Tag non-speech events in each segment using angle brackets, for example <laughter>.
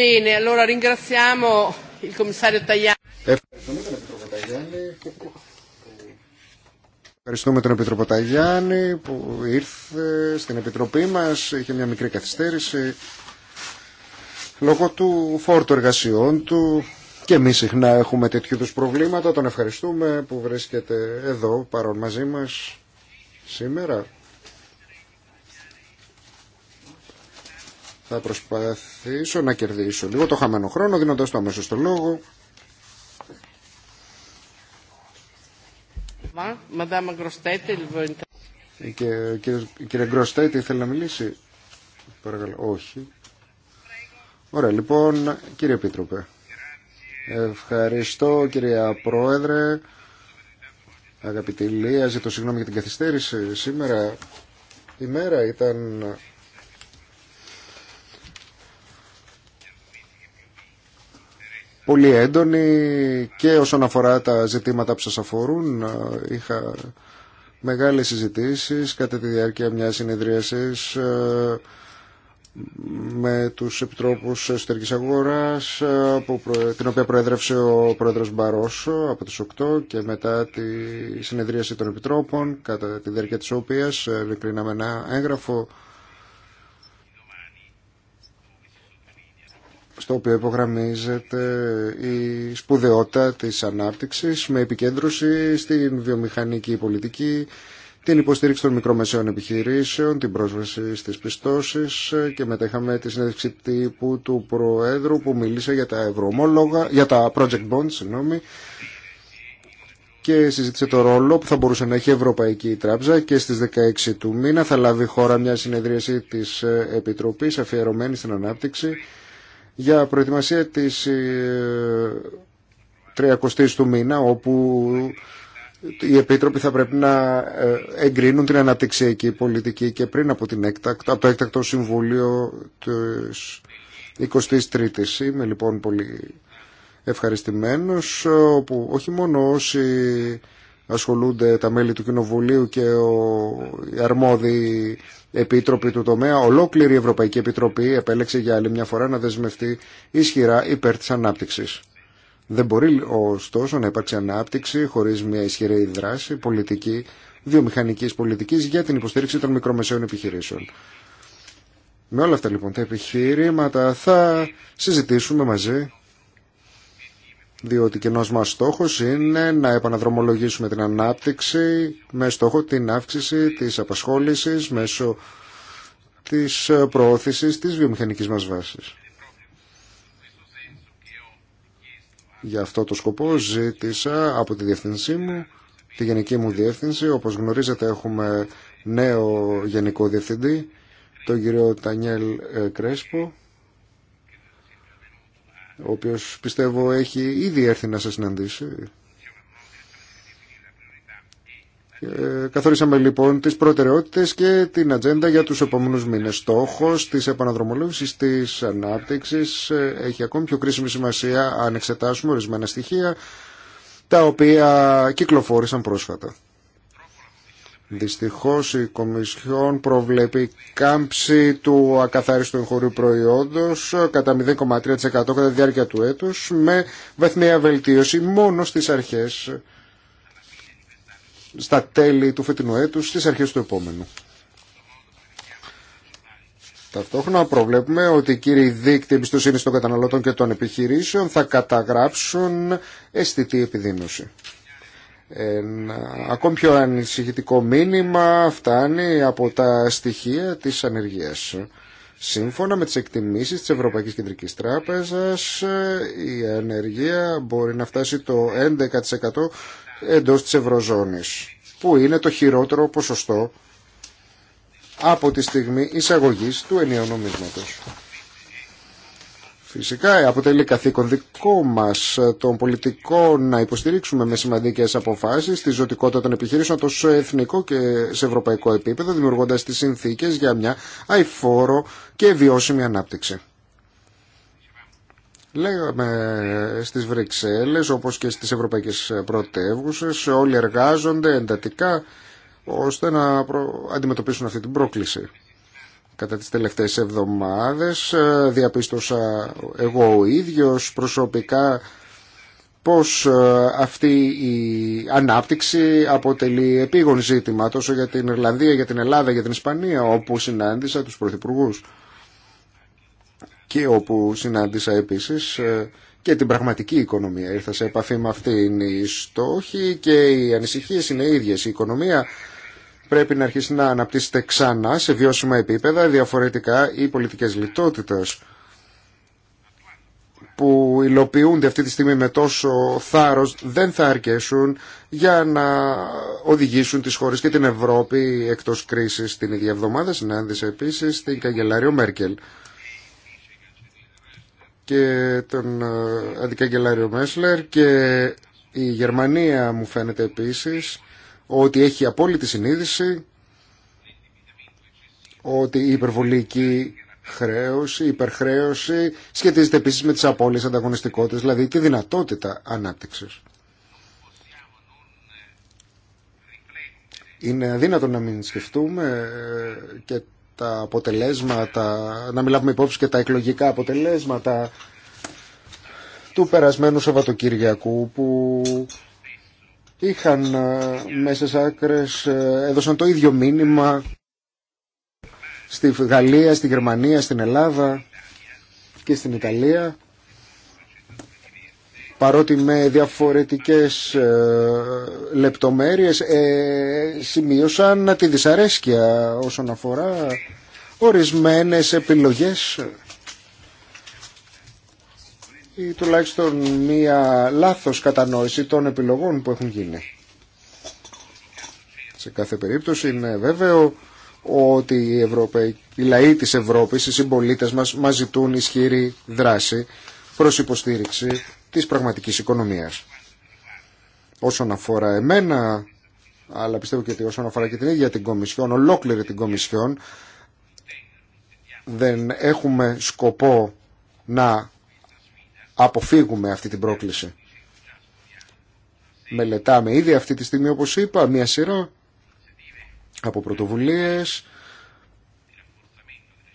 Bene, Ευχαριστούμε τον Επιτροπό Ταγιάννη που ήρθε στην Επιτροπή μας, είχε μια μικρή καθυστέρηση λόγω του φόρτου εργασιών του και εμείς συχνά έχουμε τέτοιου είδους προβλήματα. Τον ευχαριστούμε που βρίσκεται εδώ παρόν μαζί μας σήμερα. Θα προσπαθήσω να κερδίσω λίγο το χαμένο χρόνο δίνοντας το αμέσως το λόγο. Ε, ε, κύριε Γκροστέτη, θέλει να μιλήσει. Παρακαλώ, όχι. Ωραία, λοιπόν, κύριε Επίτροπε. Ευχαριστώ, κύριε Πρόεδρε. Αγαπητή Λία, ζητώ συγγνώμη για την καθυστέρηση. Σήμερα η μέρα ήταν πολύ έντονη και όσον αφορά τα ζητήματα που σας αφορούν. Ε, είχα μεγάλες συζητήσεις κατά τη διάρκεια μιας συνεδρίασης ε, με τους επιτρόπους εσωτερικής αγοράς ε, που, την οποία προέδρευσε ο πρόεδρος Μπαρόσο από τις 8 και μετά τη συνεδρίαση των επιτρόπων κατά τη διάρκεια της οποίας κρίναμε ένα έγγραφο στο οποίο υπογραμμίζεται η σπουδαιότητα της ανάπτυξης με επικέντρωση στην βιομηχανική πολιτική, την υποστήριξη των μικρομεσαίων επιχειρήσεων, την πρόσβαση στις πιστώσεις και μετά είχαμε τη συνέντευξη τύπου του Προέδρου που μίλησε για τα, ευρωομόλογα, για τα project bonds και συζήτησε το ρόλο που θα μπορούσε να έχει η Ευρωπαϊκή Τράπεζα και στις 16 του μήνα θα λάβει χώρα μια συνεδρίαση της Επιτροπής αφιερωμένη στην ανάπτυξη για προετοιμασία της 30 ε, του μήνα όπου οι επίτροποι θα πρέπει να ε, εγκρίνουν την αναπτυξιακή πολιτική και πριν από, την από το έκτακτο συμβούλιο της 23ης. Είμαι λοιπόν πολύ ευχαριστημένος όπου όχι μόνο όσοι ασχολούνται τα μέλη του Κοινοβουλίου και οι αρμόδιοι επίτροποι του τομέα. Ολόκληρη η Ευρωπαϊκή Επιτροπή επέλεξε για άλλη μια φορά να δεσμευτεί ισχυρά υπέρ τη ανάπτυξη. Δεν μπορεί ωστόσο να υπάρξει ανάπτυξη χωρίς μια ισχυρή δράση πολιτική, βιομηχανική πολιτική για την υποστήριξη των μικρομεσαίων επιχειρήσεων. Με όλα αυτά λοιπόν τα επιχείρηματα θα συζητήσουμε μαζί διότι κοινό μας στόχος είναι να επαναδρομολογήσουμε την ανάπτυξη με στόχο την αύξηση της απασχόλησης μέσω της προώθησης της βιομηχανικής μας βάσης. Για αυτό το σκοπό ζήτησα από τη διευθυνσή μου, τη γενική μου διεύθυνση. Όπως γνωρίζετε έχουμε νέο γενικό διευθυντή, τον κύριο Τανιέλ ε, Κρέσπο, ο οποίος πιστεύω έχει ήδη έρθει να σας συναντήσει. καθορίσαμε λοιπόν τις προτεραιότητες και την ατζέντα για τους επόμενους μήνες. Στόχος της επαναδρομολόγησης της ανάπτυξης ε, έχει ακόμη πιο κρίσιμη σημασία αν εξετάσουμε ορισμένα στοιχεία τα οποία κυκλοφόρησαν πρόσφατα. Δυστυχώς η Κομισιόν προβλέπει κάμψη του ακαθάριστου εγχωρίου προϊόντος κατά 0,3% κατά τη διάρκεια του έτους με βαθμία βελτίωση μόνο στις αρχές, στα τέλη του φετινού έτους, στις αρχές του επόμενου. Ταυτόχρονα προβλέπουμε ότι οι κύριοι δίκτυοι εμπιστοσύνη των καταναλωτών και των επιχειρήσεων θα καταγράψουν αισθητή επιδείνωση ένα ακόμη πιο ανησυχητικό μήνυμα φτάνει από τα στοιχεία της ανεργίας. Σύμφωνα με τις εκτιμήσεις της Ευρωπαϊκής Κεντρικής Τράπεζας, η ανεργία μπορεί να φτάσει το 11% εντός της Ευρωζώνης, που είναι το χειρότερο ποσοστό από τη στιγμή εισαγωγής του ενιαίου νομίσματος. Φυσικά αποτελεί καθήκον δικό μας ε, των πολιτικών να υποστηρίξουμε με σημαντικές αποφάσεις τη ζωτικότητα των επιχειρήσεων τόσο σε εθνικό και σε ευρωπαϊκό επίπεδο δημιουργώντας τις συνθήκες για μια αηφόρο και βιώσιμη ανάπτυξη. Λέγαμε στις Βρυξέλλες όπως και στις ευρωπαϊκές πρωτεύουσες όλοι εργάζονται εντατικά ώστε να αντιμετωπίσουν αυτή την πρόκληση. Κατά τις τελευταίες εβδομάδες ε, διαπίστωσα εγώ ο ίδιος προσωπικά πως ε, αυτή η ανάπτυξη αποτελεί επίγον ζήτημα τόσο για την Ιρλανδία, για την Ελλάδα, για την Ισπανία όπου συνάντησα τους πρωθυπουργούς και όπου συνάντησα επίσης ε, και την πραγματική οικονομία. Ήρθα σε επαφή με αυτήν η στόχη και οι ανησυχίες είναι ίδιες. Η οικονομία πρέπει να αρχίσει να αναπτύσσεται ξανά σε βιώσιμα επίπεδα, διαφορετικά οι πολιτικές λιτότητες που υλοποιούνται αυτή τη στιγμή με τόσο θάρρος δεν θα αρκέσουν για να οδηγήσουν τις χώρες και την Ευρώπη εκτός κρίσης την ίδια εβδομάδα συνάντησε επίσης την καγκελάριο Μέρκελ και τον ε, αντικαγκελάριο Μέσλερ και η Γερμανία μου φαίνεται επίσης ότι έχει απόλυτη συνείδηση ότι η υπερβολική χρέωση, υπερχρέωση σχετίζεται επίσης με τις απόλυτες ανταγωνιστικότητες, δηλαδή τη δυνατότητα ανάπτυξης. Είναι αδύνατο να μην σκεφτούμε ε, και τα αποτελέσματα, να μην λάβουμε υπόψη και τα εκλογικά αποτελέσματα του περασμένου Σαββατοκυριακού που είχαν ε, μέσα στι άκρες, ε, έδωσαν το ίδιο μήνυμα στη Γαλλία, στη Γερμανία, στην Ελλάδα και στην Ιταλία παρότι με διαφορετικές ε, λεπτομέρειες σημείωσαν τη δυσαρέσκεια όσον αφορά ορισμένες επιλογές ή τουλάχιστον μία λάθος κατανόηση των επιλογών που έχουν γίνει. Σε κάθε περίπτωση είναι βέβαιο ότι οι, Ευρώπη, οι λαοί της Ευρώπης, οι συμπολίτε μας, μας ζητούν ισχυρή δράση προς υποστήριξη της πραγματικής οικονομίας. Όσον αφορά εμένα, αλλά πιστεύω και όσον αφορά και την ίδια την Κομισιόν, ολόκληρη την Κομισιόν, δεν έχουμε σκοπό να αποφύγουμε αυτή την πρόκληση. Μελετάμε ήδη αυτή τη στιγμή, όπως είπα, μία σειρά από πρωτοβουλίες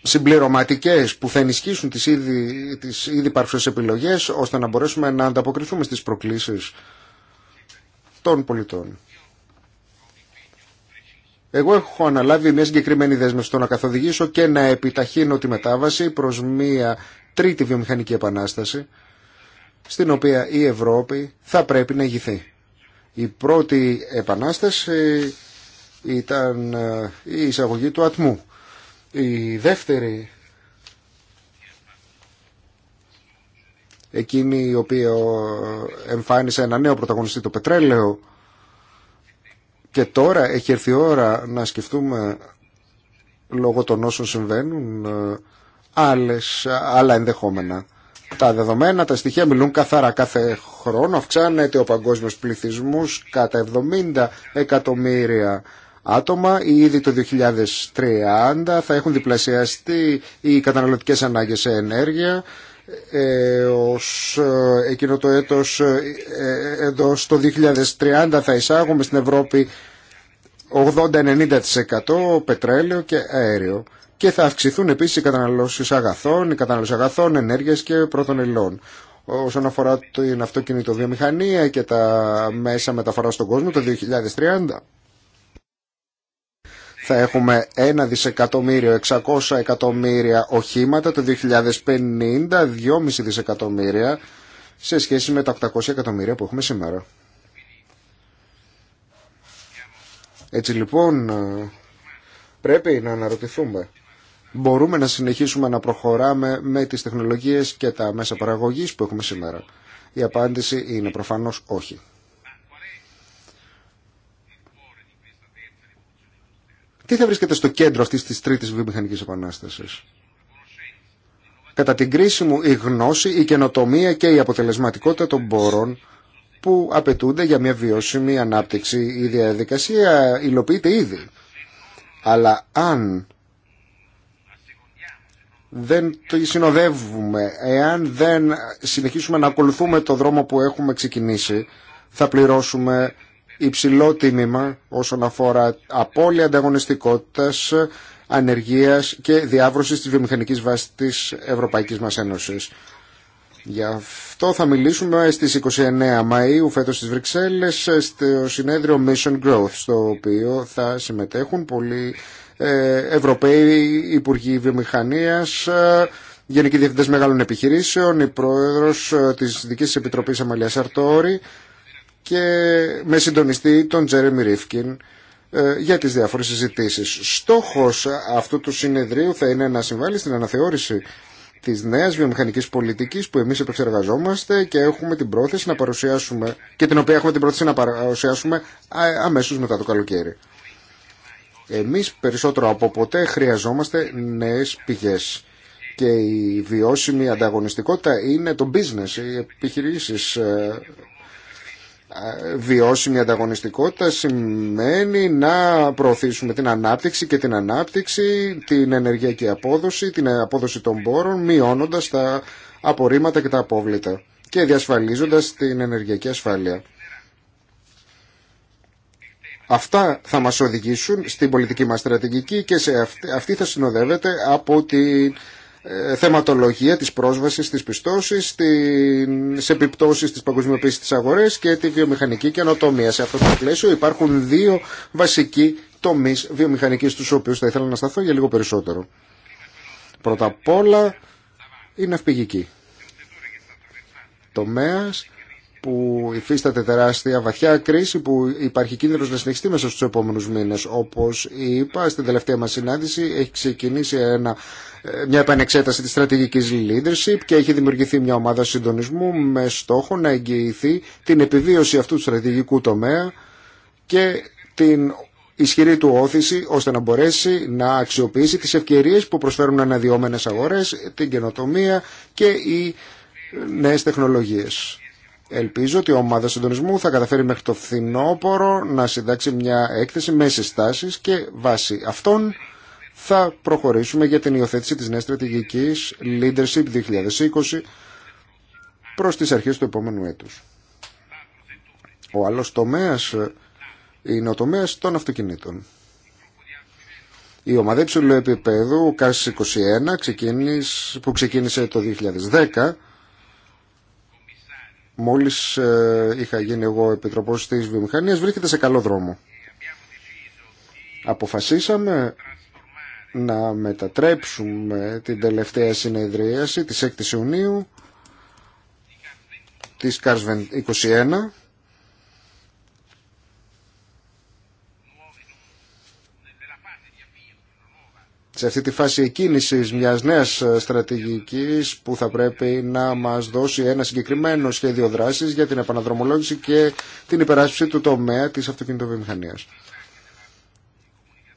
συμπληρωματικές που θα ενισχύσουν τις ήδη, τις ήδη επιλογές ώστε να μπορέσουμε να ανταποκριθούμε στις προκλήσεις των πολιτών. Εγώ έχω αναλάβει μια συγκεκριμένη δέσμευση στο να καθοδηγήσω και να επιταχύνω τη μετάβαση προς μια τρίτη βιομηχανική επανάσταση στην οποία η Ευρώπη θα πρέπει να ηγηθεί. Η πρώτη επανάσταση ήταν ε, η εισαγωγή του ατμού. Η δεύτερη, εκείνη η οποία ε, εμφάνισε ένα νέο πρωταγωνιστή το πετρέλαιο και τώρα έχει έρθει η ώρα να σκεφτούμε λόγω των όσων συμβαίνουν ε, άλλες, άλλα ενδεχόμενα τα δεδομένα, τα στοιχεία μιλούν καθαρά. Κάθε χρόνο αυξάνεται ο παγκόσμιος πληθυσμός κατά 70 εκατομμύρια άτομα. Ήδη το 2030 θα έχουν διπλασιαστεί οι καταναλωτικές ανάγκες σε ενέργεια ε, ως ε, εκείνο το έτος ε, εδώ στο 2030 θα εισάγουμε στην Ευρώπη 80-90% πετρέλαιο και αέριο και θα αυξηθούν επίσης οι καταναλώσεις αγαθών, οι κατανάλωση αγαθών, ενέργειας και πρώτων υλών. Όσον αφορά την αυτοκινητοβιομηχανία και τα μέσα μεταφορά στον κόσμο το 2030 θα έχουμε 1 δισεκατομμύριο 600 εκατομμύρια οχήματα το 2050, 2,5 δισεκατομμύρια σε σχέση με τα 800 εκατομμύρια που έχουμε σήμερα. Έτσι λοιπόν ε, πρέπει να αναρωτηθούμε μπορούμε να συνεχίσουμε να προχωράμε με τις τεχνολογίες και τα μέσα παραγωγής που έχουμε σήμερα. Η απάντηση είναι προφανώς όχι. Τι θα βρίσκεται στο κέντρο αυτής της τρίτης βιομηχανικής επανάστασης. Κατά την κρίση μου η γνώση, η καινοτομία και η αποτελεσματικότητα των πόρων που απαιτούνται για μια βιώσιμη ανάπτυξη. Η διαδικασία υλοποιείται ήδη. Αλλά αν δεν το συνοδεύουμε. Εάν δεν συνεχίσουμε να ακολουθούμε το δρόμο που έχουμε ξεκινήσει, θα πληρώσουμε υψηλό τίμημα όσον αφορά απώλεια ανταγωνιστικότητας, ανεργίας και διάβρωσης της βιομηχανικής βάσης της Ευρωπαϊκής μας Ένωσης. Γι' αυτό θα μιλήσουμε στις 29 Μαΐου φέτος στις Βρυξέλλες στο συνέδριο Mission Growth, στο οποίο θα συμμετέχουν πολλοί ε, Ευρωπαίοι Υπουργοί Βιομηχανίας, ε, Γενικοί Διευθυντές Μεγάλων Επιχειρήσεων, η Πρόεδρος ε, της Δικής Επιτροπής Αμαλία Αρτόρη και με συντονιστή τον Τζέρεμι Ρίφκιν για τις διάφορες συζητήσεις. Στόχος αυτού του συνεδρίου θα είναι να συμβάλλει στην αναθεώρηση της νέας βιομηχανικής πολιτικής που εμείς επεξεργαζόμαστε και έχουμε την πρόθεση να παρουσιάσουμε και την οποία έχουμε την πρόθεση να παρουσιάσουμε αμέσως μετά το καλοκαίρι. Εμείς περισσότερο από ποτέ χρειαζόμαστε νέες πηγές και η βιώσιμη ανταγωνιστικότητα είναι το business, οι επιχειρήσεις. Ε, ε, βιώσιμη ανταγωνιστικότητα σημαίνει να προωθήσουμε την ανάπτυξη και την ανάπτυξη, την ενεργειακή απόδοση, την απόδοση των πόρων, μειώνοντας τα απορρίμματα και τα απόβλητα και διασφαλίζοντας την ενεργειακή ασφάλεια. Αυτά θα μας οδηγήσουν στην πολιτική μας στρατηγική και σε αυτή, θα συνοδεύεται από τη ε, θεματολογία της πρόσβασης, της πιστώσης, τις επιπτώσεις της παγκοσμιοποίησης της αγορές και τη βιομηχανική καινοτομία. Σε αυτό το πλαίσιο υπάρχουν δύο βασικοί τομείς βιομηχανικής τους οποίους θα ήθελα να σταθώ για λίγο περισσότερο. Πρώτα απ' όλα η ναυπηγική τομέας που υφίσταται τεράστια βαθιά κρίση που υπάρχει κίνδυνος να συνεχιστεί μέσα στους επόμενους μήνες. Όπως είπα, στην τελευταία μας συνάντηση έχει ξεκινήσει ένα, μια επανεξέταση της στρατηγικής leadership και έχει δημιουργηθεί μια ομάδα συντονισμού με στόχο να εγγυηθεί την επιβίωση αυτού του στρατηγικού τομέα και την ισχυρή του όθηση ώστε να μπορέσει να αξιοποιήσει τις ευκαιρίες που προσφέρουν αναδυόμενες αγορές, την καινοτομία και οι νέες τεχνολογίες. Ελπίζω ότι η ομάδα συντονισμού θα καταφέρει μέχρι το φθινόπωρο να συντάξει μια έκθεση με συστάσει και βάσει αυτών θα προχωρήσουμε για την υιοθέτηση της νέας στρατηγικής Leadership 2020 προς τις αρχές του επόμενου έτους. Ο άλλος τομέας είναι ο τομέας των αυτοκινήτων. Η ομάδα υψηλού επίπεδου, ο 21, που ξεκίνησε το 2010, μόλις ε, είχα γίνει εγώ επιτροπό της βιομηχανίας βρίσκεται σε καλό δρόμο. Αποφασίσαμε να μετατρέψουμε την τελευταία συνεδρίαση της 6ης Ιουνίου της ΚΑΡΣ 21 σε αυτή τη φάση εκκίνησης μιας νέας ε, στρατηγικής που θα πρέπει να μας δώσει ένα συγκεκριμένο σχέδιο δράσης για την επαναδρομολόγηση και την υπεράσπιση του τομέα της αυτοκινητοβιομηχανίας.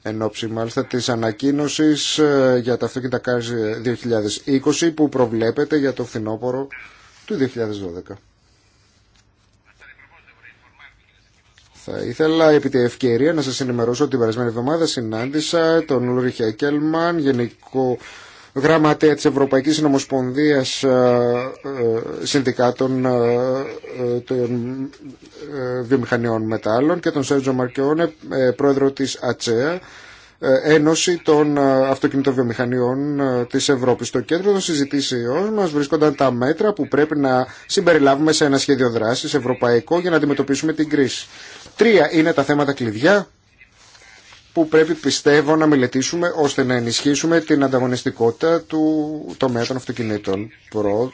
Εν ώψη μάλιστα της ανακοίνωσης ε, για τα αυτοκίνητα 2020 ε, που προβλέπεται για το φθινόπωρο του 2012. Θα ήθελα επί τη ευκαιρία να σας ενημερώσω ότι την περασμένη εβδομάδα συνάντησα τον Λούρι Κέλμαν, Γενικό Γραμματέα της Ευρωπαϊκής Νομοσπονδίας ε, ε, Συνδικάτων ε, των Βιομηχανιών Μετάλλων και τον Σέρτζο Μαρκέονε, πρόεδρο της ΑΤΣΕΑ ε, ένωση των ε, Αυτοκινητοβιομηχανιών ε, της Ευρώπης. Στο κέντρο των συζητήσεων μας βρίσκονταν τα μέτρα που πρέπει να συμπεριλάβουμε σε ένα σχέδιο δράσης ευρωπαϊκό για να αντιμετωπίσουμε την κρίση. Τρία είναι τα θέματα κλειδιά που πρέπει πιστεύω να μελετήσουμε ώστε να ενισχύσουμε την ανταγωνιστικότητα του τομέα των αυτοκινήτων. Πρώτο,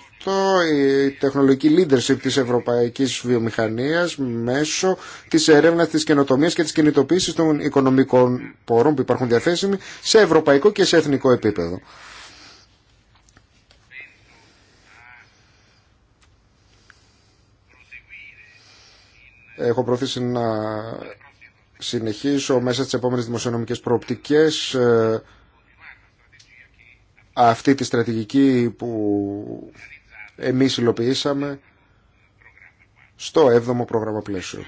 η τεχνολογική leadership της ευρωπαϊκής βιομηχανίας μέσω της έρευνας, της καινοτομίας και της κινητοποίησης των οικονομικών πόρων που υπάρχουν διαθέσιμοι σε ευρωπαϊκό και σε εθνικό επίπεδο. Έχω πρόθεση να συνεχίσω μέσα στις επόμενες δημοσιονομικές προοπτικές ε, αυτή τη στρατηγική που εμείς υλοποιήσαμε στο 7ο πρόγραμμα πλαίσιο.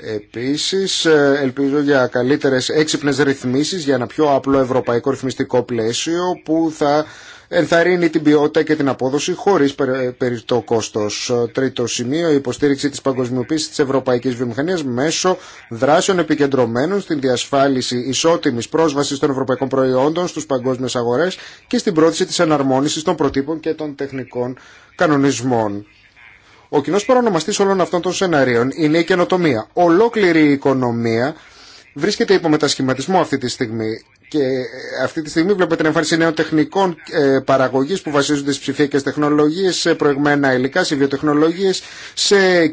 Επίσης, ε, ελπίζω για καλύτερες έξυπνες ρυθμίσεις για ένα πιο απλό ευρωπαϊκό ρυθμιστικό πλαίσιο που θα ενθαρρύνει την ποιότητα και την απόδοση χωρί περιττό κόστο. Τρίτο σημείο, η υποστήριξη τη παγκοσμιοποίηση τη Ευρωπαϊκή Βιομηχανία μέσω δράσεων επικεντρωμένων στην διασφάλιση ισότιμης πρόσβαση των ευρωπαϊκών προϊόντων στους παγκόσμιε αγορές και στην πρόθεση τη εναρμόνισης των προτύπων και των τεχνικών κανονισμών. Ο κοινό παρονομαστή όλων αυτών των σενάριων είναι η καινοτομία. Ολόκληρη η οικονομία βρίσκεται υπό μετασχηματισμό αυτή τη στιγμή. Και ε, αυτή τη στιγμή βλέπετε την εμφάνιση νέων τεχνικών ε, παραγωγή που βασίζονται στι ψηφιακές τεχνολογίε, σε προηγμένα υλικά, σε βιοτεχνολογίε, σε, ε,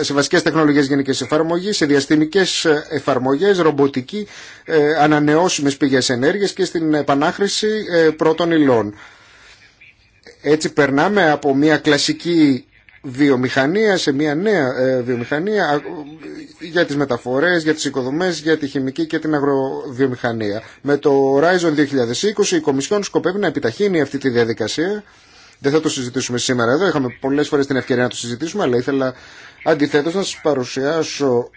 σε βασικές τεχνολογίες γενικής εφαρμογής, σε διαστημικέ ε, εφαρμογές, ρομποτική, ανανεώσιμε πηγέ ενέργεια και στην επανάχρηση πρώτων υλών. Έτσι περνάμε από μια κλασική βιομηχανία σε μια νέα ε, βιομηχανία για τις μεταφορές, για τις οικοδομές, για τη χημική και την αγροβιομηχανία. Με το Horizon 2020 η Κομισιόν σκοπεύει να επιταχύνει αυτή τη διαδικασία. Δεν θα το συζητήσουμε σήμερα εδώ, είχαμε πολλές φορές την ευκαιρία να το συζητήσουμε, αλλά ήθελα αντιθέτως να σας παρουσιάσω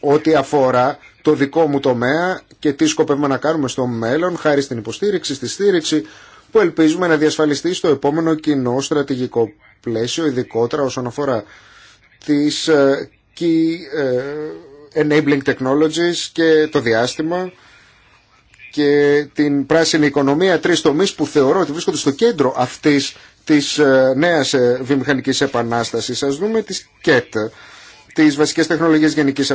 ό,τι αφορά το δικό μου τομέα και τι σκοπεύουμε να κάνουμε στο μέλλον, χάρη στην υποστήριξη, στη στήριξη που ελπίζουμε να διασφαλιστεί στο επόμενο κοινό στρατηγικό πλαίσιο, ειδικότερα όσον αφορά τις ε, key ε, enabling technologies και το διάστημα και την πράσινη οικονομία, τρεις τομείς που θεωρώ ότι βρίσκονται στο κέντρο αυτής της ε, νέας βιομηχανικής επανάστασης. Ας δούμε τις ΚΕΤ, τις βασικές τεχνολογίες γενικής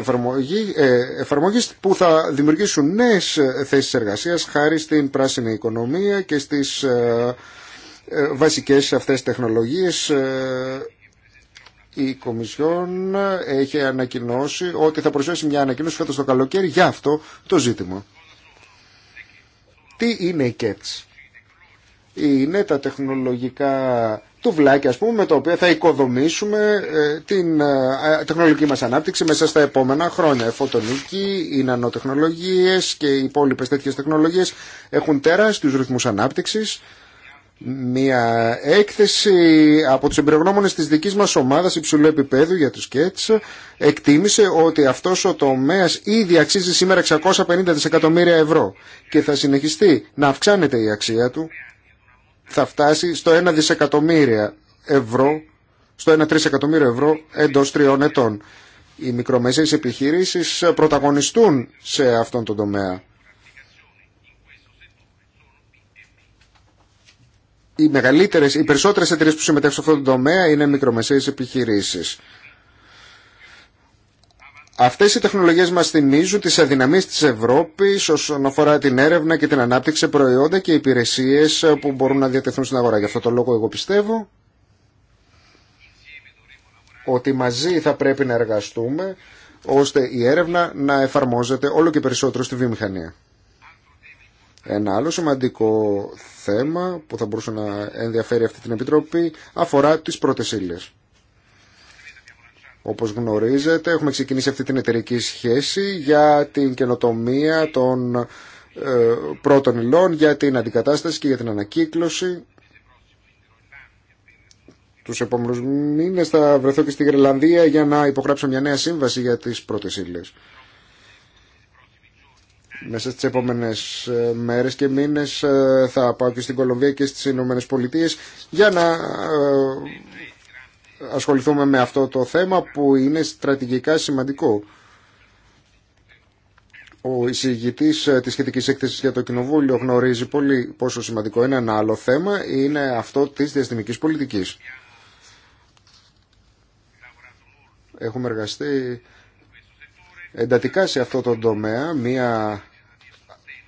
εφαρμογής που θα δημιουργήσουν νέες θέσεις εργασίας χάρη στην πράσινη οικονομία και στις ε, βασικές αυτές τεχνολογίες ε, η Κομισιόν έχει ανακοινώσει ότι θα προσθέσει μια ανακοίνωση φέτος το καλοκαίρι για αυτό το ζήτημα. Τι είναι η ΚΕΤΣ. Είναι τα τεχνολογικά τουβλάκια ας πούμε με τα οποία θα οικοδομήσουμε ε, την τεχνολογική μας ανάπτυξη μέσα στα επόμενα χρόνια. φωτονική, οι νανοτεχνολογίες και οι υπόλοιπε τέτοιες τεχνολογίες έχουν τεράστιους ρυθμούς ανάπτυξης μια έκθεση από τους εμπειρογνώμονες της δικής μας ομάδας υψηλού επίπεδου για τους ΚΕΤΣ εκτίμησε ότι αυτός ο τομέας ήδη αξίζει σήμερα 650 δισεκατομμύρια ευρώ και θα συνεχιστεί να αυξάνεται η αξία του θα φτάσει στο 1 δισεκατομμύρια ευρώ στο 1 εκατομμύριο ευρώ εντός τριών ετών. Οι μικρομεσαίες επιχειρήσεις πρωταγωνιστούν σε αυτόν τον τομέα οι μεγαλύτερες, οι περισσότερες εταιρείες που συμμετέχουν σε αυτό το τομέα είναι μικρομεσαίες επιχειρήσεις. Αυτές οι τεχνολογίες μας θυμίζουν τις αδυναμίες της Ευρώπης όσον αφορά την έρευνα και την ανάπτυξη προϊόντα και υπηρεσίες που μπορούν να διατεθούν στην αγορά. Γι' αυτό το λόγο εγώ πιστεύω ότι μαζί θα πρέπει να εργαστούμε ώστε η έρευνα να εφαρμόζεται όλο και περισσότερο στη βιομηχανία. Ένα άλλο σημαντικό θέμα που θα μπορούσε να ενδιαφέρει αυτή την Επιτροπή αφορά τις πρώτες ύλες. Όπως γνωρίζετε έχουμε ξεκινήσει αυτή την εταιρική σχέση για την καινοτομία των ε, πρώτων υλών, για την αντικατάσταση και για την ανακύκλωση. Τους επόμενους μήνες θα βρεθώ και στη Γρελανδία για να υπογράψω μια νέα σύμβαση για τις πρώτες ύλες μέσα στις επόμενες ε, μέρες και μήνες ε, θα πάω και στην Κολομβία και στις Ηνωμένε Πολιτείες για να ε, ασχοληθούμε με αυτό το θέμα που είναι στρατηγικά σημαντικό. Ο εισηγητή τη σχετική έκθεση για το Κοινοβούλιο γνωρίζει πολύ πόσο σημαντικό είναι ένα άλλο θέμα, είναι αυτό τη διαστημική πολιτική. Έχουμε εργαστεί εντατικά σε αυτό το τομέα μια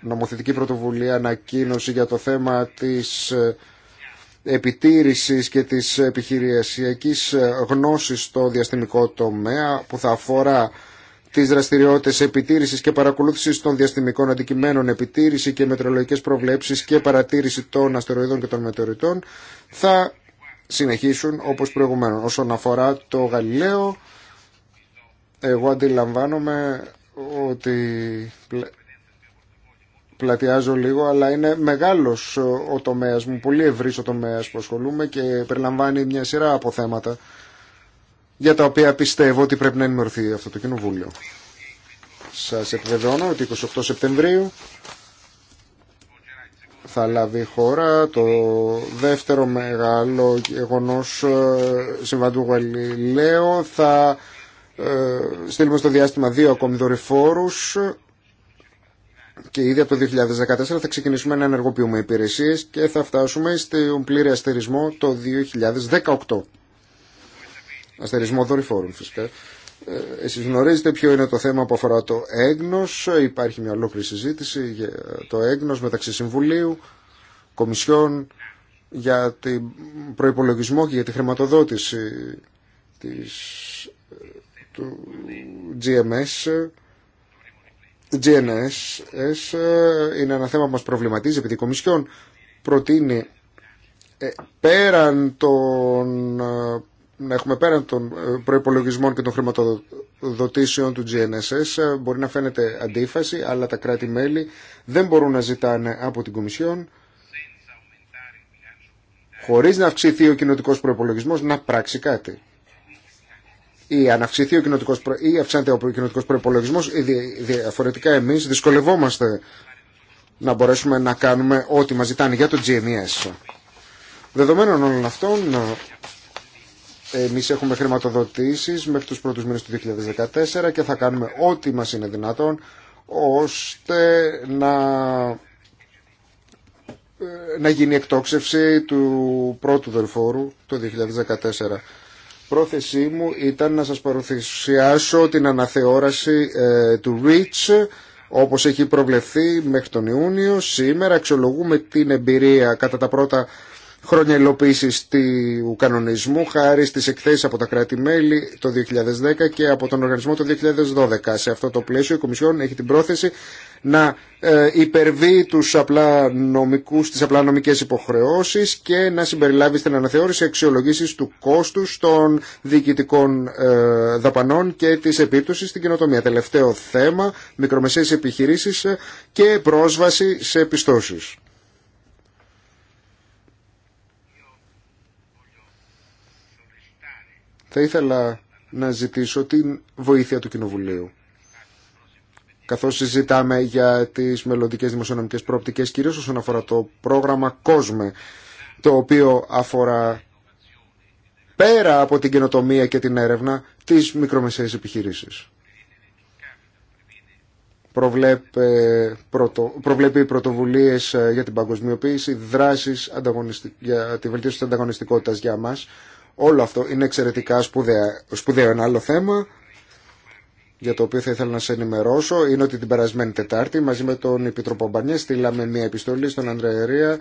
νομοθετική πρωτοβουλία ανακοίνωση για το θέμα της ε, επιτήρησης και της επιχειρησιακής ε, γνώσης στο διαστημικό τομέα που θα αφορά τις δραστηριότητες επιτήρησης και παρακολούθησης των διαστημικών αντικειμένων επιτήρηση και μετρολογικές προβλέψεις και παρατήρηση των αστεροειδών και των μετεωρητών θα συνεχίσουν όπως προηγουμένως όσον αφορά το Γαλιλαίο εγώ αντιλαμβάνομαι ότι πλατιάζω λίγο, αλλά είναι μεγάλος ο τομέας μου, πολύ ευρύς ο τομέας που ασχολούμαι και περιλαμβάνει μια σειρά από θέματα για τα οποία πιστεύω ότι πρέπει να ενημερωθεί αυτό το Κοινοβούλιο. Σας επιβεβαιώνω ότι 28 Σεπτεμβρίου θα λάβει η χώρα το δεύτερο μεγάλο γεγονός ε, συμβαντού Γαλιλαίου θα ε, στείλουμε στο διάστημα δύο ακόμη δορυφόρους και ήδη από το 2014 θα ξεκινήσουμε να ενεργοποιούμε υπηρεσίες και θα φτάσουμε στον πλήρη αστερισμό το 2018. Αστερισμό δορυφόρων φυσικά. Ε, εσείς γνωρίζετε ποιο είναι το θέμα που αφορά το έγνος. Υπάρχει μια ολόκληρη συζήτηση για το έγνος μεταξύ Συμβουλίου, Κομισιών για την προϋπολογισμό και για τη χρηματοδότηση της το GMS GNS είναι ένα θέμα που μας προβληματίζει επειδή η Κομισιόν προτείνει ε, πέραν των ε, να έχουμε πέραν των ε, προϋπολογισμών και των χρηματοδοτήσεων του GNSS μπορεί να φαίνεται αντίφαση αλλά τα κράτη-μέλη δεν μπορούν να ζητάνε από την Κομισιόν χωρίς να αυξηθεί ο κοινοτικός προϋπολογισμός να πράξει κάτι ή αυξάνεται ο κοινότικό προπολογισμό, ή ε, διαφορετικά εμείς δυσκολευόμαστε να μπορέσουμε να κάνουμε ό,τι μας ζητάνε για το GMS. Δεδομένων όλων αυτών, ε, εμεί έχουμε χρηματοδοτήσει μέχρι του πρώτου μήνε του 2014 και θα κάνουμε ό,τι μας είναι δυνατόν ώστε να, ε, να γίνει εκτόξευση του πρώτου δορυφόρου το 2014 πρόθεσή μου ήταν να σας παρουσιάσω την αναθεώραση ε, του REACH όπως έχει προβλεφθεί μέχρι τον Ιούνιο. Σήμερα αξιολογούμε την εμπειρία κατά τα πρώτα χρόνια υλοποίηση του κανονισμού χάρη στι εκθέσεις από τα κράτη-μέλη το 2010 και από τον οργανισμό το 2012. Σε αυτό το πλαίσιο η Κομισιόν έχει την πρόθεση να ε, υπερβεί τους απλά νομικούς, τις απλά νομικές υποχρεώσεις και να συμπεριλάβει στην αναθεώρηση αξιολογήσεις του κόστους των διοικητικών ε, δαπανών και της επίπτωσης στην κοινοτομία. Τελευταίο θέμα, μικρομεσαίες επιχειρήσεις και πρόσβαση σε πιστώσεις. θα ήθελα να ζητήσω την βοήθεια του Κοινοβουλίου. Καθώς συζητάμε για τις μελλοντικέ δημοσιονομικές προοπτικές, κυρίως όσον αφορά το πρόγραμμα COSME, το οποίο αφορά πέρα από την καινοτομία και την έρευνα, τις μικρομεσαίες επιχειρήσεις. Προβλέπει, πρωτο, προβλέπει πρωτοβουλίες ε, για την παγκοσμιοποίηση, δράσεις για τη βελτίωση της ανταγωνιστικότητας για μας, Όλο αυτό είναι εξαιρετικά σπουδαίο. σπουδαίο. Ένα άλλο θέμα για το οποίο θα ήθελα να σε ενημερώσω είναι ότι την περασμένη Τετάρτη μαζί με τον Επιτροπό Μπανιέ στείλαμε μια επιστολή στον Ανδρέα ε,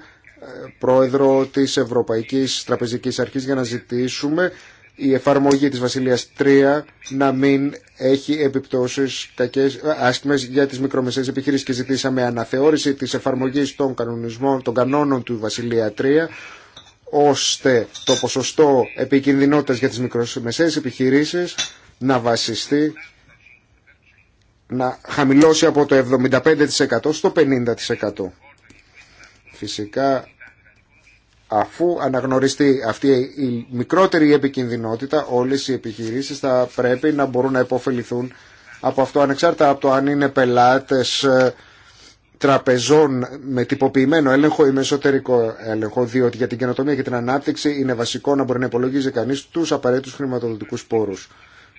πρόεδρο της Ευρωπαϊκής Τραπεζικής Αρχής για να ζητήσουμε η εφαρμογή της Βασιλείας 3 να μην έχει επιπτώσεις κακές, ε, άσχημες για τις μικρομεσαίες επιχειρήσεις και ζητήσαμε αναθεώρηση της εφαρμογής των κανονισμών, των κανόνων του Βασιλεία 3 ώστε το ποσοστό επικινδυνότητας για τις μικρομεσαίες επιχειρήσεις να βασιστεί, να χαμηλώσει από το 75% στο 50%. Φυσικά, αφού αναγνωριστεί αυτή η μικρότερη επικινδυνότητα, όλες οι επιχειρήσεις θα πρέπει να μπορούν να υποφεληθούν από αυτό, ανεξάρτητα από το αν είναι πελάτες ε, τραπεζών με τυποποιημένο έλεγχο ή με εσωτερικό έλεγχο, διότι για την καινοτομία και την ανάπτυξη είναι βασικό να μπορεί να υπολογίζει κανεί του απαραίτητου χρηματοδοτικού πόρου.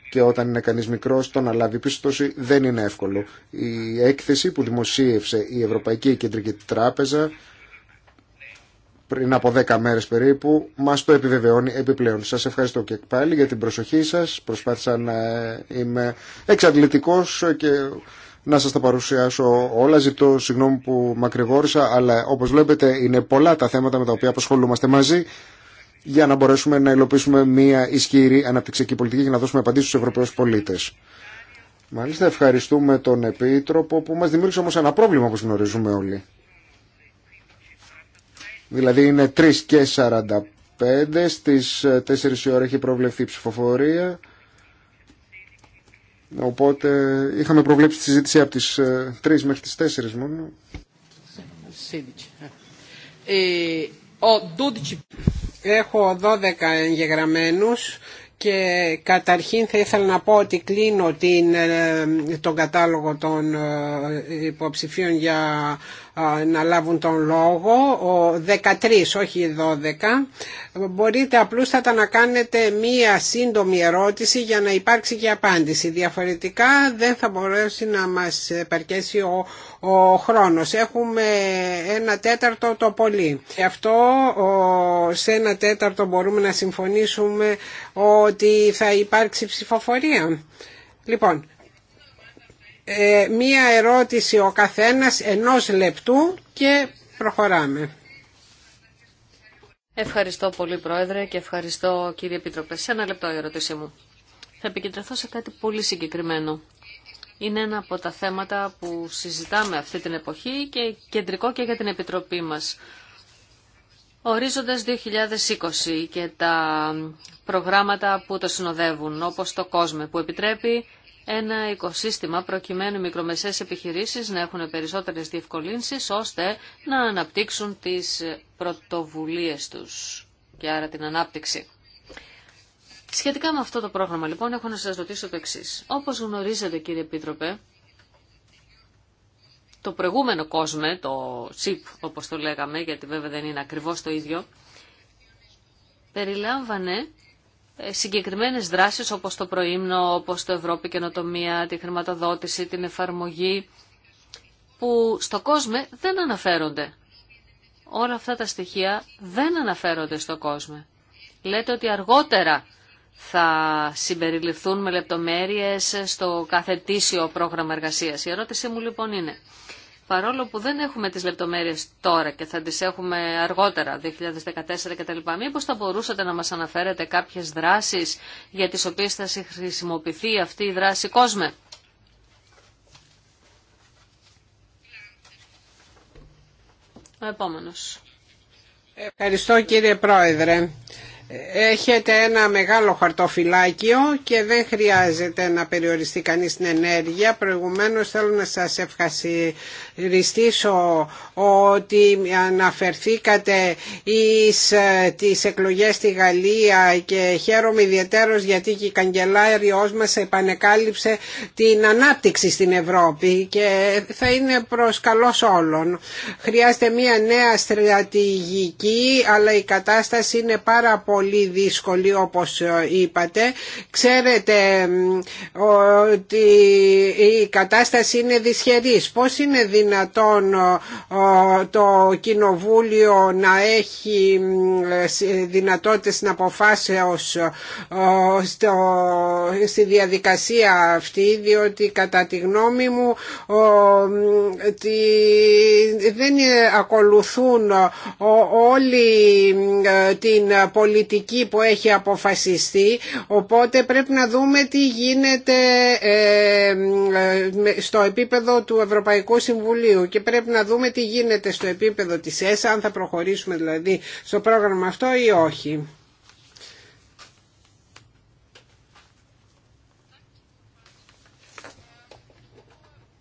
Και όταν είναι κανεί μικρό, το να λάβει πίστοση δεν είναι εύκολο. Η έκθεση που δημοσίευσε η Ευρωπαϊκή Κεντρική Τράπεζα πριν από 10 μέρες περίπου, μας το επιβεβαιώνει επιπλέον. Σας ευχαριστώ και πάλι για την προσοχή σας. Προσπάθησα να είμαι εξαντλητικός και να σας τα παρουσιάσω όλα. Ζητώ συγγνώμη που μακρηγόρησα, αλλά όπως βλέπετε είναι πολλά τα θέματα με τα οποία απασχολούμαστε μαζί για να μπορέσουμε να υλοποιήσουμε μια ισχυρή αναπτυξιακή πολιτική και να δώσουμε απαντήσεις στους Ευρωπαίους πολίτες. Μάλιστα ευχαριστούμε τον Επίτροπο που μας δημιούργησε όμως ένα πρόβλημα όπως γνωρίζουμε όλοι. Δηλαδή είναι 3 και 45, στις 4 η ώρα έχει προβλεφθεί η ψηφοφορία. Οπότε είχαμε προβλέψει τη συζήτηση από τις 3 ε, μέχρι τις 4 μόνο. Ε, Έχω 12 εγγεγραμμένους και καταρχήν θα ήθελα να πω ότι κλείνω την, ε, τον κατάλογο των υποψηφίων για να λάβουν τον λόγο, 13 όχι 12. Μπορείτε απλούστατα να κάνετε μία σύντομη ερώτηση για να υπάρξει και απάντηση. Διαφορετικά δεν θα μπορέσει να μας επαρκέσει ο, ο χρόνος. Έχουμε ένα τέταρτο το πολύ. Γι' αυτό σε ένα τέταρτο μπορούμε να συμφωνήσουμε ότι θα υπάρξει ψηφοφορία. Λοιπόν, ε, μία ερώτηση ο καθένας ενός λεπτού και προχωράμε. Ευχαριστώ πολύ Πρόεδρε και ευχαριστώ κύριε Επίτροπε. Σε ένα λεπτό η ερώτησή μου. Θα επικεντρωθώ σε κάτι πολύ συγκεκριμένο. Είναι ένα από τα θέματα που συζητάμε αυτή την εποχή και κεντρικό και για την Επιτροπή μας. Ορίζοντας 2020 και τα προγράμματα που το συνοδεύουν, όπως το COSME, που επιτρέπει ένα οικοσύστημα προκειμένου μικρομεσαίες επιχειρήσεις να έχουν περισσότερες διευκολύνσεις ώστε να αναπτύξουν τις πρωτοβουλίες τους και άρα την ανάπτυξη. Σχετικά με αυτό το πρόγραμμα λοιπόν έχω να σας ρωτήσω το εξή. Όπως γνωρίζετε κύριε Επίτροπε, το προηγούμενο κόσμο, το chip όπως το λέγαμε, γιατί βέβαια δεν είναι ακριβώς το ίδιο, περιλάμβανε συγκεκριμένες δράσεις όπως το προήμνο, όπως το Ευρώπη Καινοτομία, τη χρηματοδότηση, την εφαρμογή που στο κόσμο δεν αναφέρονται. Όλα αυτά τα στοιχεία δεν αναφέρονται στο κόσμο. Λέτε ότι αργότερα θα συμπεριληφθούν με λεπτομέρειες στο καθετήσιο πρόγραμμα εργασίας. Η ερώτησή μου λοιπόν είναι, παρόλο που δεν έχουμε τις λεπτομέρειες τώρα και θα τις έχουμε αργότερα, 2014 κτλ. Μήπως θα μπορούσατε να μας αναφέρετε κάποιες δράσεις για τις οποίες θα χρησιμοποιηθεί αυτή η δράση κόσμε. Ο επόμενος. Ευχαριστώ κύριε Πρόεδρε. Έχετε ένα μεγάλο χαρτοφυλάκιο και δεν χρειάζεται να περιοριστεί κανείς την ενέργεια. Προηγουμένως θέλω να σας ευχαριστήσω ευχαριστήσω ότι αναφερθήκατε εις ε, τις εκλογές στη Γαλλία και χαίρομαι ιδιαίτερο γιατί και η καγκελάριος μας επανεκάλυψε την ανάπτυξη στην Ευρώπη και θα είναι προς καλός όλων. Χρειάζεται μια νέα στρατηγική αλλά η κατάσταση είναι πάρα πολύ δύσκολη όπως ε, είπατε. Ξέρετε ότι η κατάσταση είναι δυσχερής. Πώς είναι δυνατόν δυνατόν το Κοινοβούλιο να έχει ε, δυνατότητες στο στη διαδικασία αυτή διότι κατά τη γνώμη μου δεν ε, ακολουθούν όλη ε, την πολιτική που έχει αποφασιστεί οπότε πρέπει να δούμε τι γίνεται στο επίπεδο του Ευρωπαϊκού Συμβουλίου και πρέπει να δούμε τι γίνεται στο επίπεδο της ΕΣΑ, αν θα προχωρήσουμε δηλαδή στο πρόγραμμα αυτό ή όχι.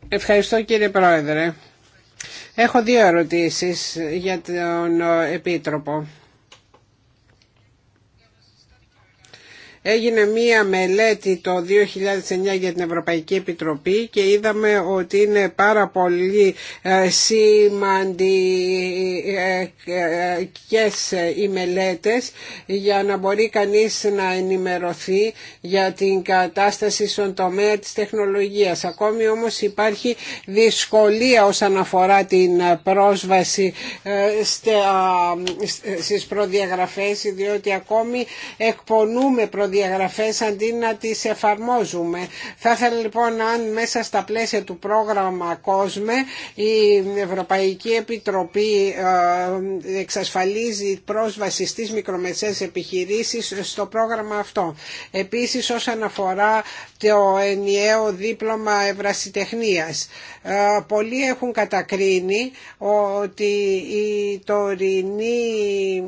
Ευχαριστώ κύριε Πρόεδρε. Έχω δύο ερωτήσεις για τον Επίτροπο. Έγινε μία μελέτη το 2009 για την Ευρωπαϊκή Επιτροπή και είδαμε ότι είναι πάρα πολύ ε, σημαντικές ε, οι μελέτες για να μπορεί κανείς να ενημερωθεί για την κατάσταση στον τομέα της τεχνολογίας. Ακόμη όμως υπάρχει δυσκολία όσον αφορά την πρόσβαση ε, στις προδιαγραφές διότι ακόμη εκπονούμε προδιαγραφές αντί να τις εφαρμόζουμε. Θα ήθελα λοιπόν αν μέσα στα πλαίσια του πρόγραμμα COSME η Ευρωπαϊκή Επιτροπή ε, εξασφαλίζει πρόσβαση στις μικρομεσαίες επιχειρήσεις στο πρόγραμμα αυτό. Επίσης όσον αφορά το ενιαίο δίπλωμα ευρασιτεχνίας. Ε, πολλοί έχουν κατακρίνει ότι η τωρινή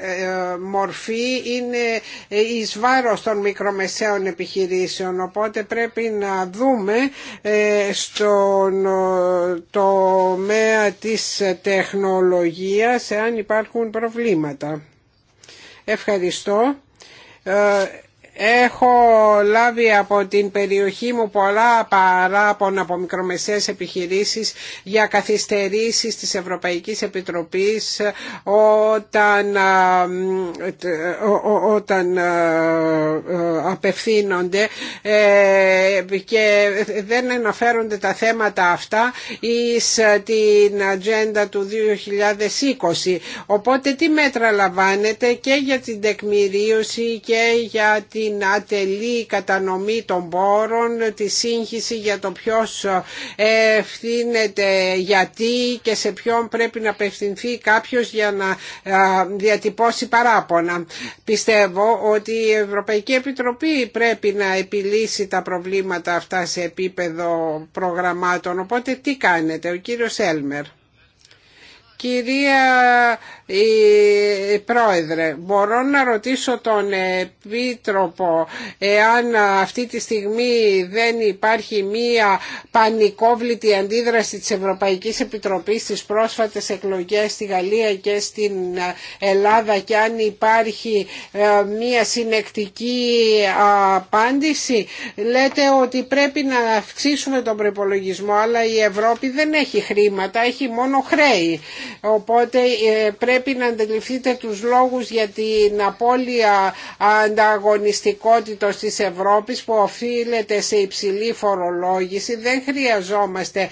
ε, μορφή είναι εις βάρος των μικρομεσαίων επιχειρήσεων. Οπότε πρέπει να δούμε ε, στον ε, τομέα της τεχνολογίας εάν υπάρχουν προβλήματα. Ευχαριστώ. Ε, Έχω λάβει από την περιοχή μου πολλά παράπονα από μικρομεσαίες επιχειρήσεις για καθυστερήσεις της Ευρωπαϊκής Επιτροπής όταν, όταν απευθύνονται ε, και δεν αναφέρονται τα θέματα αυτά εις την ατζέντα του 2020. Οπότε τι μέτρα λαμβάνετε και για την τεκμηρίωση και για την την ατελή κατανομή των πόρων, τη σύγχυση για το ποιος ε, ευθύνεται γιατί και σε ποιον πρέπει να απευθυνθεί κάποιος για να ε, διατυπώσει παράπονα. Πιστεύω ότι η Ευρωπαϊκή Επιτροπή πρέπει να επιλύσει τα προβλήματα αυτά σε επίπεδο προγραμμάτων. Οπότε τι κάνετε, ο κύριος Έλμερ. Κυρία η Πρόεδρε, μπορώ να ρωτήσω τον Επίτροπο εάν αυτή τη στιγμή δεν υπάρχει μία πανικόβλητη αντίδραση της Ευρωπαϊκής Επιτροπής στις πρόσφατες εκλογές στη Γαλλία και στην Ελλάδα και αν υπάρχει ε, μία συνεκτική απάντηση. Λέτε ότι πρέπει να αυξήσουμε τον προπολογισμό αλλά η Ευρώπη δεν έχει χρήματα, έχει μόνο χρέη. Οπότε ε, πρέπει πρέπει να αντιληφθείτε τους λόγους για την απώλεια ανταγωνιστικότητας της Ευρώπης που οφείλεται σε υψηλή φορολόγηση. Δεν χρειαζόμαστε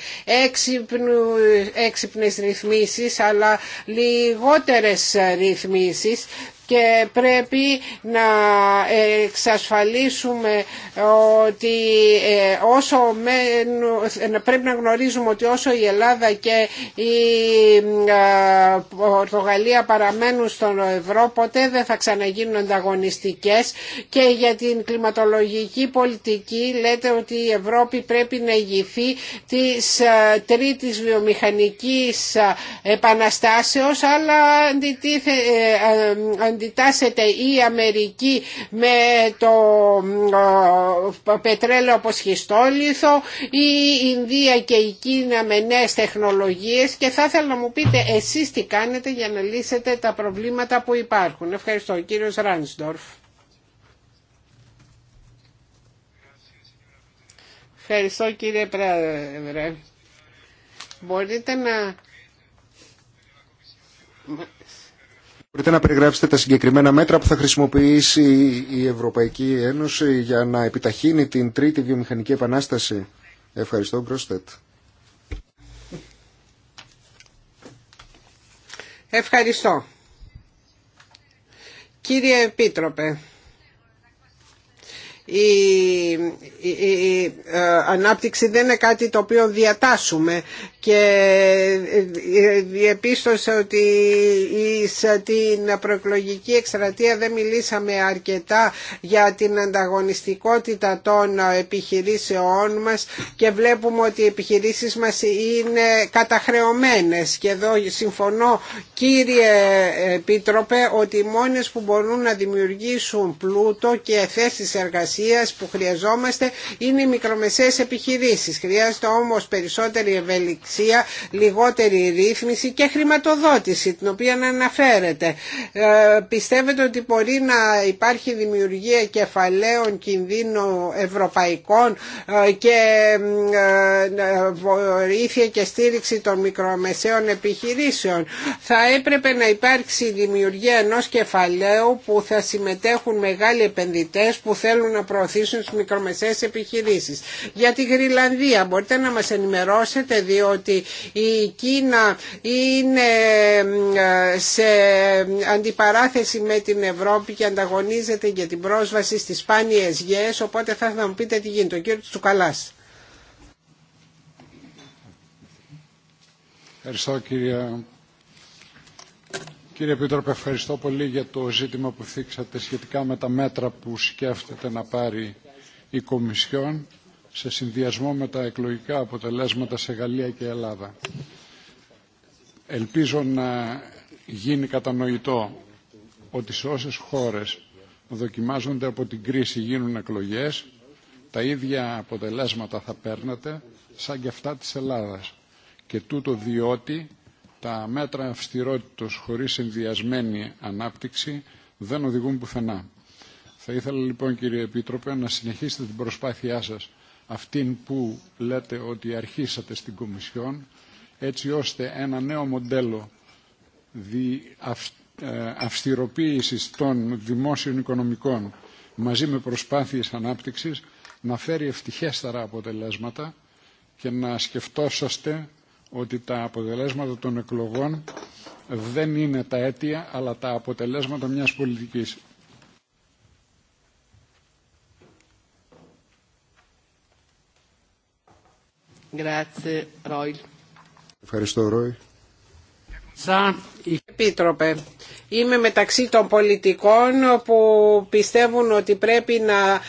έξυπνες ρυθμίσεις αλλά λιγότερες ρυθμίσεις και πρέπει να εξασφαλίσουμε ότι ε, όσο πρέπει να γνωρίζουμε ότι όσο η Ελλάδα και η ε, Πορτογαλία παραμένουν στον ευρώ ποτέ δεν θα ξαναγίνουν ανταγωνιστικές και για την κλιματολογική πολιτική λέτε ότι η Ευρώπη πρέπει να ηγηθεί της ε, τρίτης βιομηχανικής επαναστάσεως αλλά αντιτίθε, αντιτάσσεται η Αμερική με το πετρέλαιο από σχιστόλιθο ή η Ινδία και η Κίνα με νέες τεχνολογίες και θα ήθελα να μου πείτε εσείς τι κάνετε για να λύσετε τα προβλήματα που υπάρχουν. Ευχαριστώ κύριος Ράνσντορφ. Ευχαριστώ κύριε Πρόεδρε. Μπορείτε να Μπορείτε να περιγράψετε τα συγκεκριμένα μέτρα που θα χρησιμοποιήσει η Ευρωπαϊκή Ένωση για να επιταχύνει την τρίτη βιομηχανική επανάσταση. Ευχαριστώ, Γκρόστετ. Ευχαριστώ. Κύριε Επίτροπε, η η ε, ανάπτυξη δεν είναι κάτι το οποίο διατάσουμε και ε, ε, διεπίστωσε ότι στην προεκλογική εκστρατεία δεν μιλήσαμε αρκετά για την ανταγωνιστικότητα των επιχειρήσεών μας και βλέπουμε ότι οι επιχειρήσεις μας είναι καταχρεωμένες και εδώ συμφωνώ κύριε Επίτροπε ότι οι μόνες που μπορούν να δημιουργήσουν πλούτο και θέσεις εργασίας που χρειαζόμαστε είναι οι μικρομεσαίες επιχειρήσεις. Χρειάζεται όμως περισσότερη ευελιξία, λιγότερη ρύθμιση και χρηματοδότηση, την οποία να αναφέρεται. Ε, πιστεύετε ότι μπορεί να υπάρχει δημιουργία κεφαλαίων κινδύνων ευρωπαϊκών ε, και ε, βοήθεια και στήριξη των μικρομεσαίων επιχειρήσεων. Θα έπρεπε να υπάρξει δημιουργία ενός κεφαλαίου που θα συμμετέχουν μεγάλοι επενδυτές που θέλουν να προωθήσουν τις μικρομεσαίες επιχειρήσεις. Για τη Γρυλανδία μπορείτε να μας ενημερώσετε διότι η Κίνα είναι σε αντιπαράθεση με την Ευρώπη και ανταγωνίζεται για την πρόσβαση στις σπάνιες γέες, οπότε θα, να μου πείτε τι γίνεται. Ο κύριος Τσουκαλάς. Ευχαριστώ κύριε. Κύριε Επίτροπε, ευχαριστώ πολύ για το ζήτημα που θίξατε σχετικά με τα μέτρα που σκέφτεται να πάρει η Κομισιόν σε συνδυασμό με τα εκλογικά αποτελέσματα σε Γαλλία και Ελλάδα. Ελπίζω να γίνει κατανοητό ότι σε όσες χώρες δοκιμάζονται από την κρίση γίνουν εκλογές, τα ίδια αποτελέσματα θα παίρνατε σαν και αυτά της Ελλάδας. Και τούτο διότι τα μέτρα αυστηρότητος χωρίς συνδυασμένη ανάπτυξη δεν οδηγούν πουθενά. Θα ήθελα λοιπόν κύριε Επίτροπε να συνεχίσετε την προσπάθειά σας αυτήν που λέτε ότι αρχίσατε στην Κομισιόν έτσι ώστε ένα νέο μοντέλο ε, αυστηροποίησης των δημόσιων οικονομικών μαζί με προσπάθειες ανάπτυξης να φέρει ευτυχέστερα αποτελέσματα και να σκεφτόσαστε ότι τα αποτελέσματα των εκλογών δεν είναι τα αίτια αλλά τα αποτελέσματα μιας πολιτικής. Ευχαριστώ, Ρόι. Σαν Επίτροπε, είμαι μεταξύ των πολιτικών που πιστεύουν ότι πρέπει να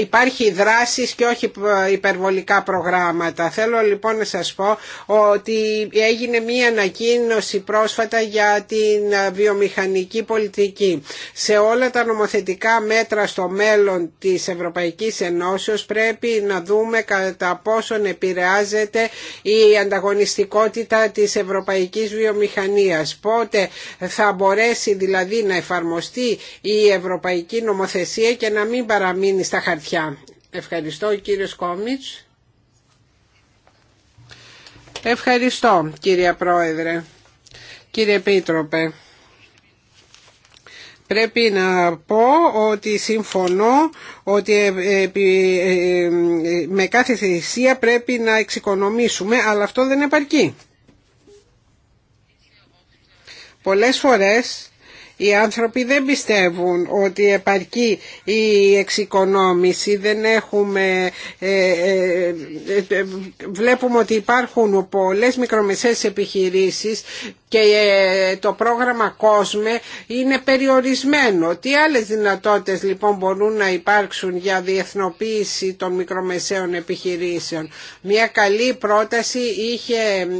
υπάρχει δράση και όχι υπερβολικά προγράμματα. Θέλω λοιπόν να σας πω ότι έγινε μία ανακοίνωση πρόσφατα για την βιομηχανική πολιτική. Σε όλα τα νομοθετικά μέτρα στο μέλλον της Ευρωπαϊκής Ενώσεως πρέπει να δούμε κατά πόσον επηρεάζεται η ανταγωνιστικότητα της ευρωπαϊκής βιομηχανίας Οπότε θα μπορέσει δηλαδή να εφαρμοστεί η ευρωπαϊκή νομοθεσία και να μην παραμείνει στα χαρτιά. Ευχαριστώ κύριε Σκόμιτς. Ευχαριστώ κύριε Πρόεδρε, κύριε Επίτροπε. Πρέπει να πω ότι συμφωνώ ότι ε, ε, ε, με κάθε θυσία πρέπει να εξοικονομήσουμε, αλλά αυτό δεν επαρκεί. Πολλές φορές οι άνθρωποι δεν πιστεύουν ότι επαρκεί η εξοικονόμηση, δεν έχουμε, ε, ε, ε, βλέπουμε ότι υπάρχουν πολλές μικρομεσαίες επιχειρήσεις και ε, το πρόγραμμα COSME είναι περιορισμένο. Τι άλλες δυνατότητες λοιπόν μπορούν να υπάρξουν για διεθνοποίηση των μικρομεσαίων επιχειρήσεων. Μια καλή πρόταση είχε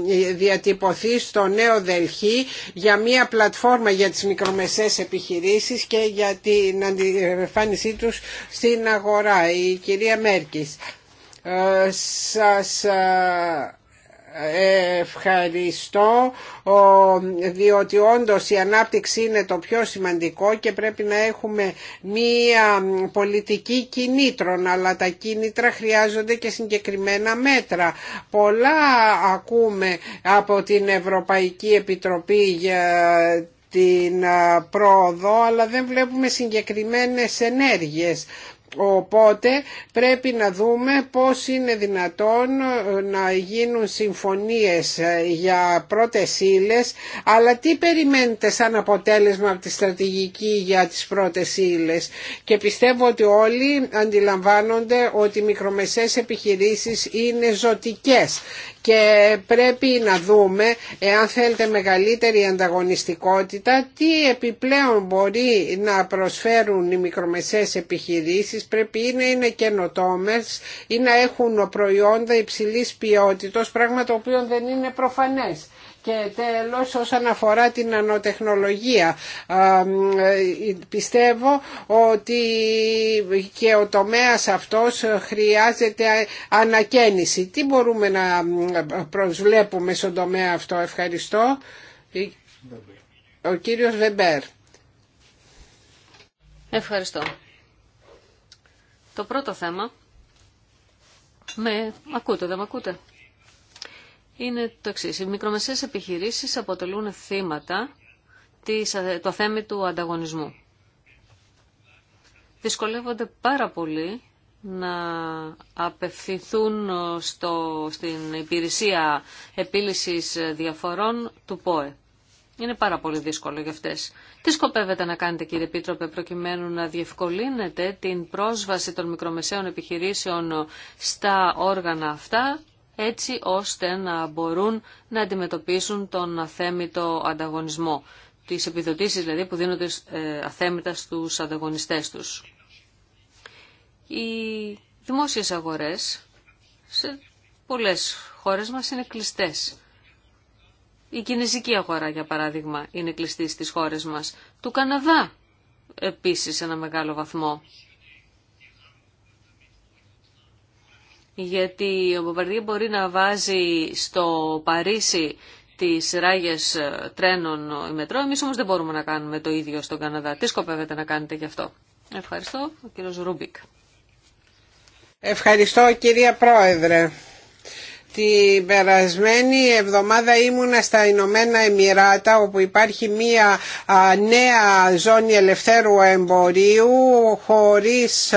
ε, διατυπωθεί στο Νέο Δελχή για μια πλατφόρμα για τις μικρομεσαίες επιχειρήσεις και για την αντιφάνισή τους στην αγορά. Η κυρία Μέρκης. Ε, σας ευχαριστώ διότι όντως η ανάπτυξη είναι το πιο σημαντικό και πρέπει να έχουμε μία πολιτική κινήτρων αλλά τα κίνητρα χρειάζονται και συγκεκριμένα μέτρα. Πολλά ακούμε από την Ευρωπαϊκή Επιτροπή για την πρόοδο αλλά δεν βλέπουμε συγκεκριμένες ενέργειες. Οπότε πρέπει να δούμε πώς είναι δυνατόν ε, να γίνουν συμφωνίες ε, για πρώτες ύλε, αλλά τι περιμένετε σαν αποτέλεσμα από τη στρατηγική για τις πρώτες ύλε. Και πιστεύω ότι όλοι αντιλαμβάνονται ότι οι μικρομεσαίες επιχειρήσεις είναι ζωτικές και πρέπει να δούμε εάν θέλετε μεγαλύτερη ανταγωνιστικότητα τι επιπλέον μπορεί να προσφέρουν οι μικρομεσαίες επιχειρήσεις πρέπει να είναι καινοτόμες ή να έχουν προϊόντα υψηλής ποιότητος πράγμα το οποίο δεν είναι προφανές. Και τέλος όσον αφορά την νανοτεχνολογία πιστεύω ότι και ο τομέας αυτός χρειάζεται ανακαίνιση. Τι μπορούμε να προσβλέπουμε στον τομέα αυτό. Ευχαριστώ. Ο κύριος Βεμπέρ. Ευχαριστώ. Το πρώτο θέμα. Με ναι, ακούτε, δεν με ακούτε είναι το εξή. Οι μικρομεσαίε επιχειρήσεις αποτελούν θύματα της, ε, το θέμα του ανταγωνισμού. Δυσκολεύονται πάρα πολύ να απευθυνθούν ε, στο, στην υπηρεσία επίλυσης διαφορών του ΠΟΕ. Είναι πάρα πολύ δύσκολο για αυτές. Τι σκοπεύετε να κάνετε κύριε Επίτροπε προκειμένου να διευκολύνετε την πρόσβαση των μικρομεσαίων επιχειρήσεων στα όργανα αυτά έτσι ώστε να μπορούν να αντιμετωπίσουν τον αθέμητο ανταγωνισμό. Τις επιδοτήσεις δηλαδή που δίνονται ε, αθέμητα στους ανταγωνιστές τους. Οι δημόσιες αγορές σε πολλές χώρες μας είναι κλειστές. Η κινέζικη αγορά, για παράδειγμα, είναι κλειστή στις χώρες μας. Του Καναδά, επίσης, σε ένα μεγάλο βαθμό. γιατί ο Μποβαρδίε μπορεί να βάζει στο Παρίσι τις ράγες ε, τρένων η ε, μετρό, εμείς όμως δεν μπορούμε να κάνουμε το ίδιο στον Καναδά. Τι σκοπεύετε να κάνετε γι' αυτό. Ευχαριστώ, ο κύριος Ρούμπικ. Ευχαριστώ κυρία Πρόεδρε. Την περασμένη εβδομάδα ήμουνα στα Ηνωμένα Εμμυράτα όπου υπάρχει μία νέα ζώνη ελευθέρου εμπορίου χωρίς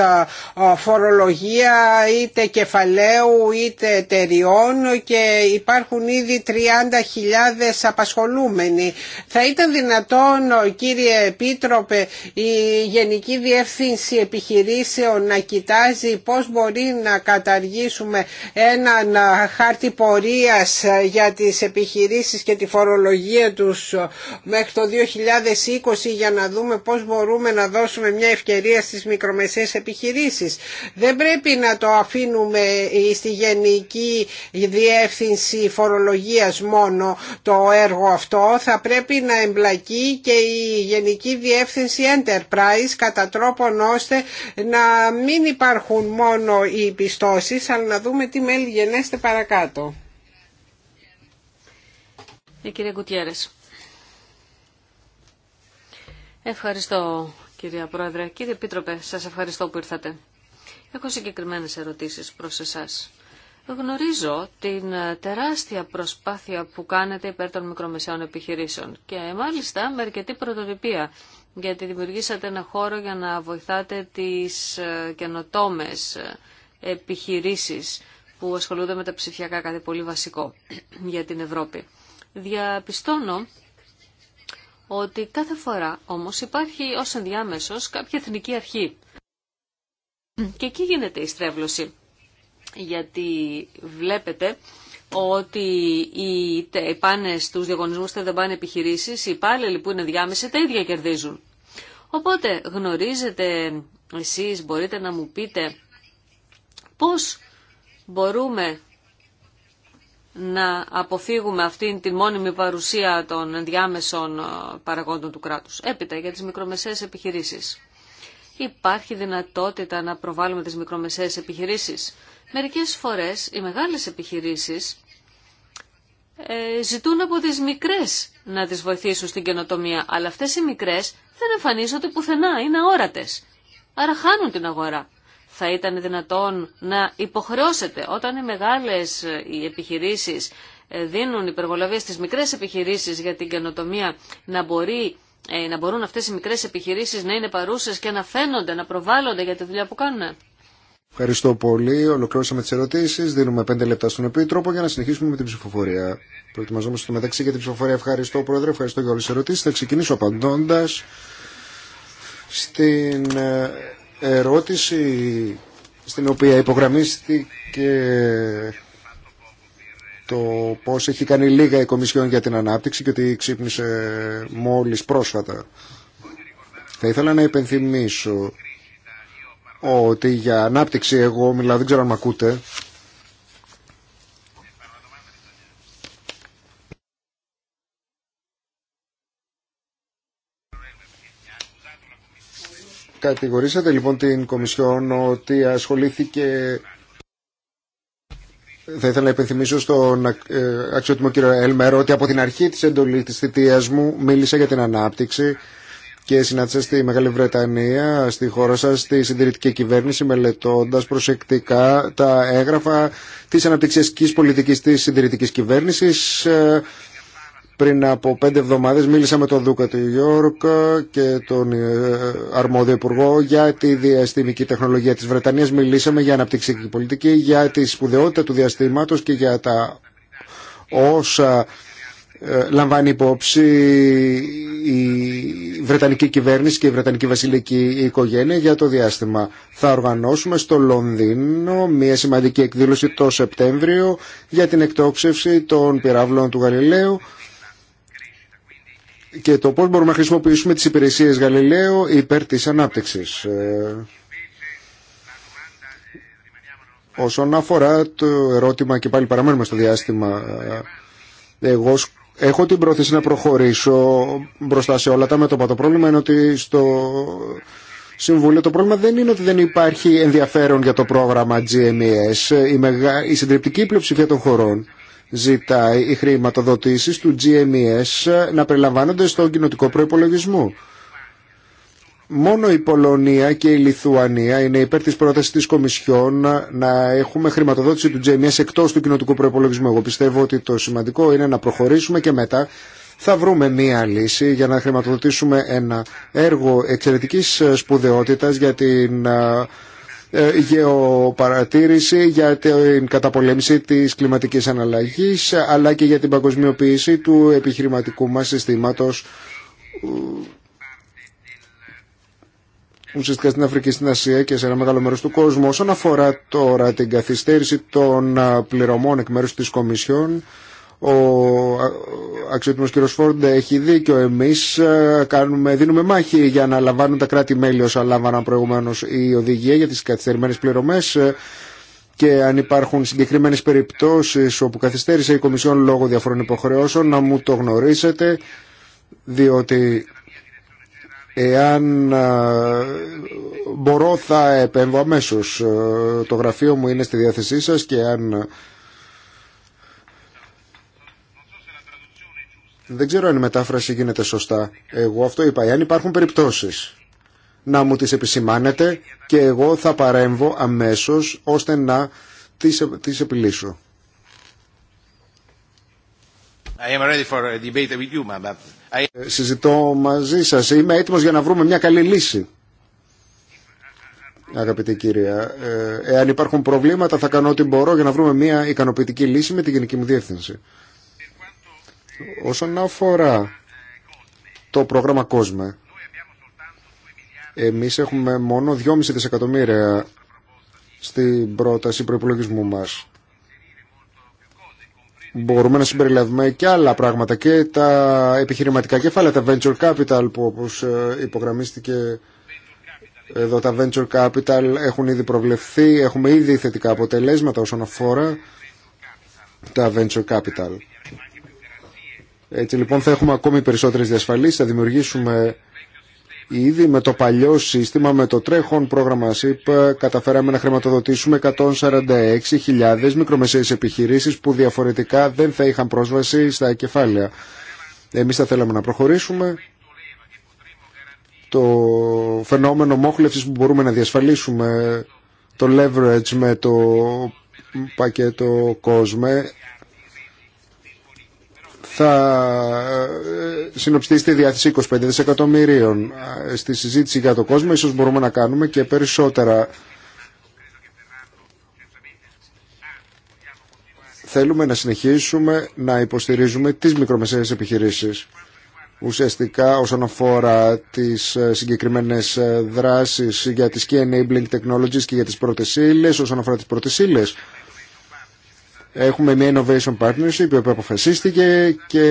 φορολογία είτε κεφαλαίου είτε εταιριών και υπάρχουν ήδη 30.000 απασχολούμενοι. Θα ήταν δυνατόν κύριε Επίτροπε η Γενική Διεύθυνση Επιχειρήσεων να κοιτάζει πώς μπορεί να καταργήσουμε έναν χάρτη πορείας ε, για τις επιχειρήσεις και τη φορολογία τους ε, μέχρι το 2020 για να δούμε πώς μπορούμε να δώσουμε μια ευκαιρία στις μικρομεσαίες επιχειρήσεις. Δεν πρέπει να το αφήνουμε ε, στη Γενική Διεύθυνση Φορολογίας μόνο το έργο αυτό. Θα πρέπει να εμπλακεί και η Γενική Διεύθυνση Enterprise κατά τρόπον ώστε να μην υπάρχουν μόνο οι πιστώσεις αλλά να δούμε τι μέλη γενέστε παρακάτω παρακάτω. Ε, κύριε Ευχαριστώ κυρία Πρόεδρε. Κύριε Επίτροπε, σας ευχαριστώ που ήρθατε. Έχω συγκεκριμένες ερωτήσεις προς εσάς. Γνωρίζω την ε, τεράστια προσπάθεια που κάνετε υπέρ των μικρομεσαίων επιχειρήσεων και ε, μάλιστα με αρκετή πρωτοτυπία γιατί δημιουργήσατε ένα χώρο για να βοηθάτε τις καινοτόμες επιχειρήσεις που ασχολούνται με τα ψηφιακά, κάτι πολύ βασικό <clears throat> για την Ευρώπη. Διαπιστώνω ότι κάθε φορά όμως υπάρχει ως ενδιάμεσος κάποια εθνική αρχή. Και εκεί γίνεται η στρέβλωση, γιατί βλέπετε ότι οι, πάνε στους διαγωνισμούς δεν πάνε επιχειρήσεις, οι υπάλληλοι που είναι διάμεση τα ίδια κερδίζουν. Οπότε γνωρίζετε εσείς, μπορείτε να μου πείτε πώς μπορούμε να αποφύγουμε αυτήν την μόνιμη παρουσία των ενδιάμεσων ε, παραγόντων του κράτους. Έπειτα για τις μικρομεσαίες επιχειρήσεις. Υπάρχει δυνατότητα να προβάλλουμε τις μικρομεσαίες επιχειρήσεις. Μερικές φορές οι μεγάλες επιχειρήσεις ε, ζητούν από τις μικρές να τις βοηθήσουν στην καινοτομία, αλλά αυτές οι μικρές δεν εμφανίζονται πουθενά, είναι αόρατες. Άρα χάνουν την αγορά θα ήταν δυνατόν να υποχρεώσετε όταν οι μεγάλες ε, οι επιχειρήσεις ε, δίνουν υπεργολαβία στις μικρές επιχειρήσεις για την καινοτομία να μπορεί ε, να μπορούν αυτές οι μικρές επιχειρήσεις να είναι παρούσες και να φαίνονται, να προβάλλονται για τη δουλειά που κάνουν. Ευχαριστώ πολύ. Ολοκληρώσαμε τι ερωτήσει. Δίνουμε πέντε λεπτά στον Επίτροπο για να συνεχίσουμε με την ψηφοφορία. Προετοιμαζόμαστε στο μεταξύ για την ψηφοφορία. Ευχαριστώ, Πρόεδρε. Ευχαριστώ για όλε τι ερωτήσει. Θα ξεκινήσω απαντώντα στην ερώτηση στην οποία υπογραμμίστηκε το πώς έχει κάνει λίγα η Κομισιόν για την Ανάπτυξη και ότι ξύπνησε μόλις πρόσφατα. Θα ήθελα να υπενθυμίσω ότι για ανάπτυξη εγώ μιλάω, δεν ξέρω αν με ακούτε, Κατηγορήσατε λοιπόν την Κομισιόν ότι ασχολήθηκε θα ήθελα να υπενθυμίσω στον ε, αξιότιμο κύριο Έλμερ ότι από την αρχή της εντολής της θητείας μου μίλησα για την ανάπτυξη και συνάντησα στη Μεγάλη Βρετανία, στη χώρα σας, στη συντηρητική κυβέρνηση μελετώντας προσεκτικά τα έγγραφα της αναπτυξιακής πολιτικής της συντηρητικής κυβέρνησης ε, πριν από πέντε εβδομάδε μίλησα με τον Δούκα του Ιόρκ και τον ε, αρμόδιο υπουργό για τη διαστημική τεχνολογία τη Βρετανία. Μιλήσαμε για αναπτυξιακή πολιτική, για τη σπουδαιότητα του διαστηματο και για τα όσα ε, λαμβάνει υπόψη η Βρετανική κυβέρνηση και η Βρετανική βασιλική οικογένεια για το διάστημα. Θα οργανώσουμε στο Λονδίνο μια σημαντική εκδήλωση το Σεπτέμβριο για την εκτόξευση των πυράβλων του Γαλιλαίου και το πώς μπορούμε να χρησιμοποιήσουμε τις υπηρεσίες Γαλιλαίου υπέρ της ανάπτυξης. Ε, όσον αφορά το ερώτημα και πάλι παραμένουμε στο διάστημα, ε, εγώ έχω την πρόθεση να προχωρήσω μπροστά σε όλα τα μέτωπα. Το πρόβλημα είναι ότι στο Συμβούλιο το πρόβλημα δεν είναι ότι δεν υπάρχει ενδιαφέρον για το πρόγραμμα GMES. Η, η συντριπτική πλειοψηφία των χωρών ζητάει οι χρηματοδοτήσει του GMES να περιλαμβάνονται στον κοινοτικό προπολογισμό. Μόνο η Πολωνία και η Λιθουανία είναι υπέρ της πρόταση της Κομισιόν να έχουμε χρηματοδότηση του GMS e εκτός του κοινοτικού προϋπολογισμού. Εγώ πιστεύω ότι το σημαντικό είναι να προχωρήσουμε και μετά θα βρούμε μία λύση για να χρηματοδοτήσουμε ένα έργο εξαιρετικής σπουδαιότητας για την ε, γεωπαρατήρηση, για την καταπολέμηση της κλιματικής αναλλαγής, αλλά και για την παγκοσμιοποίηση του επιχειρηματικού μας συστήματος ε, ουσιαστικά στην Αφρική, στην Ασία και σε ένα μεγάλο μέρος του κόσμου. Όσον αφορά τώρα την καθυστέρηση των ε, πληρωμών εκ μέρους της Κομισιόν, ο αξιότιμος κύριος Φόρντ έχει δίκιο. Εμείς ε, κάνουμε, δίνουμε μάχη για να λαμβάνουν τα κράτη-μέλη όσα λάμβαναν προηγουμένως η οδηγία για τις καθυστερημένες πληρωμές ε, και αν υπάρχουν συγκεκριμένες περιπτώσεις όπου καθυστέρησε η Κομισιόν λόγω διαφορών υποχρεώσεων να μου το γνωρίσετε διότι εάν ε, μπορώ θα επέμβω αμέσως. Το γραφείο μου είναι στη διάθεσή σας και αν Δεν ξέρω αν η μετάφραση γίνεται σωστά. Εγώ αυτό είπα. Εάν υπάρχουν περιπτώσεις να μου τις επισημάνετε και εγώ θα παρέμβω αμέσως ώστε να τις, επιλύσω. you, I... Συζητώ μαζί σας. Είμαι έτοιμος για να βρούμε μια καλή λύση. Αγαπητή κυρία, ε, εάν υπάρχουν προβλήματα θα κάνω ό,τι μπορώ για να βρούμε μια ικανοποιητική λύση με τη Γενική μου Διεύθυνση. Όσον αφορά το πρόγραμμα COSME, εμείς έχουμε μόνο 2,5 δισεκατομμύρια στην πρόταση προϋπολογισμού μας. Μπορούμε να συμπεριλαβούμε και άλλα πράγματα και τα επιχειρηματικά κεφάλαια, τα venture capital που όπως ε, υπογραμμίστηκε εδώ τα venture capital έχουν ήδη προβλεφθεί, έχουμε ήδη θετικά αποτελέσματα όσον αφορά τα venture capital. Έτσι λοιπόν θα έχουμε ακόμη περισσότερες διασφαλίσεις, θα δημιουργήσουμε Ήδη με το παλιό σύστημα, με το τρέχον πρόγραμμα ΣΥΠ, καταφέραμε να χρηματοδοτήσουμε 146.000 μικρομεσαίες επιχειρήσεις που διαφορετικά δεν θα είχαν πρόσβαση στα κεφάλαια. Εμείς θα θέλαμε να προχωρήσουμε. Το φαινόμενο μόχλευσης που μπορούμε να διασφαλίσουμε, το leverage με το πακέτο COSME, θα ε, συνοψιστεί στη διάθεση 25 δισεκατομμυρίων. Στη συζήτηση για το κόσμο ίσως μπορούμε να κάνουμε και περισσότερα. Θέλουμε να συνεχίσουμε να υποστηρίζουμε τις μικρομεσαίες επιχειρήσεις. Ουσιαστικά όσον αφορά τις ε, συγκεκριμένες ε, δράσεις για τις key enabling technologies και για τις πρώτες ύλες, όσον αφορά τις πρώτες ύλες, Έχουμε μια innovation partnership η οποία αποφασίστηκε και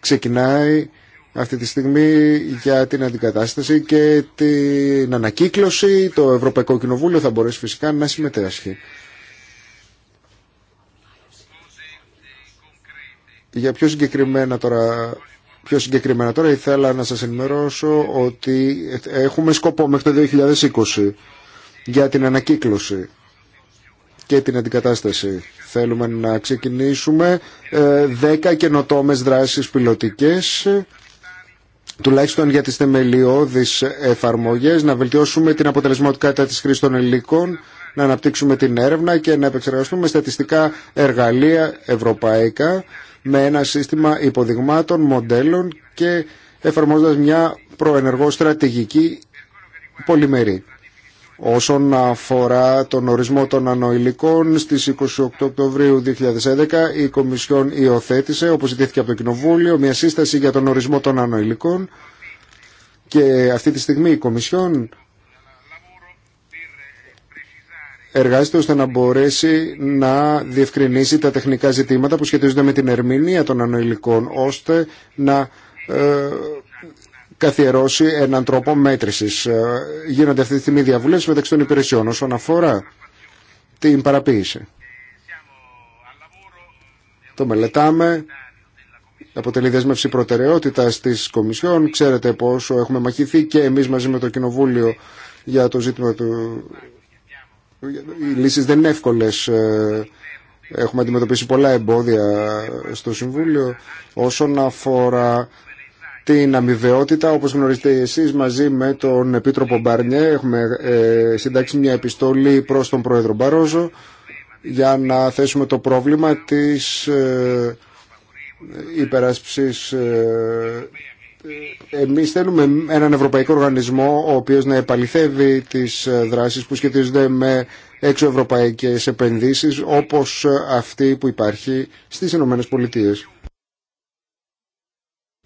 ξεκινάει αυτή τη στιγμή για την αντικατάσταση και την ανακύκλωση. Το Ευρωπαϊκό Κοινοβούλιο θα μπορέσει φυσικά να συμμετέχει. Για πιο συγκεκριμένα τώρα Πιο συγκεκριμένα τώρα ήθελα να σας ενημερώσω ότι έχουμε σκοπό μέχρι το 2020 για την ανακύκλωση και την αντικατάσταση. Θέλουμε να ξεκινήσουμε 10 ε, καινοτόμε δράσεις πιλωτικές τουλάχιστον για τις θεμελιώδεις εφαρμογές, να βελτιώσουμε την αποτελεσματικότητα της χρήση των υλικών, να αναπτύξουμε την έρευνα και να επεξεργαστούμε στατιστικά εργαλεία ευρωπαϊκά με ένα σύστημα υποδειγμάτων, μοντέλων και εφαρμόζοντας μια προενεργό στρατηγική πολυμερή. Όσον αφορά τον ορισμό των ανοηλικών, στις 28 Οκτωβρίου 2011 η Κομισιόν υιοθέτησε, όπως ζητήθηκε από το Κοινοβούλιο, μια σύσταση για τον ορισμό των ανοηλικών και αυτή τη στιγμή η Κομισιόν εργάζεται ώστε να μπορέσει να διευκρινίσει τα τεχνικά ζητήματα που σχετίζονται με την ερμηνεία των ανοηλικών, ώστε να ε, καθιερώσει έναν τρόπο μέτρησης. Ε, γίνονται αυτή τη στιγμή διαβουλές μεταξύ των υπηρεσιών όσον αφορά την παραποίηση. Το μελετάμε, αποτελεί δέσμευση προτεραιότητα τη Κομισιόν. Ξέρετε πόσο έχουμε μαχηθεί και εμεί μαζί με το Κοινοβούλιο για το ζήτημα του. Οι λύσει δεν είναι εύκολε. Ε, έχουμε αντιμετωπίσει πολλά εμπόδια στο Συμβούλιο όσον αφορά την αμοιβαιότητα, όπως γνωρίζετε εσείς μαζί με τον Επίτροπο Μπαρνιέ έχουμε ε, συντάξει μια επιστολή προς τον Πρόεδρο Μπαρόζο για να θέσουμε το πρόβλημα της ε, υπεράσπισης ε, ε, εμείς θέλουμε έναν ευρωπαϊκό οργανισμό ο οποίος να επαληθεύει τις δράσεις που σχετίζονται με έξω ευρωπαϊκές επενδύσεις όπως αυτή που υπάρχει στις Ηνωμένες Πολιτείες.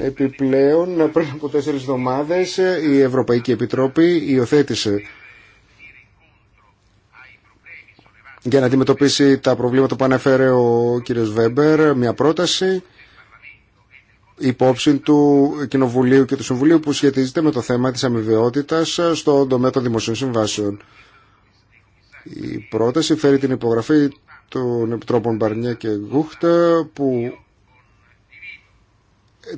Επιπλέον, πριν από τέσσερις εβδομάδες, η Ευρωπαϊκή Επιτρόπη υιοθέτησε για να αντιμετωπίσει τα προβλήματα που ανέφερε ο κ. Βέμπερ, μια πρόταση υπόψη του Κοινοβουλίου και του Συμβουλίου που σχετίζεται με το θέμα της αμοιβαιότητας στον τομέα των δημοσίων συμβάσεων. Η πρόταση φέρει την υπογραφή των Επιτρόπων Μπαρνιέ και Γούχτα που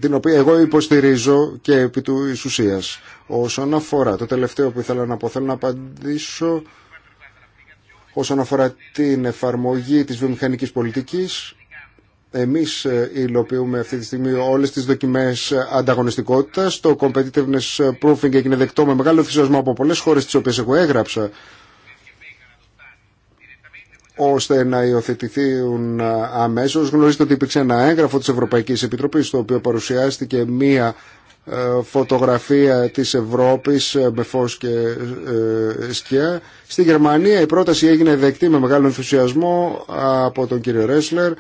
την οποία εγώ υποστηρίζω και επί του ουσία. Όσον αφορά το τελευταίο που ήθελα να πω, θέλω να απαντήσω όσον αφορά την εφαρμογή της βιομηχανικής πολιτικής. Εμείς ε, υλοποιούμε αυτή τη στιγμή όλες τις δοκιμές ανταγωνιστικότητας. Το competitiveness proofing έγινε δεκτό με μεγάλο θυσιασμό από πολλές χώρες τις οποίες εγώ έγραψα ώστε να υιοθετηθούν αμέσως. Γνωρίζετε ότι υπήρξε ένα έγγραφο της Ευρωπαϊκής Επιτροπής στο οποίο παρουσιάστηκε μία ε, φωτογραφία της Ευρώπης ε, με φως και ε, σκιά. Στη Γερμανία η πρόταση έγινε δεκτή με μεγάλο ενθουσιασμό από τον κύριο Ρέσλερ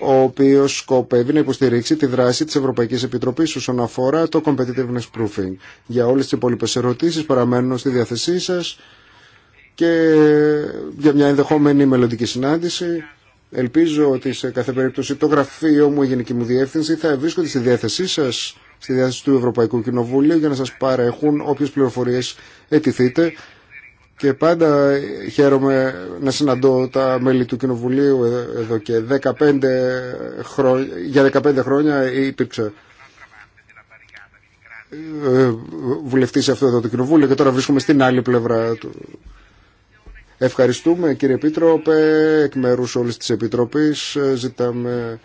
ο οποίος σκοπεύει να υποστηρίξει τη δράση της Ευρωπαϊκής Επιτροπής όσον αφορά το competitiveness proofing. Για όλες τις υπόλοιπες ερωτήσεις παραμένω στη διάθεσή σας και για μια ενδεχόμενη μελλοντική συνάντηση. Ελπίζω ότι σε κάθε περίπτωση το γραφείο μου, η γενική μου διεύθυνση θα βρίσκονται στη διάθεσή σα, στη διάθεση του Ευρωπαϊκού Κοινοβουλίου για να σα παρέχουν όποιε πληροφορίε ετηθείτε. Και πάντα χαίρομαι να συναντώ τα μέλη του Κοινοβουλίου εδώ και 15 χρόνια. Για 15 χρόνια υπήρξε ε, βουλευτή σε αυτό εδώ το Κοινοβούλιο και τώρα βρίσκομαι στην άλλη πλευρά του Ευχαριστούμε κύριε Επίτροπε, εκ μέρους όλης της Επιτροπής ζητάμε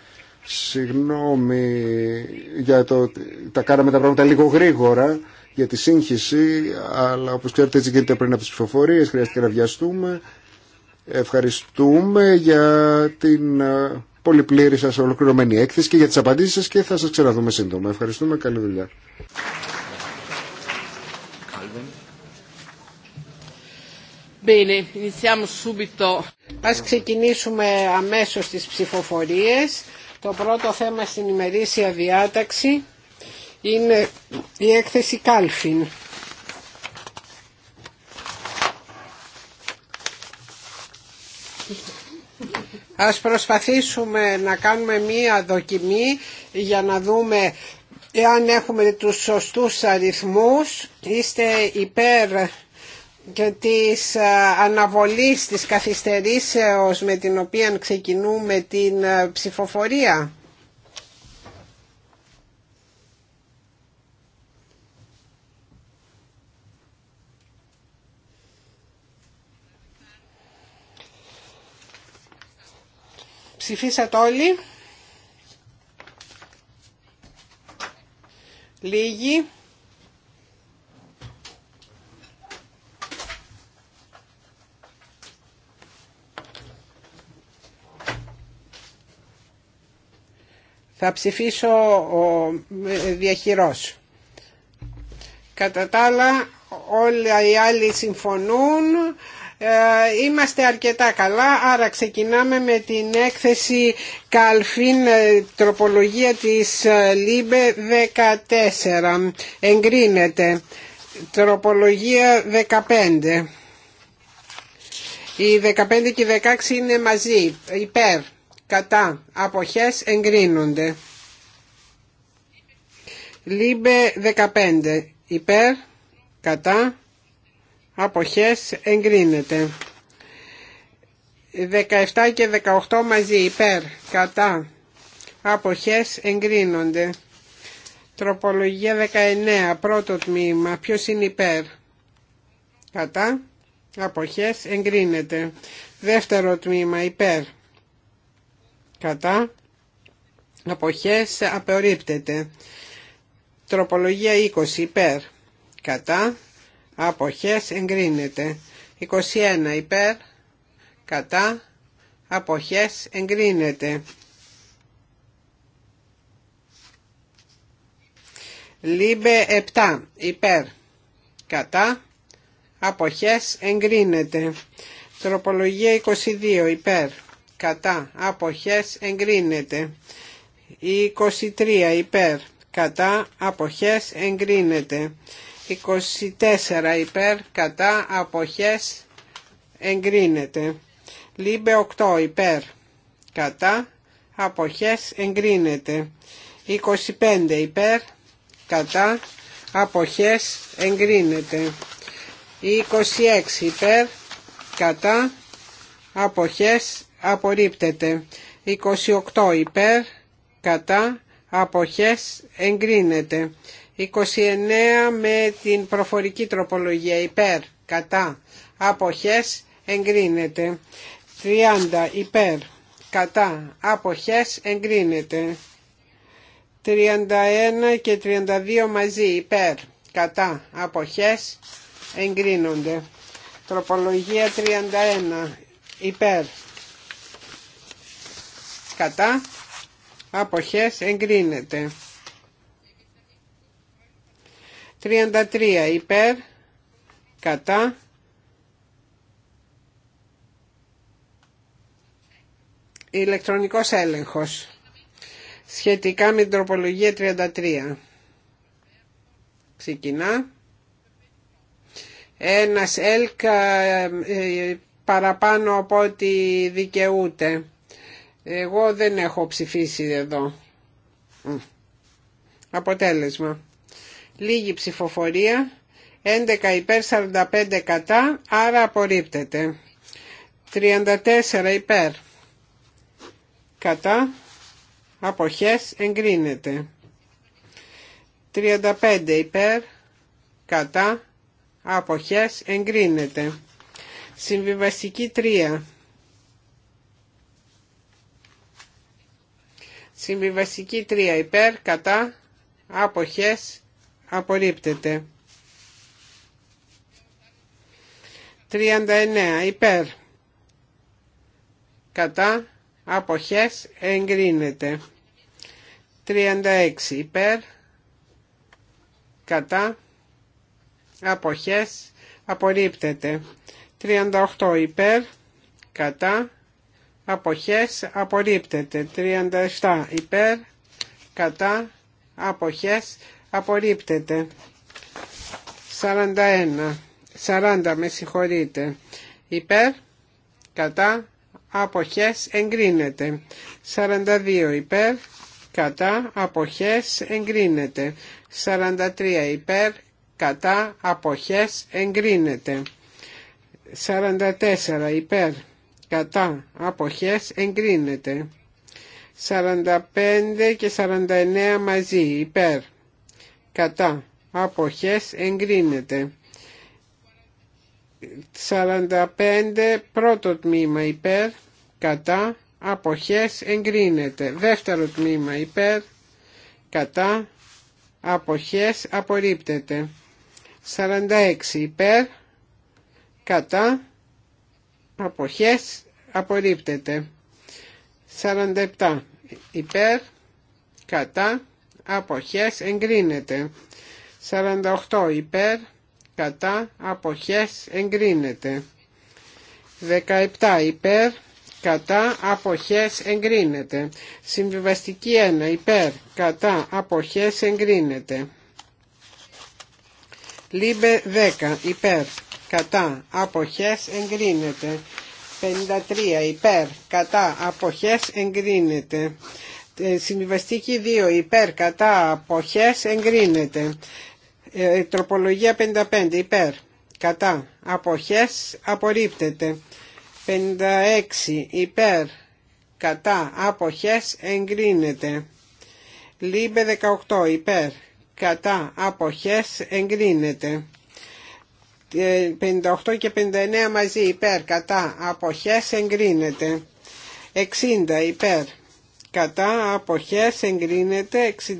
συγγνώμη για το τα κάναμε τα πράγματα λίγο γρήγορα για τη σύγχυση, αλλά όπως ξέρετε έτσι γίνεται πριν από τις ψηφοφορίες, χρειάστηκε να βιαστούμε. Ευχαριστούμε για την ε, πολυπλήρη σας ολοκληρωμένη έκθεση και για τις απαντήσεις σας και θα σας ξαναδούμε σύντομα. Ευχαριστούμε, καλή δουλειά. Bene, Ας ξεκινήσουμε αμέσως τις ψηφοφορίες. Το πρώτο θέμα στην ημερήσια διάταξη είναι η έκθεση Κάλφιν. Ας προσπαθήσουμε να κάνουμε μία δοκιμή για να δούμε εάν έχουμε τους σωστούς αριθμούς. Είστε υπέρ και της ε, αναβολής της καθυστερήσεως με την οποία ξεκινούμε την ε, ψηφοφορία. Ψηφίσατε όλοι. Λίγοι. Θα ψηφίσω ε, διαχειρός. Κατά τα άλλα όλοι οι άλλοι συμφωνούν. Ε, είμαστε αρκετά καλά, άρα ξεκινάμε με την έκθεση Καλφίν ε, τροπολογία της ΛΥΜΠΕ 14. Εγκρίνεται. Τροπολογία 15. Οι 15 και οι 16 είναι μαζί, υπέρ, κατά αποχές εγκρίνονται Λίμπε 15 υπέρ κατά αποχές εγκρίνεται 17 και 18 μαζί υπέρ κατά αποχές εγκρίνονται Τροπολογία 19 πρώτο τμήμα ποιος είναι υπέρ κατά αποχές εγκρίνεται δεύτερο τμήμα υπέρ κατά αποχές απορρίπτεται τροπολογία 20 υπέρ κατά αποχές εγκρίνεται 21 υπέρ κατά αποχές εγκρίνεται Λίμπε 7 υπέρ κατά αποχές εγκρίνεται τροπολογία 22 υπέρ κατά αποχές εγκρίνεται 23 υπέρ κατά αποχές εγκρίνεται 24 υπέρ κατά αποχές εγκρίνεται λίμπε 8 υπέρ κατά αποχές εγκρίνεται 25 υπέρ κατά αποχές εγκρίνεται 26 υπέρ κατά αποχές απορρίπτεται. 28 υπέρ κατά αποχές εγκρίνεται. 29 με την προφορική τροπολογία υπέρ κατά αποχές εγκρίνεται. 30 υπέρ κατά αποχές εγκρίνεται. 31 και 32 μαζί υπέρ κατά αποχές εγκρίνονται. Τροπολογία 31 υπέρ κατά αποχές εγκρίνεται 33 υπέρ κατά ηλεκτρονικός έλεγχος σχετικά με την τροπολογία 33 ξεκινά ένας ΕΛΚ ε, παραπάνω από ό,τι δικαιούται εγώ δεν έχω ψηφίσει εδώ. Αποτέλεσμα. Λίγη ψηφοφορία. 11 υπέρ 45 κατά, άρα απορρίπτεται. 34 υπέρ. Κατά. Αποχές εγκρίνεται. 35 υπέρ. Κατά. Αποχές εγκρίνεται. Συμβιβαστική 3 Συμβιβαστική 3 υπέρ, κατά, αποχές, απορρίπτεται. 39 υπέρ, κατά, αποχές, εγκρίνεται. 36 υπέρ, κατά, αποχές, απορρίπτεται. 38 υπέρ, κατά, αποχές απορρίπτεται 37 υπέρ κατά αποχές απορρίπτεται 41 40 με συγχωρείτε υπέρ κατά αποχές εγκρίνεται 42 υπέρ κατά αποχές εγκρίνεται 43 υπέρ κατά αποχές εγκρίνεται 44 υπέρ κατά αποχές εγκρίνεται 45 και 49 μαζί υπέρ κατά αποχές εγκρίνεται 45 πρώτο τμήμα υπέρ κατά αποχές εγκρίνεται δεύτερο τμήμα υπέρ κατά αποχές απορρίπτεται 46 υπέρ κατά αποχές απορρίπτεται. 47 υπέρ κατά αποχές εγκρίνεται. 48 υπέρ κατά αποχές εγκρίνεται. 17 υπέρ κατά αποχές εγκρίνεται. Συμβιβαστική 1 υπέρ κατά αποχές εγκρίνεται. Λίμπε 10 υπέρ κατά αποχές εγκρίνεται. 53 υπέρ κατά αποχές εγκρίνεται. Ε, συμβιβαστική 2 υπέρ κατά αποχές εγκρίνεται. Ε, τροπολογία 55 υπέρ κατά αποχές απορρίπτεται. 56 υπέρ κατά αποχές εγκρίνεται. Λίμπε 18 υπέρ κατά αποχές εγκρίνεται. 58 και 59 μαζί υπέρ κατά αποχές εγκρίνεται 60 υπέρ κατά αποχές εγκρίνεται 61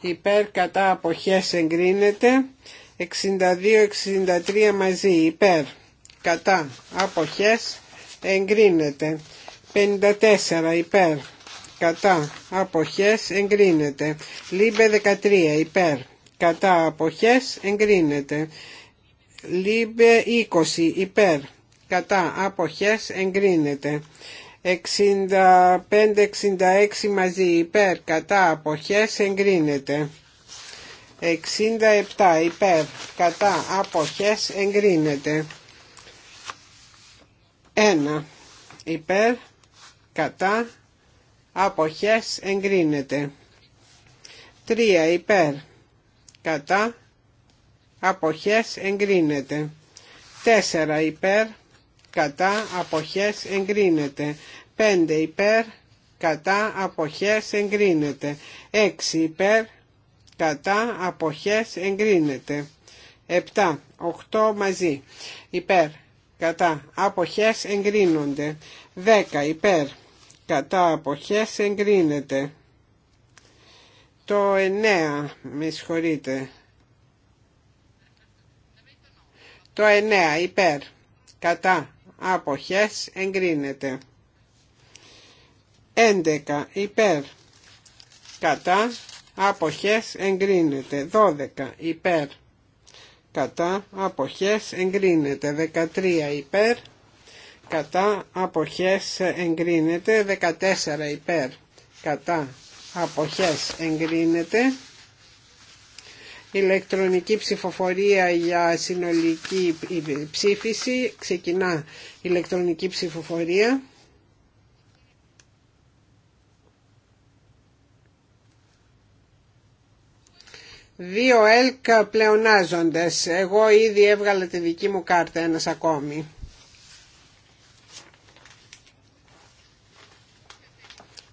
υπέρ κατά αποχές εγκρίνεται 62-63 μαζί υπέρ κατά αποχές εγκρίνεται 54 υπέρ κατά αποχές εγκρίνεται λίμπε 13 υπέρ κατά αποχές εγκρίνεται Λίμπε 20 υπέρ κατά αποχές εγκρίνεται 65-66 μαζί υπέρ κατά αποχές εγκρίνεται 67 υπέρ κατά αποχές εγκρίνεται 1 υπέρ κατά αποχές εγκρίνεται 3 υπέρ κατά αποχές εγκρίνεται 4 υπέρ κατά αποχές εγκρίνεται 5 υπέρ κατά αποχές εγκρίνεται 6 υπέρ κατά αποχές εγκρίνεται 7 8 μαζί υπέρ κατά αποχές εγκρίνονται 10 υπέρ κατά αποχές εγκρίνεται το 9 με συγχωρείτε Το 9 υπέρ κατά αποχές εγκρίνεται. 11 υπέρ κατά αποχές εγκρίνεται. 12 υπέρ κατά αποχές εγκρίνεται. 13 υπέρ κατά αποχές εγκρίνεται. 14 υπέρ κατά αποχές εγκρίνεται ηλεκτρονική ψηφοφορία για συνολική ψήφιση. Ξεκινά ηλεκτρονική ψηφοφορία. Δύο ΕΛΚ πλεονάζοντες. Εγώ ήδη έβγαλα τη δική μου κάρτα, ένας ακόμη.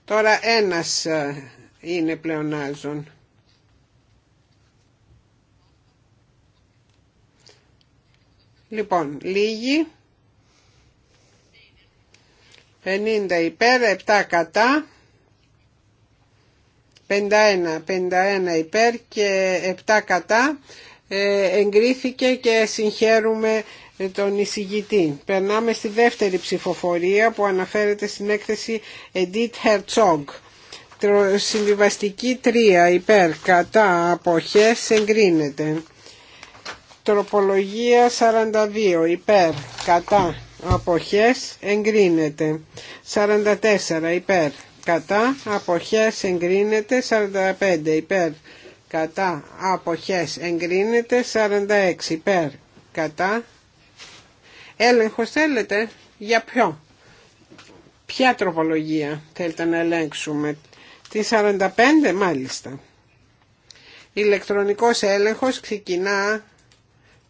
Τώρα ένας ε, είναι πλεονάζον. Λοιπόν, λίγοι. 50 υπέρ, 7 κατά. 51, 51 υπέρ και 7 κατά. Ε, εγκρίθηκε και συγχαίρουμε τον εισηγητή. Περνάμε στη δεύτερη ψηφοφορία που αναφέρεται στην έκθεση Edith Herzog. Συμβιβαστική 3 υπέρ κατά αποχές εγκρίνεται. Τροπολογία 42 υπέρ κατά αποχές εγκρίνεται 44 υπέρ κατά αποχές εγκρίνεται 45 υπέρ κατά αποχές εγκρίνεται 46 υπέρ κατά έλεγχος θέλετε για ποιο ποια τροπολογία θέλετε να ελέγξουμε τη 45 μάλιστα ηλεκτρονικός έλεγχος ξεκινά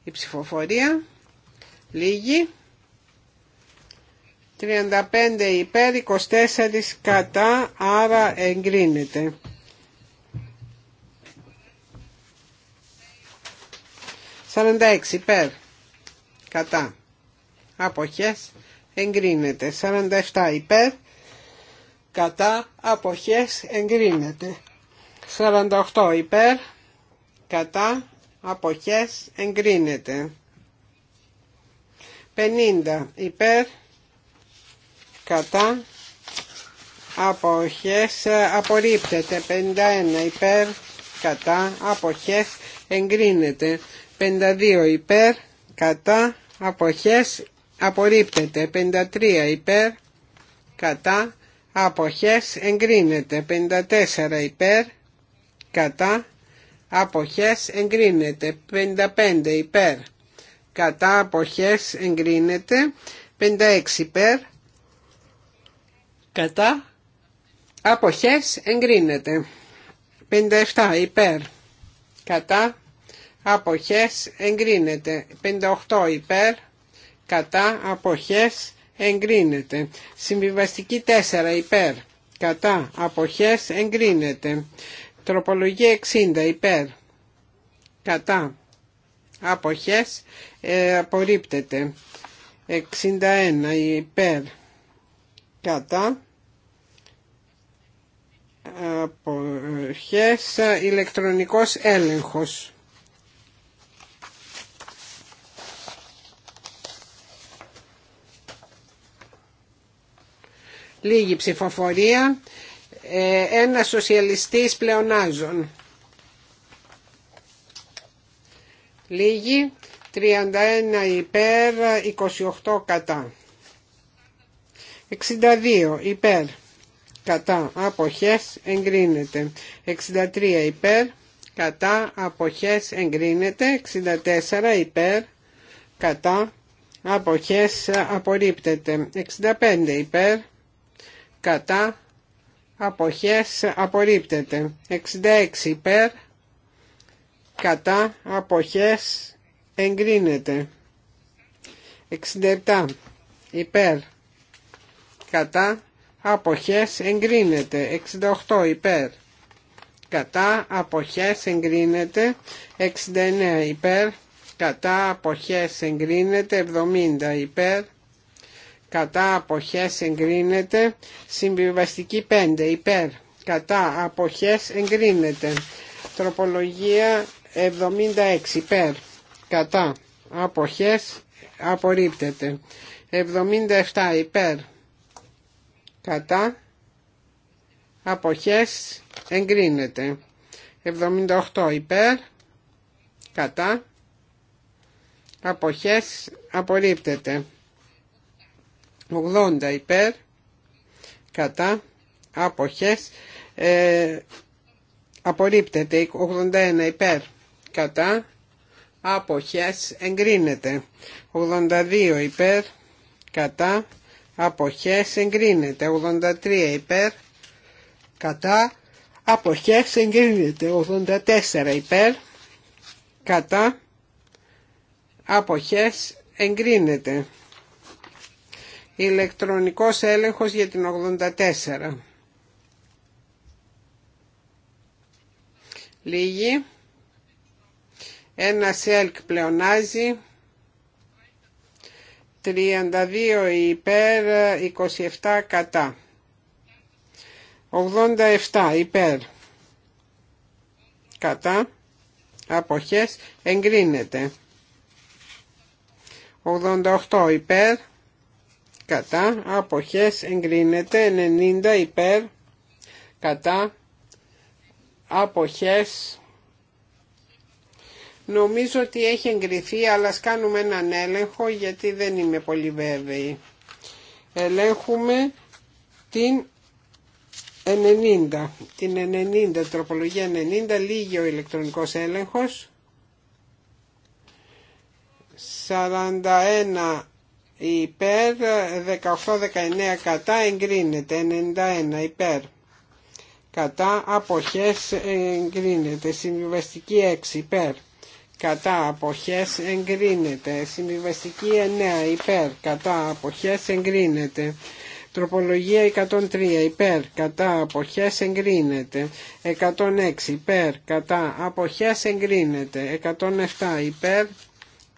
η ψηφοφορία. Λίγη. 35 υπέρ, 24 κατά, άρα εγκρίνεται. 46 υπέρ, κατά, αποχές, εγκρίνεται. 47 υπέρ, κατά, αποχές, εγκρίνεται. 48 υπέρ, κατά, αποχές εγκρίνεται 50 ε, υπέρ κατά αποχές απορρίπτεται 51 υπέρ κατά αποχές εγκρίνεται 52 υπέρ κατά αποχές απορρίπτεται 53 υπέρ κατά αποχές εγκρίνεται 54 υπέρ κατά αποχές εγκρίνεται 55 υπέρ κατά αποχές εγκρίνεται 56 υπέρ κατά αποχές εγκρίνεται 57 υπέρ κατά αποχές εγκρίνεται 58 υπέρ κατά αποχές εγκρίνεται συμβιβαστική 4 υπέρ κατά αποχές εγκρίνεται Τροπολογία 60 υπέρ. Κατά. Αποχές ε, απορρίπτεται. 61 υπέρ. Κατά. Αποχές ηλεκτρονικός έλεγχος. Λίγη ψηφοφορία. Ε, ένα σοσιαλιστής πλεονάζων. Λίγοι, 31 υπέρ, 28 κατά. 62 υπέρ, κατά, αποχές, εγκρίνεται. 63 υπέρ, κατά, αποχές, εγκρίνεται. 64 υπέρ, κατά, αποχές, απορρίπτεται. 65 υπέρ, κατά, αποχές απορρίπτεται 66 υπέρ κατά αποχές εγκρίνεται 67 υπέρ κατά αποχές εγκρίνεται 68 υπέρ κατά αποχές εγκρίνεται 69 υπέρ κατά αποχές εγκρίνεται 70 υπέρ κατά αποχές εγκρίνεται συμβιβαστική 5 υπέρ κατά αποχές εγκρίνεται τροπολογία 76 υπέρ κατά αποχές απορρίπτεται 77 υπέρ κατά αποχές εγκρίνεται 78 υπέρ κατά αποχές απορρίπτεται 80 υπέρ κατά αποχές ε, απορρίπτεται 81 υπέρ κατά αποχές εγκρίνεται 82 υπέρ κατά αποχές εγκρίνεται 83 υπέρ κατά αποχές εγκρίνεται 84 υπέρ κατά αποχές εγκρίνεται ηλεκτρονικός έλεγχος για την 84. Λίγη. Ένα ΣΕΛΚ πλεονάζει. 32 υπέρ, 27 κατά. 87 υπέρ. Κατά. Αποχές εγκρίνεται. 88 υπέρ κατά αποχές εγκρίνεται 90 υπέρ κατά αποχές νομίζω ότι έχει εγκριθεί αλλά ας κάνουμε έναν έλεγχο γιατί δεν είμαι πολύ βέβαιη ελέγχουμε την 90 την 90 τροπολογία 90 λίγη ο ηλεκτρονικός έλεγχος 41 υπέρ 18-19 κατά εγκρίνεται 91 υπέρ κατά αποχές εγκρίνεται συμβιβαστική 6 υπέρ κατά αποχές εγκρίνεται συμβιβαστική 9 υπέρ κατά αποχές εγκρίνεται Τροπολογία 103 υπέρ κατά αποχές εγκρίνεται 106 υπέρ κατά αποχές εγκρίνεται 107 υπέρ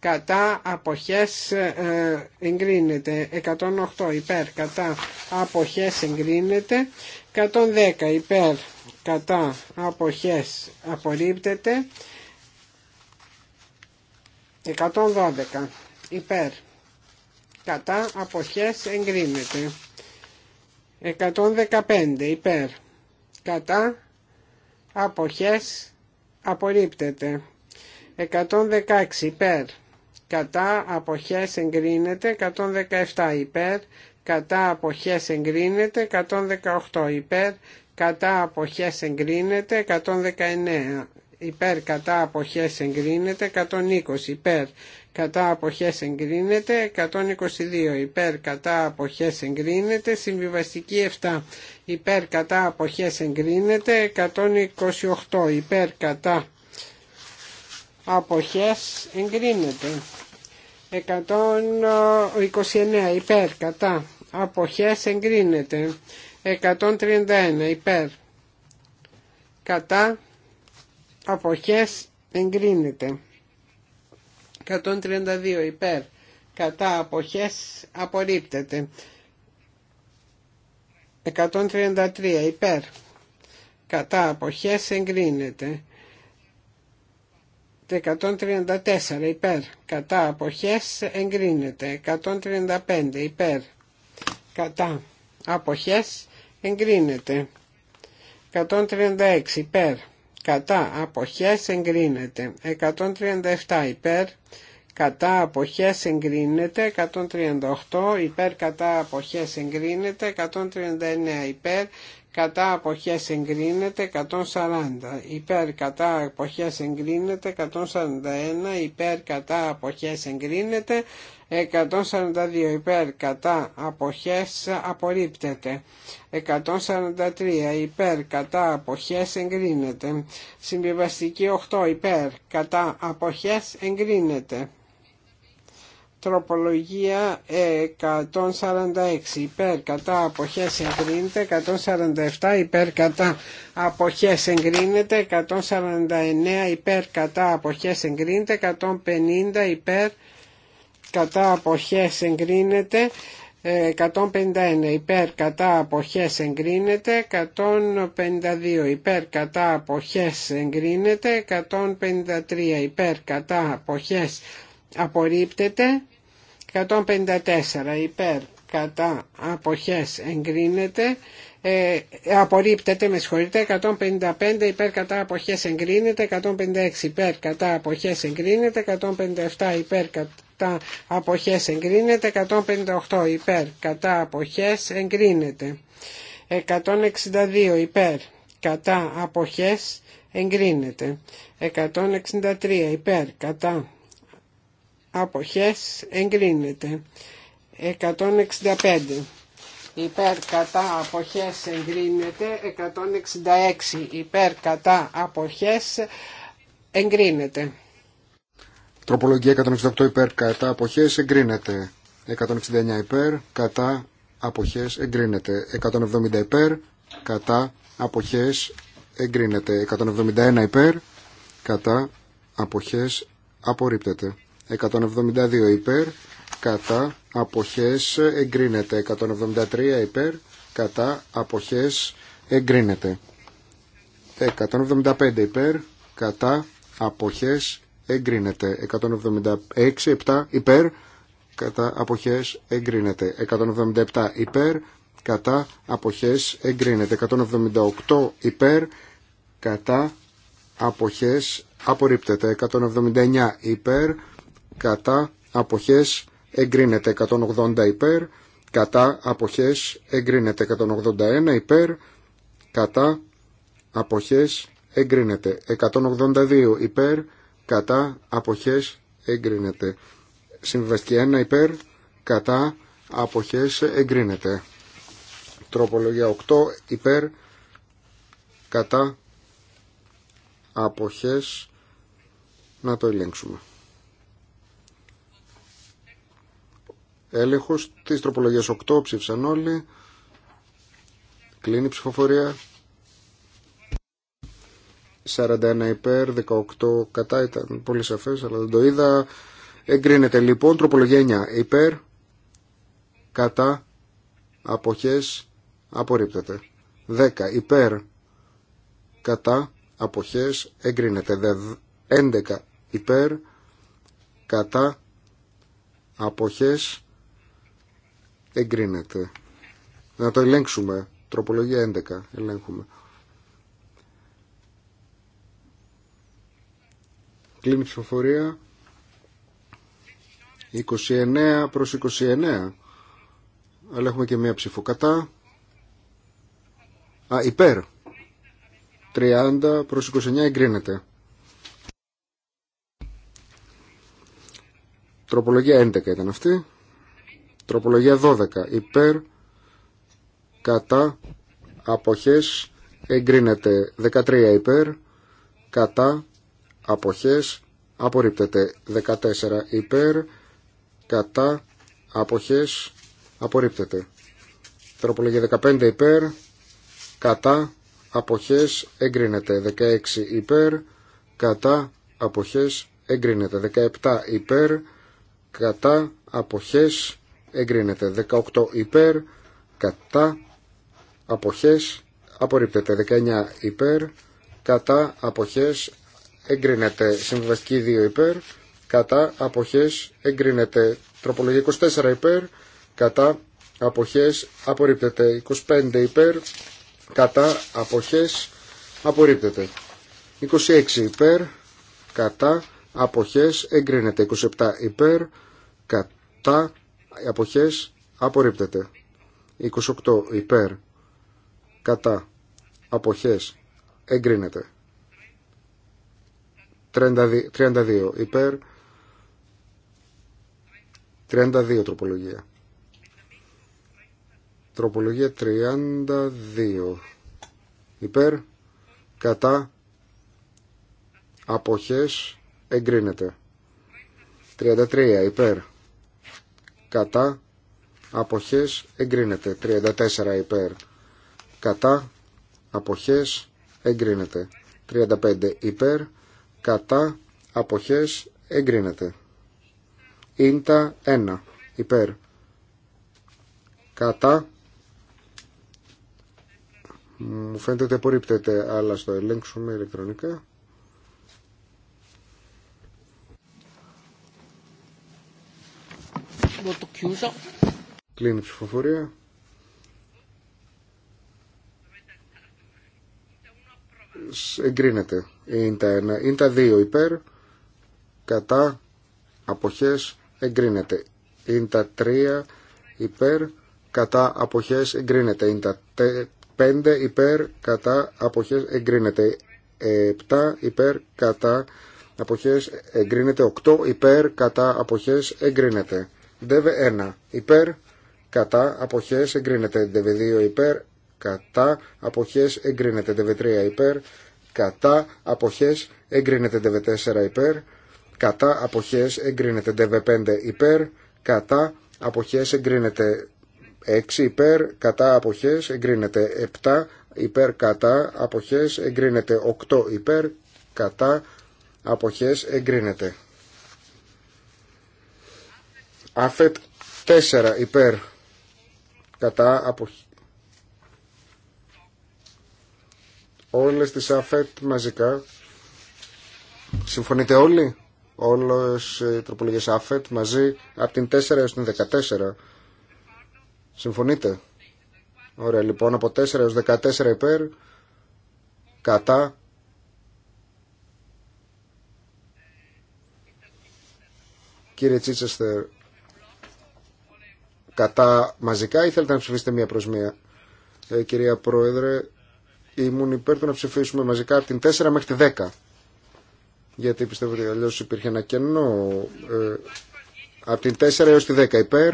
κατά αποχές ε, εγκρίνεται 108 υπέρ κατά αποχές εγκρίνεται 110 υπέρ κατά αποχές απορρίπτεται 112 υπέρ κατά αποχές εγκρίνεται 115 υπέρ κατά αποχές απορρίπτεται 116 υπέρ κατά αποχές εγκρίνεται 117 υπέρ, κατά αποχές εγκρίνεται 118 υπέρ, κατά αποχές εγκρίνεται 119 υπέρ, κατά αποχές εγκρίνεται 120 υπέρ, κατά αποχές εγκρίνεται 122 υπέρ κατά αποχές εγκρίνεται συμβιβαστική 7 υπέρ κατά αποχές εγκρίνεται 128 υπέρ κατά αποχές εγκρίνεται 129 υπέρ κατά αποχές εγκρίνεται 131 υπέρ κατά αποχές εγκρίνεται 132 υπέρ κατά αποχές απορρίπτεται 133 υπέρ κατά αποχές εγκρίνεται 134 υπέρ κατά αποχές εγκρίνεται 135 υπέρ κατά αποχές εγκρίνεται 136 υπέρ κατά αποχές εγκρίνεται 137 υπέρ κατά αποχές εγκρίνεται 138 υπέρ κατά αποχές εγκρίνεται 139 υπέρ κατά αποχές εγκρίνεται 140, υπέρ κατά αποχές εγκρίνεται 141, υπέρ κατά αποχές εγκρίνεται 142, υπέρ κατά αποχές απορρίπτεται 143, υπέρ κατά αποχές εγκρίνεται συμβιβαστική 8, υπέρ κατά αποχές εγκρίνεται Τροπολογία 146 υπέρ κατά αποχές εγκρίνεται, 147 υπέρ κατά αποχές εγκρίνεται, 149 υπέρ κατά αποχές εγκρίνεται, 150 υπέρ κατά αποχές εγκρίνεται, 151 υπέρ κατά αποχές εγκρίνεται, 152 υπέρ κατά αποχές εγκρίνεται, 153 υπέρ κατά αποχές εγκρίνεται, απορρίπτεται 154 υπέρ κατά αποχές εγκρίνεται ε, απορρίπτεται, με συγχωρείτε, 155 υπέρ κατά αποχές εγκρίνεται, 156 υπέρ κατά αποχές εγκρίνεται, 157 υπέρ κατά αποχές εγκρίνεται, 158 υπέρ κατά αποχές εγκρίνεται, 162 υπέρ κατά αποχές εγκρίνεται, 163 υπέρ κατά αποχές εγκρίνεται 165 υπέρ κατά αποχές εγκρίνεται 166 υπέρ κατά αποχές εγκρίνεται Τροπολογία 168 υπέρ κατά αποχές εγκρίνεται 169 υπέρ κατά αποχές εγκρίνεται 170 υπέρ κατά αποχές εγκρίνεται 171 υπέρ κατά αποχές απορρίπτεται 172 υπέρ, κατά αποχές εγκρίνεται. 173 υπέρ, κατά αποχές εγκρίνεται. 175 υπέρ, κατά αποχές εγκρίνεται. 176 7 υπέρ, κατά αποχές εγκρίνεται. 177 υπέρ, κατά αποχές εγκρίνεται. 178 υπέρ, κατά αποχές απορρίπτεται. 179 υπέρ, κατά αποχές εγκρίνεται 180 υπέρ, κατά αποχές εγκρίνεται 181 υπέρ, κατά αποχές εγκρίνεται 182 υπέρ, κατά αποχές εγκρίνεται. Συμβιβαστική 1 υπέρ, κατά αποχές εγκρίνεται. Τροπολογία 8 υπέρ, κατά αποχές να το ελέγξουμε. έλεγχος της τροπολογίας 8 ψήφισαν όλοι κλείνει η ψηφοφορία 41 υπέρ 18 κατά ήταν πολύ σαφές αλλά δεν το είδα εγκρίνεται λοιπόν τροπολογία 9 υπέρ κατά αποχές απορρίπτεται 10 υπέρ κατά αποχές εγκρίνεται 11 υπέρ κατά αποχές εγκρίνεται. Να το ελέγξουμε. Τροπολογία 11. Ελέγχουμε. Κλείνει η ψηφοφορία. 29 προς 29. Αλλά έχουμε και μία ψηφοκατά. Α, υπέρ. 30 προς 29 εγκρίνεται. Τροπολογία 11 ήταν αυτή. Τροπολογία 12. Υπέρ, κατά, αποχές, εγκρίνεται. 13. Υπέρ, κατά, αποχές, απορρίπτεται. 14. Υπέρ, κατά, αποχές, απορρίπτεται. Τροπολογία 15. Υπέρ, κατά, αποχές, εγκρίνεται. 16. Υπέρ, κατά, αποχές, εγκρίνεται. 17. Υπέρ, κατά, αποχές, εγκρίνεται 18 υπέρ κατά αποχές απορρίπτεται 19 υπέρ κατά αποχές εγκρίνεται συμβαστική 2 υπέρ κατά αποχές εγκρίνεται τροπολογία 24 υπέρ κατά αποχές απορρίπτεται 25 υπέρ κατά αποχές απορρίπτεται 26 υπέρ κατά αποχές εγκρίνεται 27 υπέρ κατά αποχές απορρίπτεται 28 υπέρ κατά αποχές εγκρίνεται 32, υπέρ 32 τροπολογία τροπολογία 32 υπέρ κατά αποχές εγκρίνεται 33 υπέρ κατά αποχές εγκρίνεται 34 υπέρ κατά αποχές εγκρίνεται 35 υπέρ κατά αποχές εγκρίνεται ίντα 1 υπέρ κατά μου φαίνεται ότι απορρίπτεται αλλά στο ελέγξουμε ηλεκτρονικά το chiuso. Κλείνει η ψηφοφορία. Εγκρίνεται. Είναι τα, ένα. Είναι τα δύο υπέρ. Κατά. Αποχές. Εγκρίνεται. Είναι τα τρία υπέρ. Κατά. Αποχές. Εγκρίνεται. Είναι τα πέντε υπέρ. Κατά. Αποχές. Εγκρίνεται. 7 ε, υπέρ κατά αποχές εγκρίνεται 8 υπέρ κατά αποχές εγκρίνεται Δεβε 1 υπέρ κατά αποχές εγκρίνεται. Δεβε 2 υπέρ κατά αποχές εγκρίνεται. Δεβε 3 υπέρ κατά αποχές εγκρίνεται. Δεβε 4 υπέρ κατά αποχές εγκρίνεται. Δεβε 5 υπέρ κατά αποχές εγκρίνεται. 6 υπέρ κατά αποχές εγκρίνεται 7 υπέρ κατά αποχές εγκρίνεται 8 υπέρ κατά αποχές εγκρίνεται Αφετ 4 υπέρ κατά αποχή. Όλες τις αφετ μαζικά. Συμφωνείτε όλοι. Όλες οι τροπολογίες αφετ μαζί από την 4 έως την 14. Συμφωνείτε. Ωραία λοιπόν από 4 έως 14 υπέρ κατά Κύριε Τσίτσεστερ, κατά μαζικά ή θέλετε να ψηφίσετε μία προς μία. Ε, κυρία Πρόεδρε, ήμουν υπέρ του να ψηφίσουμε μαζικά από την 4 μέχρι τη 10. Γιατί πιστεύω ότι αλλιώ υπήρχε ένα κενό. Ε, από την 4 έως τη 10 υπέρ,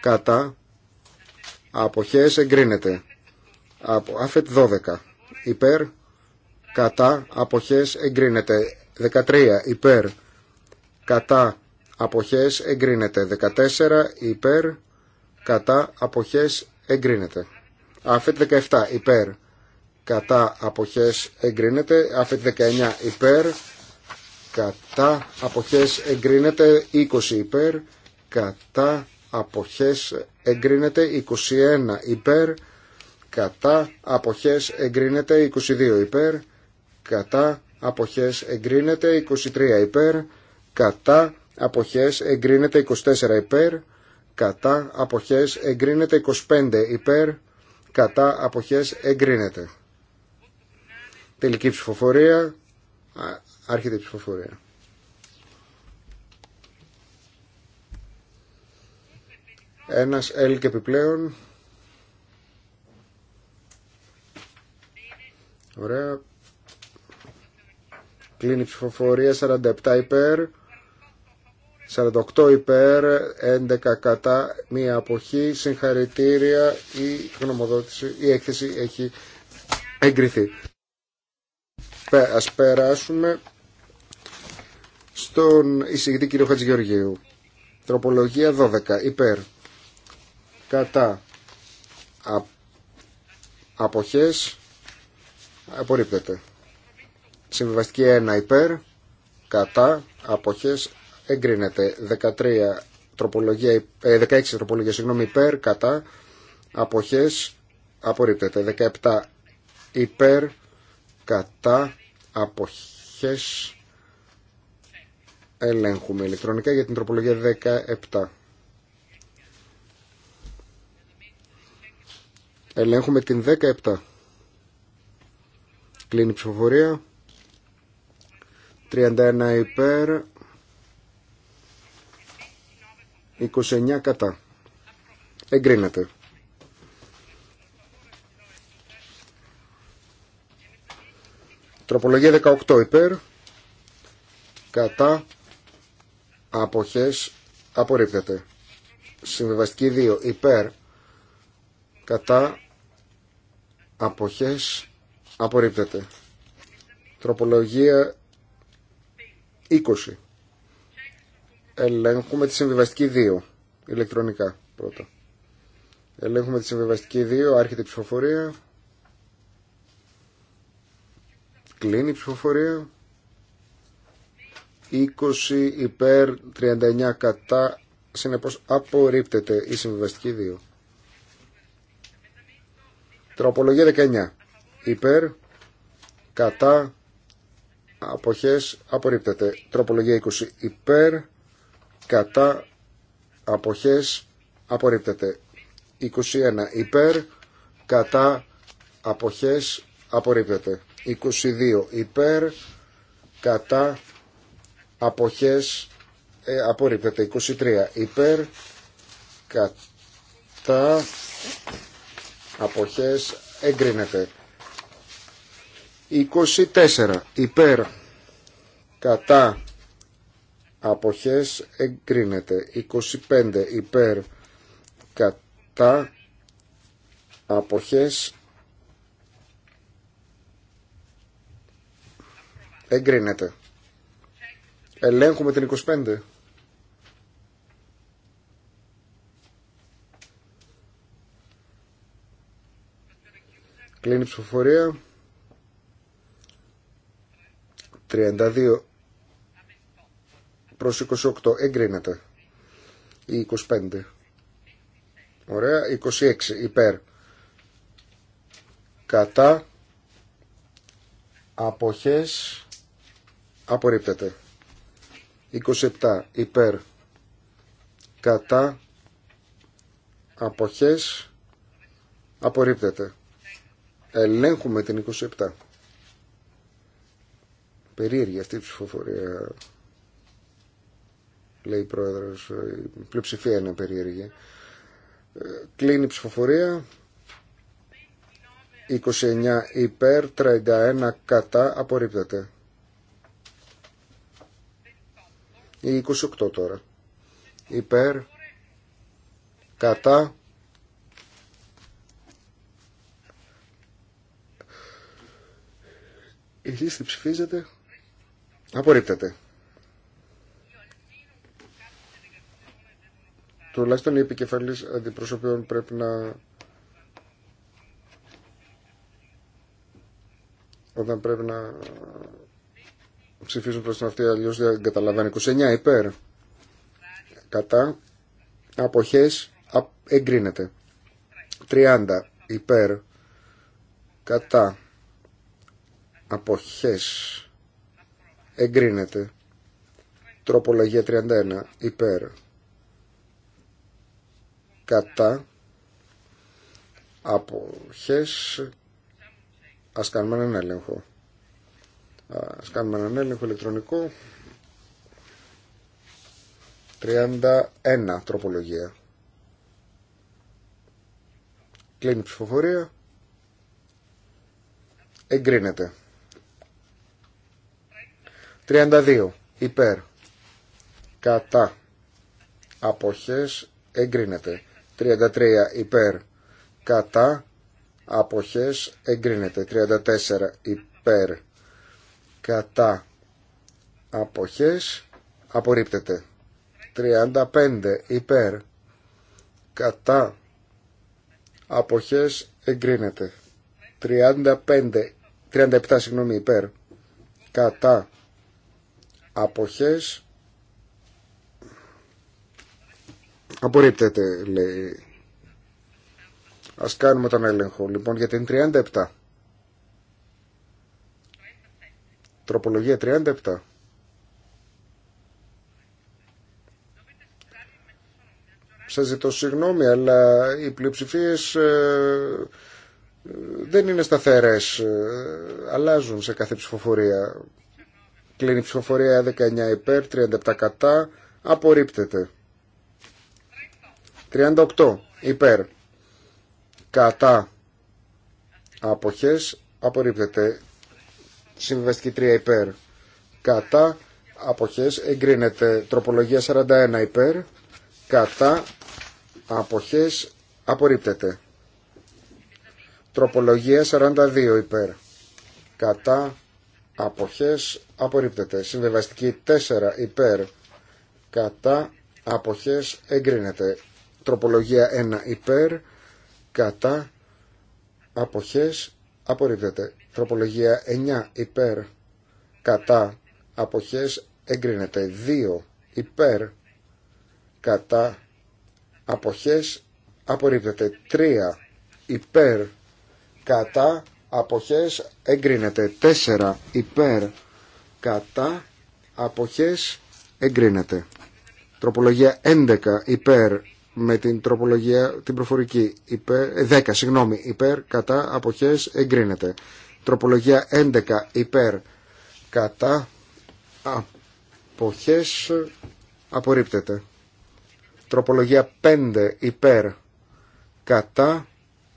κατά, αποχές εγκρίνεται. Από, αφετ 12 υπέρ, κατά, αποχές εγκρίνεται. 13 υπέρ, κατά, αποχές εγκρίνεται. 14 υπέρ κατά αποχές εγκρίνεται. Άφετ 17 υπέρ κατά αποχές εγκρίνεται. Άφετ 19 υπέρ κατά αποχές εγκρίνεται. 20 υπέρ κατά αποχές εγκρίνεται. 21 υπέρ κατά αποχές εγκρίνεται. 22 υπέρ κατά αποχές εγκρίνεται. 23 υπέρ κατά αποχές εγκρίνεται 24 υπέρ, κατά αποχές εγκρίνεται 25 υπέρ, κατά αποχές εγκρίνεται. Τελική ψηφοφορία, άρχεται η ψηφοφορία. Ένας L επιπλέον. Ωραία. Κλείνει η ψηφοφορία 47 υπέρ. 48 υπέρ, 11 κατά, μία αποχή, συγχαρητήρια, η γνωμοδότηση, η έκθεση έχει εγκριθεί. Ας περάσουμε στον εισηγητή κύριο Χατζηγεωργίου. Τροπολογία 12 υπέρ, κατά, αποχές, απορρίπτεται. Συμβιβαστική 1 υπέρ, κατά, αποχές, εγκρίνεται 13 τροπολογία, 16 ε, τροπολογία συγγνώμη, υπέρ, κατά, αποχές, απορρίπτεται 17 υπέρ, κατά, αποχές, ελέγχουμε ηλεκτρονικά για την τροπολογία 17. Ελέγχουμε την 17. Κλείνει η ψηφοφορία. 31 υπέρ, 29 κατά. Εγκρίνεται. Τροπολογία 18 υπέρ. Κατά. Αποχές. Απορρίπτεται. Συμβεβαστική 2 υπέρ. Κατά. Αποχές. Απορρίπτεται. Τροπολογία 20 Ελέγχουμε τη συμβιβαστική 2. Ηλεκτρονικά πρώτα. Ελέγχουμε τη συμβιβαστική 2. Άρχεται η ψηφοφορία. Κλείνει η ψηφοφορία. 20 υπέρ 39 κατά. Συνεπώς απορρίπτεται η συμβιβαστική 2. Τροπολογία 19. Υπέρ, κατά, αποχές, απορρίπτεται. Τροπολογία 20. Υπέρ, κατά αποχές απορρίπτεται 21 υπέρ κατά αποχές απορρίπτεται 22 υπέρ κατά αποχές ε, απορρίπτεται 23 υπέρ κατά αποχές εγκρίνεται 24 υπέρ κατά αποχές εγκρίνεται 25 υπέρ κατά αποχές εγκρίνεται ελέγχουμε την 25 Κλείνει η ψηφοφορία. 32 προς 28 εγκρίνεται ή 25 ωραία 26 υπέρ κατά αποχές απορρίπτεται 27 υπέρ κατά αποχές απορρίπτεται ελέγχουμε την 27 περίεργη αυτή η ψηφοφορία λέει η πρόεδρος. Ε, η πλειοψηφία είναι περίεργη. Ε, κλείνει η ψηφοφορία. 29 υπέρ, 31 κατά, απορρίπτεται. Η 28 τώρα. Υπέρ, κατά, η λίστη ψηφίζεται, απορρίπτεται. Τουλάχιστον οι επικεφαλής αντιπροσωπείων πρέπει να όταν πρέπει να ψηφίζουν προς την αυτή αλλιώς δεν καταλαβαίνει 29 υπέρ κατά αποχές εγκρίνεται 30 υπέρ κατά αποχές εγκρίνεται τροπολογία 31 υπέρ κατά αποχές ας κάνουμε έναν έλεγχο ας κάνουμε έναν έλεγχο ηλεκτρονικό 31 τροπολογία κλείνει η ψηφοφορία εγκρίνεται 32 υπέρ κατά αποχές εγκρίνεται 33 υπέρ κατά αποχές εγκρίνεται 34 υπέρ κατά αποχές απορρίπτεται 35 υπέρ κατά αποχές εγκρίνεται 35 37 συγγνώμη υπέρ κατά αποχές Απορρίπτεται, λέει. Ας κάνουμε τον έλεγχο. Λοιπόν, για την 37. Τροπολογία 37. Σας ζητώ συγγνώμη, αλλά οι πλειοψηφίες ε, ε, δεν είναι σταθερές. Ε, αλλάζουν σε κάθε ψηφοφορία. Κλείνει ψηφοφορία 19 υπέρ, 37 κατά. Απορρίπτεται. 38 υπέρ κατά αποχές απορρίπτεται συμβιβαστική 3 υπέρ κατά αποχές εγκρίνεται τροπολογία 41 υπέρ κατά αποχές απορρίπτεται τροπολογία 42 υπέρ κατά αποχές απορρίπτεται συμβιβαστική 4 υπέρ κατά αποχές εγκρίνεται Τροπολογία 1 υπέρ, κατά, αποχές, απορρίπτεται. Τροπολογία 9 υπέρ, κατά, αποχές, εγκρίνεται. 2 υπέρ, κατά, αποχές, απορρίπτεται. 3 υπέρ, κατά, αποχές, εγκρίνεται. 4 υπέρ, κατά, αποχές, εγκρίνεται. Τροπολογία 11 υπέρ με την τροπολογία την προφορική υπέρ, 10 ε, συγγνώμη, υπέρ κατά αποχές εγκρίνεται τροπολογία 11 υπέρ κατά αποχές απορρίπτεται τροπολογία 5 υπέρ κατά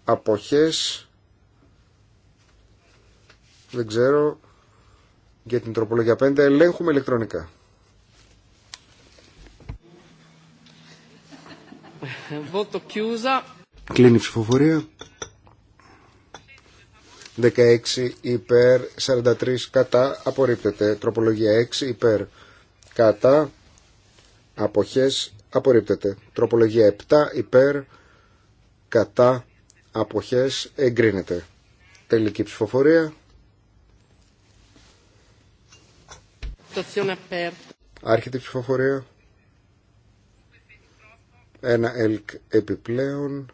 αποχές δεν ξέρω για την τροπολογία 5 ελέγχουμε ηλεκτρονικά Κλείνει η ψηφοφορία. 16 υπέρ, 43 κατά, απορρίπτεται. Τροπολογία 6 υπέρ, κατά, αποχές, απορρίπτεται. Τροπολογία 7 υπέρ, κατά, αποχές, εγκρίνεται. Τελική ψηφοφορία. Άρχεται η ψηφοφορία ένα ΕΛΚ επιπλέον.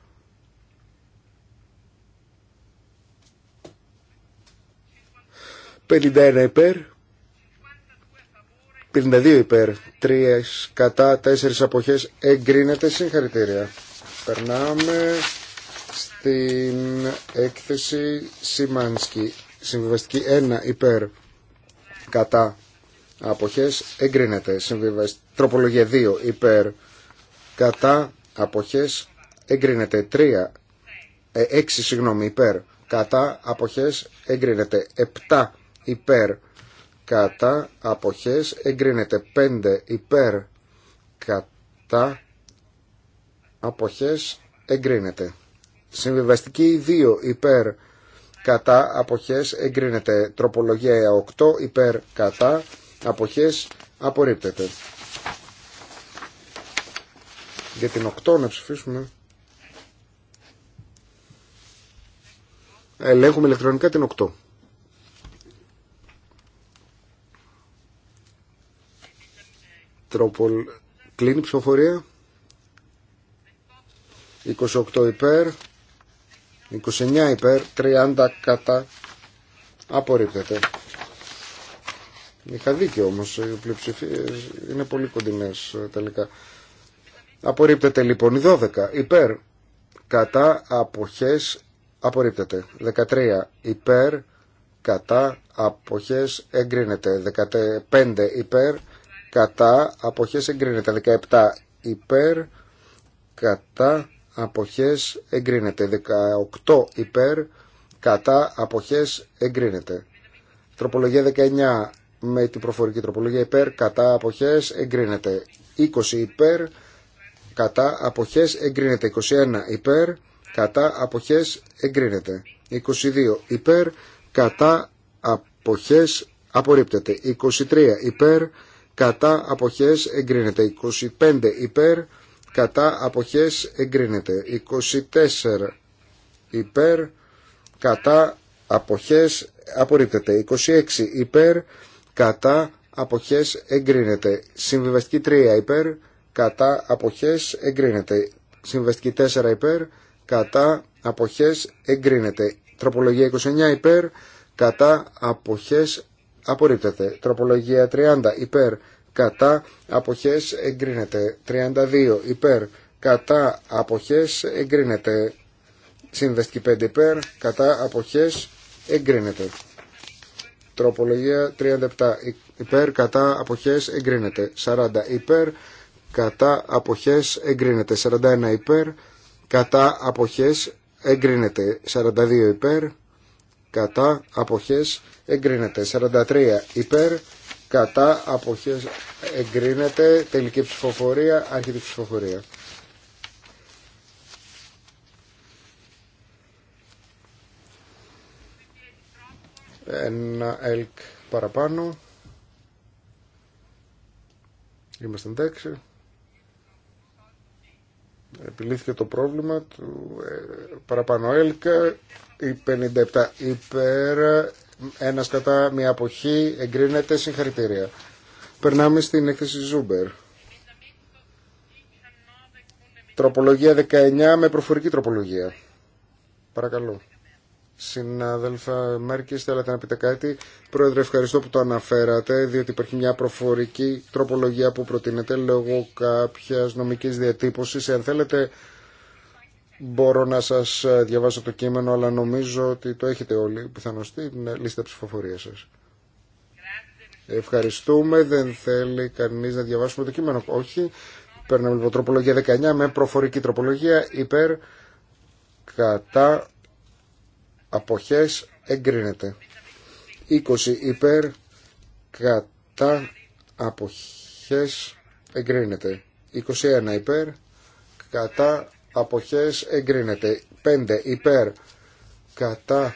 «51 υπέρ, 52 υπέρ, 3 κατά, 4 αποχές, εγκρίνεται συγχαρητήρια». Περνάμε στην έκθεση Σιμάνσκι, συμβιβαστική 1 υπέρ, κατά, αποχές, εγκρίνεται. συμβιβαστική, Τροπολογία 2 υπέρ, κατά αποχές εγκρίνεται 3, 6 ε, συγγνώμη υπέρ κατά αποχές εγκρίνεται 7 υπέρ κατά αποχές εγκρίνεται 5 υπέρ κατά αποχές εγκρίνεται συμβιβαστική 2 υπέρ κατά αποχές εγκρίνεται τροπολογία 8 υπέρ κατά αποχές απορρίπτεται για την 8 να ψηφίσουμε. Ε, ελέγχουμε ηλεκτρονικά την 8. Τρόπολ κλείνει ψηφοφορία. 28 υπέρ, 29 υπέρ, 30 κατά. Απορρίπτεται. Είχα δίκιο όμως, οι πλειοψηφίες είναι πολύ κοντινές ε, τελικά. Απορρίπτεται λοιπόν η 12 υπέρ κατά αποχές απορρίπτεται. 13 υπέρ κατά αποχές εγκρίνεται. 15 υπέρ κατά αποχές εγκρίνεται. 17 υπέρ κατά αποχές εγκρίνεται. 18 υπέρ κατά αποχές εγκρίνεται. Τροπολογία 19 με την προφορική τροπολογία υπέρ κατά αποχές εγκρίνεται. 20 υπέρ κατά αποχές εγκρίνεται 21 υπέρ κατά αποχές εγκρίνεται 22 υπέρ κατά αποχές απορρίπτεται 23 υπέρ κατά αποχές εγκρίνεται 25 υπέρ κατά αποχές εγκρίνεται 24 υπέρ κατά αποχές απορρίπτεται 26 υπέρ κατά αποχές εγκρίνεται συμβιβαστική 3 υπέρ κατά αποχές εγκρίνεται. Συμβαστική 4 υπέρ, κατά αποχές εγκρίνεται. Τροπολογία 29 υπέρ, κατά αποχές απορρίπτεται. Τροπολογία 30 υπέρ, κατά αποχές εγκρίνεται. 32 υπέρ, κατά αποχές εγκρίνεται. Συμβεστική 5 υπέρ, κατά αποχές εγκρίνεται. Τροπολογία 37 υπέρ, κατά αποχές εγκρίνεται. 40 υπέρ, κατά αποχές εγκρίνεται 41 υπέρ κατά αποχές εγκρίνεται 42 υπέρ κατά αποχές εγκρίνεται 43 υπέρ κατά αποχές εγκρίνεται τελική ψηφοφορία άρχιτη ψηφοφορία ένα ελκ παραπάνω Είμαστε εντάξει επιλύθηκε το πρόβλημα του ε, παραπάνω έλκα η 57 υπέρ ένας κατά μια αποχή εγκρίνεται συγχαρητήρια περνάμε στην έκθεση Ζούμπερ τροπολογία 19 με προφορική τροπολογία παρακαλώ Συνάδελφα Μέρκης, θέλατε να πείτε κάτι. Πρόεδρε, ευχαριστώ που το αναφέρατε, διότι υπάρχει μια προφορική τροπολογία που προτείνετε λόγω κάποιας νομικής διατύπωσης. Αν θέλετε, μπορώ να σας διαβάσω το κείμενο, αλλά νομίζω ότι το έχετε όλοι, πιθανώ στην λίστα ψηφοφορία σας. Ευχαριστούμε. Δεν θέλει κανείς να διαβάσουμε το κείμενο. Όχι. Παίρνουμε λοιπόν τροπολογία 19 με προφορική τροπολογία υπέρ κατά αποχές εγκρίνεται 20 υπέρ κατά αποχές εγκρίνεται 21 υπέρ κατά αποχές εγκρίνεται 5 υπέρ κατά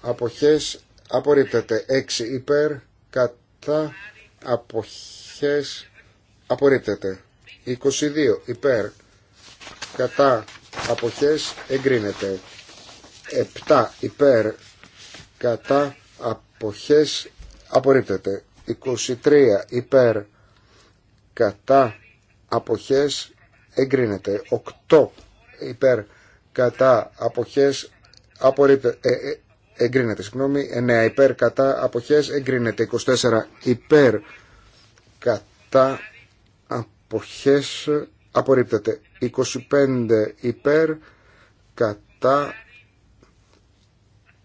αποχές απορρίπτεται 6 υπέρ κατά αποχές απορρίπτεται 22 υπέρ κατά αποχές εγκρίνεται 7 υπέρ κατά αποχές απορρίπτεται 23 υπέρ κατά αποχές εγκρίνεται 8 ε, ε, υπέρ κατά αποχές απορρίπτεται ε, ε, εγκρίνεται συγγνώμη 9 υπέρ κατά αποχές εγκρίνεται 24 υπέρ κατά αποχές απορρίπτεται 25 υπέρ κατά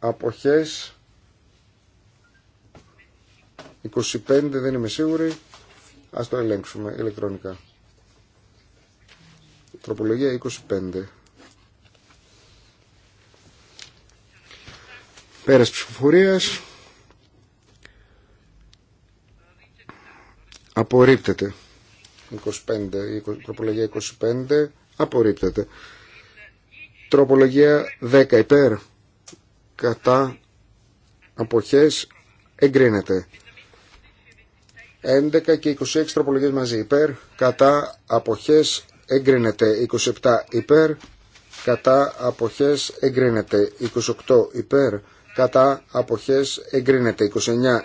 αποχές 25 δεν είμαι σίγουρη ας το ελέγξουμε ηλεκτρονικά τροπολογία 25 πέρας ψηφοφορίας απορρίπτεται 25, τροπολογία 25 απορρίπτεται τροπολογία 10 υπέρ κατά αποχές εγκρίνεται 11 και 26 τροπολογίες μαζί υπέρ κατά αποχές εγκρίνεται 27 υπέρ κατά αποχές εγκρίνεται 28 υπέρ κατά αποχές εγκρίνεται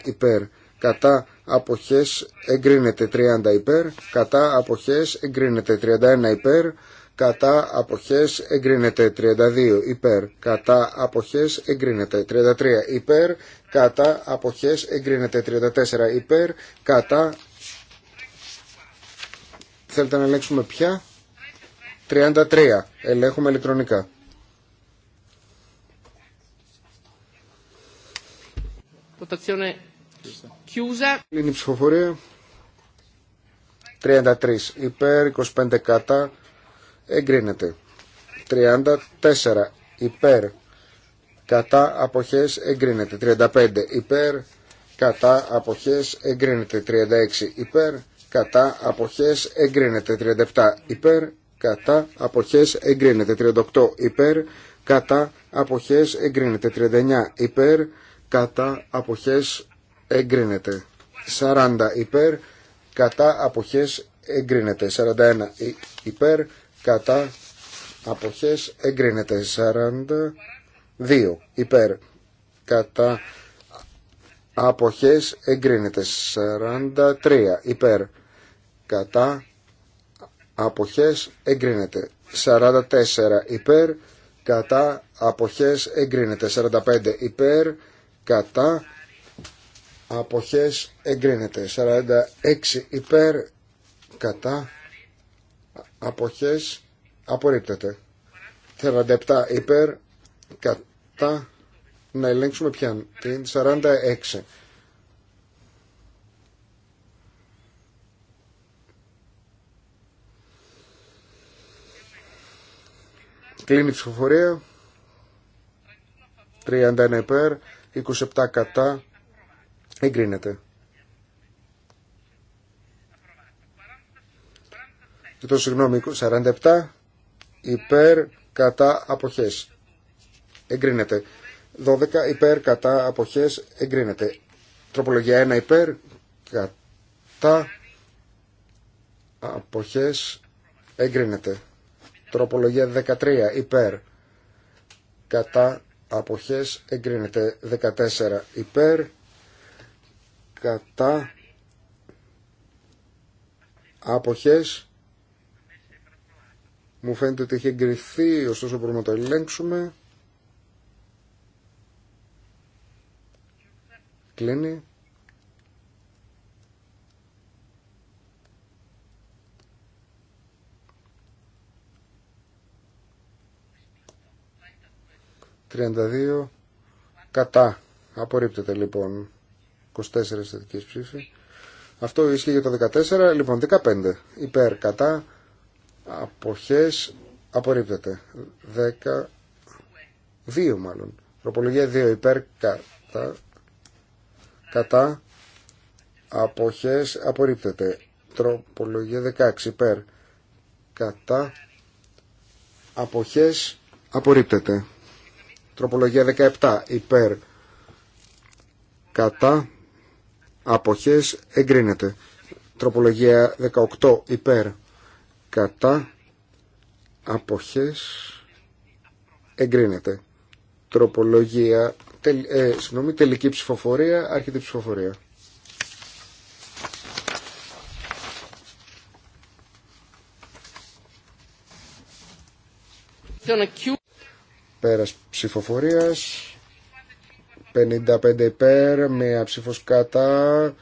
29 υπέρ κατά αποχές εγκρίνεται 30 υπέρ κατά αποχές εγκρίνεται 31 υπέρ κατά αποχές εγκρίνεται 32 υπέρ κατά αποχές εγκρίνεται 33 υπέρ κατά αποχές εγκρίνεται 34 υπέρ κατά θέλετε να ελέγξουμε πια 33 ελέγχουμε ηλεκτρονικά Votazione Κλείνει η ψηφοφορία. 33 υπέρ, 25 κατά, εγκρίνεται. 34 υπέρ κατά αποχές εγκρίνεται. 35 υπέρ κατά αποχές εγκρίνεται. 36 υπέρ κατά αποχές εγκρίνεται. 37 υπέρ κατά αποχές εγκρίνεται. 38 υπέρ κατά αποχές εγκρίνεται. 39 υπέρ κατά αποχές εγκρίνεται. 40 υπέρ κατά αποχές εγκρίνεται. 41 υπέρ κατά αποχές εγκρίνεται 42 υπέρ κατά αποχές εγκρίνεται 43 υπέρ κατά αποχές εγκρίνεται 44 υπέρ κατά αποχές εγκρίνεται 45 υπέρ κατά αποχές εγκρίνεται 46 υπέρ κατά αποχές απορρίπτεται 47 υπέρ κατά να ελέγξουμε πια την 46 Κλείνει η ψηφοφορία 31 υπέρ 27 κατά εγκρίνεται Ζητώ συγγνώμη, 47 υπέρ κατά αποχές. Εγκρίνεται. 12 υπέρ κατά αποχές. Εγκρίνεται. Τροπολογία 1 υπέρ κατά αποχές. Εγκρίνεται. Τροπολογία 13 υπέρ κατά αποχές. Εγκρίνεται. 14 υπέρ κατά αποχές μου φαίνεται ότι έχει εγκριθεί, ωστόσο μπορούμε να το ελέγξουμε. Κλείνει. 32. κατά. Απορρίπτεται λοιπόν 24 θετικής ψήφοι. Αυτό ισχύει για το 14, λοιπόν 15 υπέρ κατά Αποχές απορρίπτεται. 10, 2 μάλλον. Τροπολογία 2 υπέρ κατά, κατά αποχές απορρίπτεται. Τροπολογία 16 υπέρ κατά αποχές απορρίπτεται. Τροπολογία 17 υπέρ κατά αποχές εγκρίνεται. Τροπολογία 18 υπέρ κατά αποχές εγκρίνεται. Τροπολογία, τελ, ε, συγγνώμη, τελική ψηφοφορία, άρχεται ψηφοφορία. Πέρας ψηφοφορίας, 55 υπέρ, μία ψήφος κατά,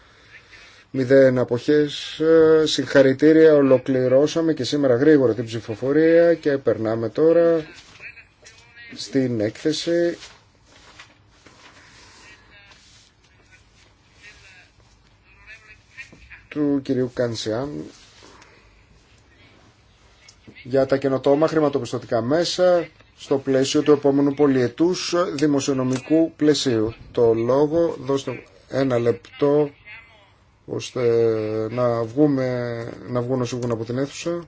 μηδέν αποχές. Ε, συγχαρητήρια, ολοκληρώσαμε και σήμερα γρήγορα την ψηφοφορία και περνάμε τώρα στην έκθεση. του κυρίου Κανσιάν για τα καινοτόμα χρηματοπιστωτικά μέσα στο πλαίσιο του επόμενου πολιετούς δημοσιονομικού πλαισίου. Το λόγο, δώστε ένα λεπτό ώστε να, βγούμε, να βγουν όσοι βγουν από την αίθουσα.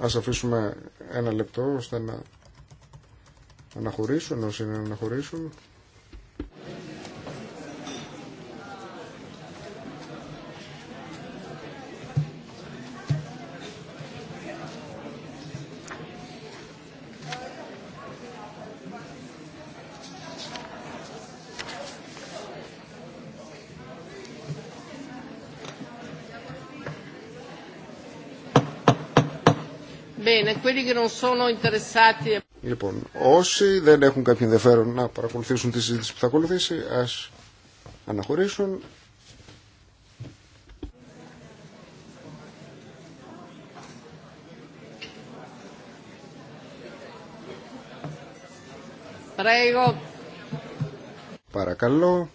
Ας αφήσουμε ένα λεπτό ώστε να αναχωρήσουν όσοι είναι να αναχωρήσουν. E- λοιπόν, όσοι δεν έχουν κάποιο ενδιαφέρον να παρακολουθήσουν τη συζήτηση που θα ακολουθήσει, ας αναχωρήσουν. Παρακαλώ.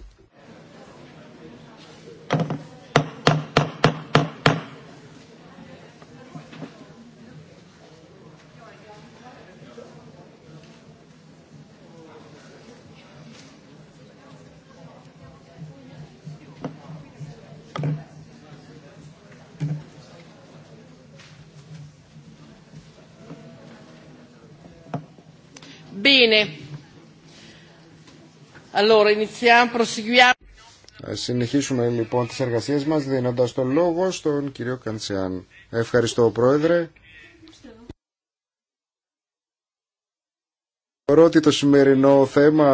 Bene. Allora, iniziamo, proseguiamo. Συνεχίσουμε λοιπόν τις εργασίες μας δίνοντας τον λόγο στον κύριο Καντσιάν. Ευχαριστώ Πρόεδρε. Θεωρώ ότι το σημερινό θέμα,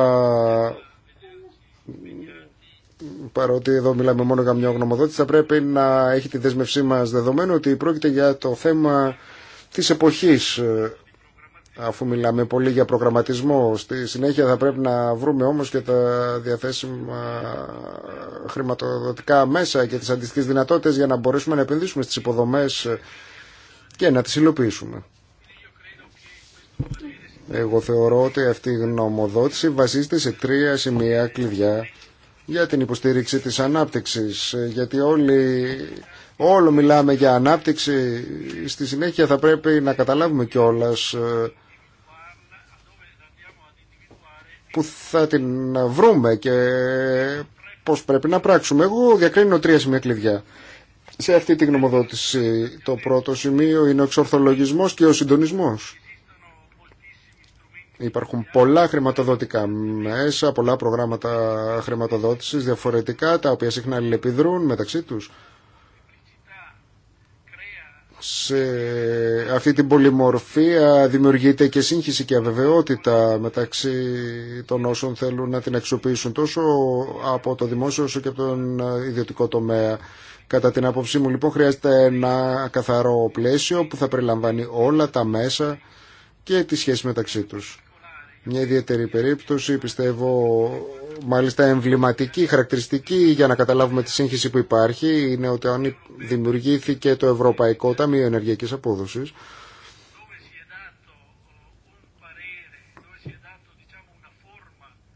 παρότι εδώ μιλάμε μόνο για μια γνωμοδότηση, θα πρέπει να έχει τη δέσμευσή μας δεδομένου ότι πρόκειται για το θέμα της εποχής αφού μιλάμε πολύ για προγραμματισμό. Στη συνέχεια θα πρέπει να βρούμε όμως και τα διαθέσιμα χρηματοδοτικά μέσα και τις αντιστοιχείς δυνατότητες για να μπορέσουμε να επενδύσουμε στις υποδομές και να τις υλοποιήσουμε. Εγώ θεωρώ ότι αυτή η γνωμοδότηση βασίζεται σε τρία σημεία κλειδιά για την υποστήριξη της ανάπτυξης, γιατί όλοι Όλο μιλάμε για ανάπτυξη. Στη συνέχεια θα πρέπει να καταλάβουμε κιόλα ε, που θα την βρούμε και πώς πρέπει να πράξουμε. Εγώ διακρίνω τρία σημεία κλειδιά. Σε αυτή τη γνωμοδότηση το πρώτο σημείο είναι ο εξορθολογισμός και ο συντονισμός. Υπάρχουν πολλά χρηματοδοτικά μέσα, πολλά προγράμματα χρηματοδότησης διαφορετικά, τα οποία συχνά αλληλεπιδρούν μεταξύ τους σε αυτή την πολυμορφία δημιουργείται και σύγχυση και αβεβαιότητα μεταξύ των όσων θέλουν να την αξιοποιήσουν τόσο από το δημόσιο όσο και από τον ιδιωτικό τομέα. Κατά την άποψή μου λοιπόν χρειάζεται ένα καθαρό πλαίσιο που θα περιλαμβάνει όλα τα μέσα και τη σχέση μεταξύ τους. Μια ιδιαίτερη περίπτωση πιστεύω μάλιστα εμβληματική, χαρακτηριστική για να καταλάβουμε τη σύγχυση που υπάρχει είναι ότι αν δημιουργήθηκε το Ευρωπαϊκό Ταμείο Ενεργειακής Απόδοσης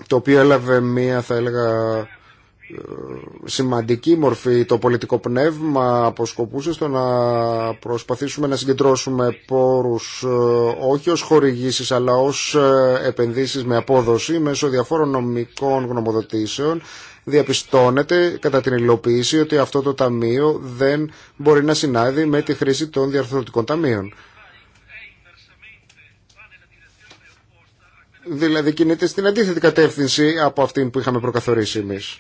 το οποίο έλαβε μία θα έλεγα ε, σημαντική μορφή το πολιτικό πνεύμα αποσκοπούσε στο να προσπαθήσουμε να συγκεντρώσουμε πόρους ε, όχι ως χορηγήσεις αλλά ως ε, επενδύσεις με απόδοση μέσω διαφόρων νομικών γνωμοδοτήσεων διαπιστώνεται κατά την υλοποίηση ότι αυτό το ταμείο δεν μπορεί να συνάδει με τη χρήση των διαρθρωτικών ταμείων. Δηλαδή κινείται στην αντίθετη κατεύθυνση από αυτή που είχαμε προκαθορίσει εμείς.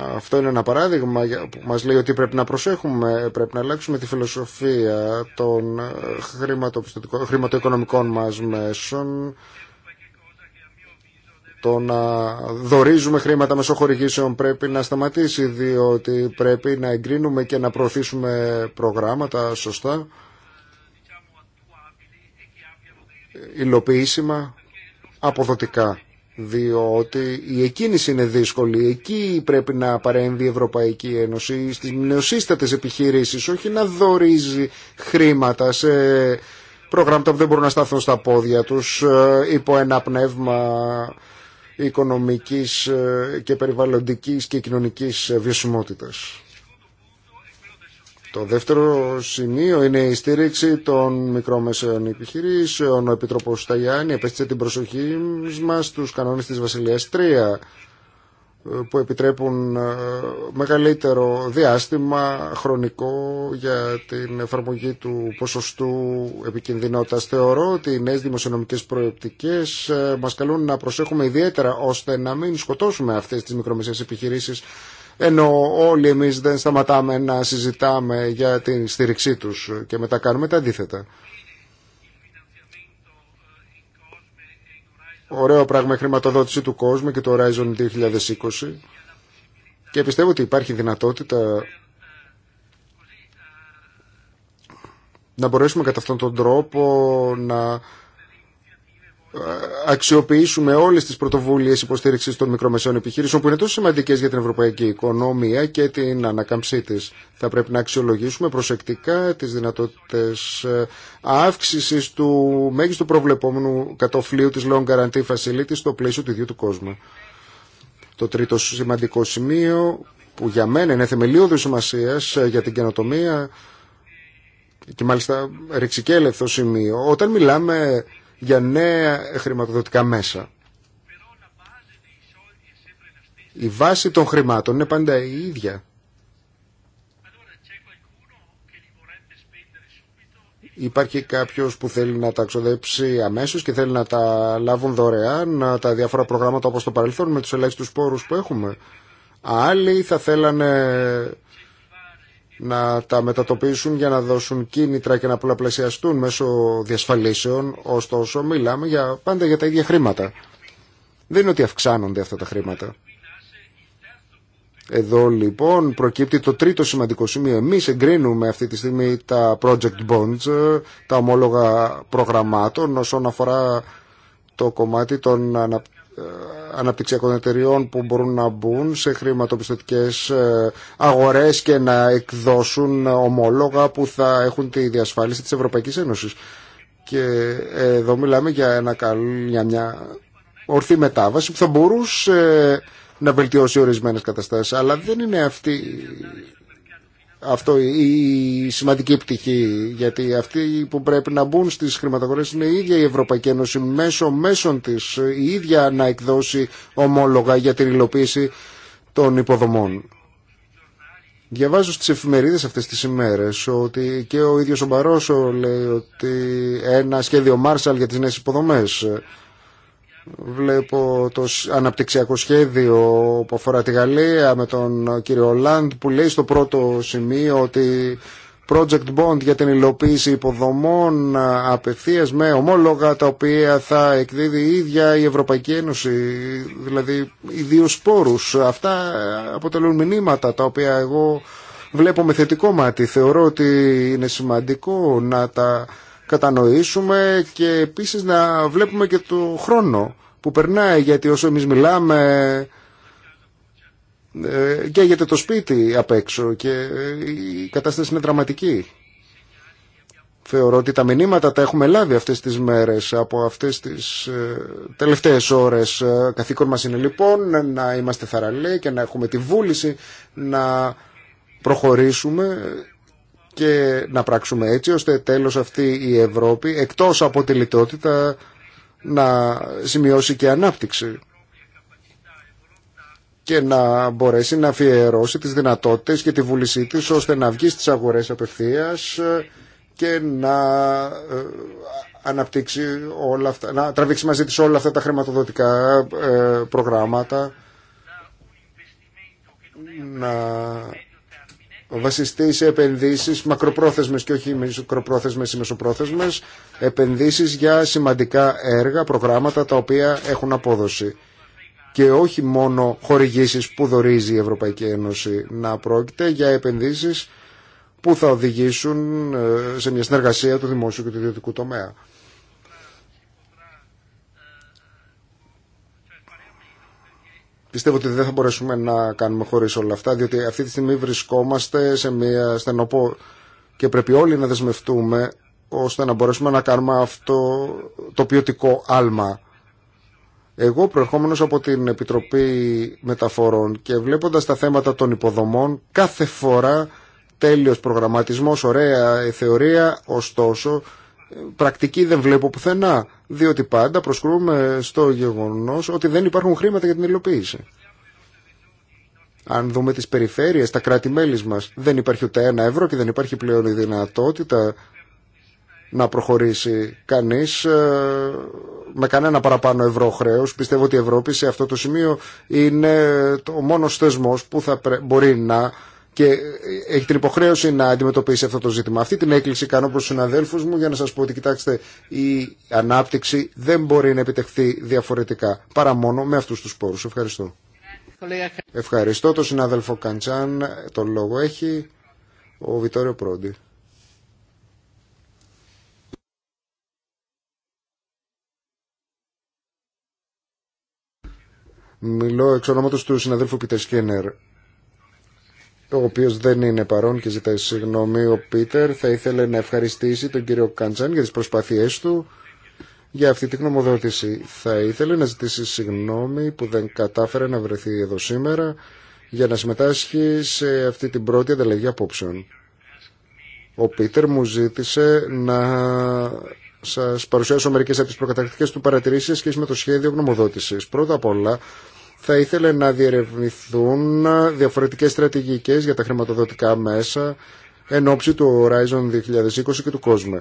Αυτό είναι ένα παράδειγμα που μας λέει ότι πρέπει να προσέχουμε, πρέπει να αλλάξουμε τη φιλοσοφία των ε, χρηματοοικονομικών μας μέσων, το να δορίζουμε χρήματα μεσοχορηγήσεων χορηγήσεων πρέπει να σταματήσει διότι πρέπει να εγκρίνουμε και να προωθήσουμε προγράμματα σωστά, υλοποιήσιμα, αποδοτικά διότι η εκκίνηση είναι δύσκολη. Εκεί πρέπει να παρέμβει η Ευρωπαϊκή Ένωση στις νεοσύστατες επιχειρήσεις, όχι να δορίζει χρήματα σε προγράμματα που δεν μπορούν να σταθούν στα πόδια τους ε, υπό ένα πνεύμα οικονομικής ε, και περιβαλλοντικής και κοινωνικής βιωσιμότητας. Το δεύτερο σημείο είναι η στήριξη των μικρομεσαίων επιχειρήσεων. Ο Επίτροπο Σταγιάννη επέστησε την προσοχή μας στου κανόνες της Βασιλείας 3 που επιτρέπουν ε, μεγαλύτερο διάστημα χρονικό για την εφαρμογή του ποσοστού επικινδυνότητας. Θεωρώ ότι οι νέες δημοσιονομικές προεπτικές ε, μας καλούν να προσέχουμε ιδιαίτερα ώστε να μην σκοτώσουμε αυτές τις μικρομεσαίες επιχειρήσεις ενώ όλοι εμείς δεν σταματάμε να συζητάμε για την στήριξή τους και μετά κάνουμε τα αντίθετα. Ωραίο πράγμα η χρηματοδότηση του κόσμου και το Horizon 2020 και πιστεύω ότι υπάρχει δυνατότητα να μπορέσουμε κατά αυτόν τον τρόπο να αξιοποιήσουμε όλες τις πρωτοβουλίες υποστήριξης των μικρομεσαίων επιχειρήσεων που είναι τόσο σημαντικές για την ευρωπαϊκή οικονομία και την ανακαμψή της. Θα πρέπει να αξιολογήσουμε προσεκτικά τις δυνατότητες ε, αύξησης του μέγιστου προβλεπόμενου κατοφλίου της Long Guarantee Facility στο πλαίσιο του ίδιου του κόσμου. Το τρίτο σημαντικό σημείο που για μένα είναι θεμελιώδη σημασία ε, για την καινοτομία και μάλιστα ρηξικέλευθο σημείο. Όταν μιλάμε για νέα χρηματοδοτικά μέσα. Η βάση των χρημάτων είναι πάντα η ίδια. Υπάρχει κάποιος που θέλει να τα ξοδέψει αμέσως και θέλει να τα λάβουν δωρεάν τα διάφορα προγράμματα όπως το παρελθόν με τους ελάχιστους πόρους που έχουμε. Άλλοι θα θέλανε να τα μετατοπίσουν για να δώσουν κίνητρα και να πολλαπλασιαστούν μέσω διασφαλίσεων, ωστόσο μιλάμε για, πάντα για τα ίδια χρήματα. Δεν είναι ότι αυξάνονται αυτά τα χρήματα. Εδώ λοιπόν προκύπτει το τρίτο σημαντικό σημείο. Εμείς εγκρίνουμε αυτή τη στιγμή τα project bonds, τα ομόλογα προγραμμάτων όσον αφορά το κομμάτι των ε, αναπτυξιακών εταιριών που μπορούν να μπουν σε χρηματοπιστωτικές ε, αγορές και να εκδώσουν ομόλογα που θα έχουν τη διασφάλιση της Ευρωπαϊκής Ένωσης. Και ε, εδώ μιλάμε για, ένα μια ορθή μετάβαση που θα μπορούσε να βελτιώσει ορισμένες καταστάσεις. Αλλά δεν είναι αυτή αυτό η σημαντική πτυχή γιατί αυτοί που πρέπει να μπουν στις χρηματαγορές είναι η ίδια η Ευρωπαϊκή Ένωση μέσω μέσων της η ίδια να εκδώσει ομόλογα για την υλοποίηση των υποδομών. Διαβάζω στις εφημερίδες αυτές τις ημέρες ότι και ο ίδιος ο Μπαρόσο λέει ότι ένα σχέδιο Μάρσαλ για τις νέες υποδομές Βλέπω το αναπτυξιακό σχέδιο που αφορά τη Γαλλία με τον κύριο Λάντ που λέει στο πρώτο σημείο ότι project bond για την υλοποίηση υποδομών απευθείας με ομόλογα τα οποία θα εκδίδει η ίδια η Ευρωπαϊκή Ένωση, δηλαδή οι δύο σπόρους. Αυτά αποτελούν μηνύματα τα οποία εγώ βλέπω με θετικό μάτι. Θεωρώ ότι είναι σημαντικό να τα κατανοήσουμε και επίσης να βλέπουμε και το χρόνο που περνάει γιατί όσο εμείς μιλάμε ε, καίγεται το σπίτι απ' έξω και ε, η κατάσταση είναι δραματική. Θεωρώ ότι τα μηνύματα τα έχουμε λάβει αυτές τις μέρες από αυτές τις ε, τελευταίες ώρες. Ε, καθήκον μας είναι λοιπόν να είμαστε θαραλέοι και να έχουμε τη βούληση να προχωρήσουμε και να πράξουμε έτσι ώστε τέλος αυτή η Ευρώπη εκτός από τη λιτότητα να σημειώσει και ανάπτυξη και να μπορέσει να αφιερώσει τις δυνατότητες και τη βούλησή της ώστε να βγει στις αγορές απευθείας και να ε, αναπτύξει όλα αυτά, να τραβήξει μαζί της όλα αυτά τα χρηματοδοτικά ε, προγράμματα να βασιστεί σε επενδύσεις μακροπρόθεσμες και όχι μικροπρόθεσμες ή μεσοπρόθεσμες, επενδύσεις για σημαντικά έργα, προγράμματα τα οποία έχουν απόδοση. Και όχι μόνο χορηγήσει που δορίζει η μεσοπρόθεσμε, να πρόκειται για επενδύσεις που θα οδηγήσουν ε, σε μια συνεργασία του δημόσιου και του ιδιωτικού τομέα. Πιστεύω ότι δεν θα μπορέσουμε να κάνουμε χωρίς όλα αυτά, διότι αυτή τη στιγμή βρισκόμαστε σε μια στενοπό και πρέπει όλοι να δεσμευτούμε ώστε να μπορέσουμε να κάνουμε αυτό το ποιοτικό άλμα. Εγώ προερχόμενος από την Επιτροπή Μεταφορών και βλέποντας τα θέματα των υποδομών, κάθε φορά τέλειος προγραμματισμός, ωραία ε, θεωρία, ωστόσο πρακτική δεν βλέπω πουθενά, διότι πάντα προσκρούμε στο γεγονός ότι δεν υπάρχουν χρήματα για την υλοποίηση. Αν δούμε τις περιφέρειες, τα κράτη-μέλη μας, δεν υπάρχει ούτε ένα ευρώ και δεν υπάρχει πλέον η δυνατότητα να προχωρήσει κανείς ε, με κανένα παραπάνω ευρώ χρέο. Πιστεύω ότι η Ευρώπη σε αυτό το σημείο είναι ο μόνος θεσμός που θα μπορεί να και ε, έχει την υποχρέωση να αντιμετωπίσει αυτό το ζήτημα. Αυτή την έκκληση κάνω προς του συναδέλφους μου για να σας πω ότι κοιτάξτε η ανάπτυξη δεν μπορεί να επιτευχθεί διαφορετικά παρά μόνο με αυτούς τους πόρους. Ευχαριστώ. Ευχαριστώ τον συνάδελφο Καντσάν. Το λόγο έχει ο Βιτόριο Πρόντι. Μιλώ εξ ονόματος του συναδέλφου Πίτερ Σκένερ ο οποίος δεν είναι παρόν και ζητάει συγγνώμη. Ο Πίτερ θα ήθελε να ευχαριστήσει τον κύριο Καντζάν για τις προσπάθειές του για αυτή τη γνωμοδότηση. Θα ήθελε να ζητήσει συγγνώμη που δεν κατάφερε να βρεθεί εδώ σήμερα για να συμμετάσχει σε αυτή την πρώτη ανταλλαγή απόψεων. Ο Πίτερ μου ζήτησε να σας παρουσιάσω μερικές από τις προκαταρκτικές του παρατηρήσεις σχέση με το σχέδιο γνωμοδότησης. Πρώτα απ' όλα, θα ήθελε να διερευνηθούν διαφορετικές στρατηγικές για τα χρηματοδοτικά μέσα εν ώψη του Horizon 2020 και του COSME.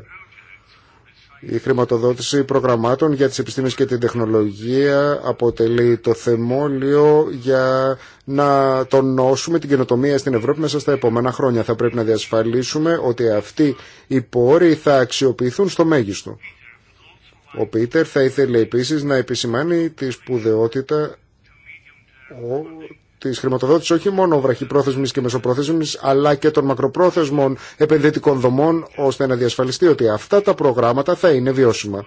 Η χρηματοδότηση προγραμμάτων για τις επιστήμες και την τεχνολογία αποτελεί το θεμόλιο για να τονώσουμε την καινοτομία στην Ευρώπη μέσα στα επόμενα χρόνια. Θα πρέπει να διασφαλίσουμε ότι αυτοί οι πόροι θα αξιοποιηθούν στο μέγιστο. Ο Πίτερ θα ήθελε επίσης να επισημάνει τη σπουδαιότητα τη χρηματοδότηση όχι μόνο βραχυπρόθεσμη και μεσοπρόθεσμη, αλλά και των μακροπρόθεσμων επενδυτικών δομών, ώστε να διασφαλιστεί ότι αυτά τα προγράμματα θα είναι βιώσιμα.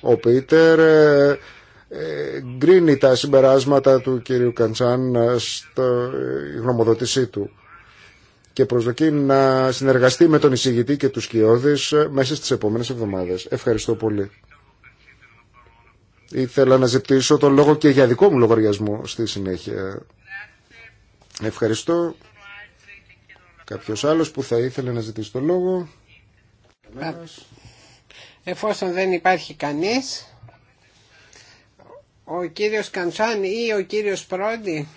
Ο Πίτερ ε, γκρίνει τα συμπεράσματα του κυρίου Καντσάν στη ε, γνωμοδότησή του και προσδοκεί να συνεργαστεί με τον εισηγητή και τους κοιόδης ε, μέσα στις επόμενες εβδομάδες. Ευχαριστώ πολύ. Ήθελα να ζητήσω τον λόγο και για δικό μου λογαριασμό στη συνέχεια. Ευχαριστώ. Κάποιος άλλος που θα ήθελε να ζητήσει τον λόγο. Εφόσον δεν υπάρχει κανείς, ο κύριος Καντσάν ή ο κύριος Πρόντι.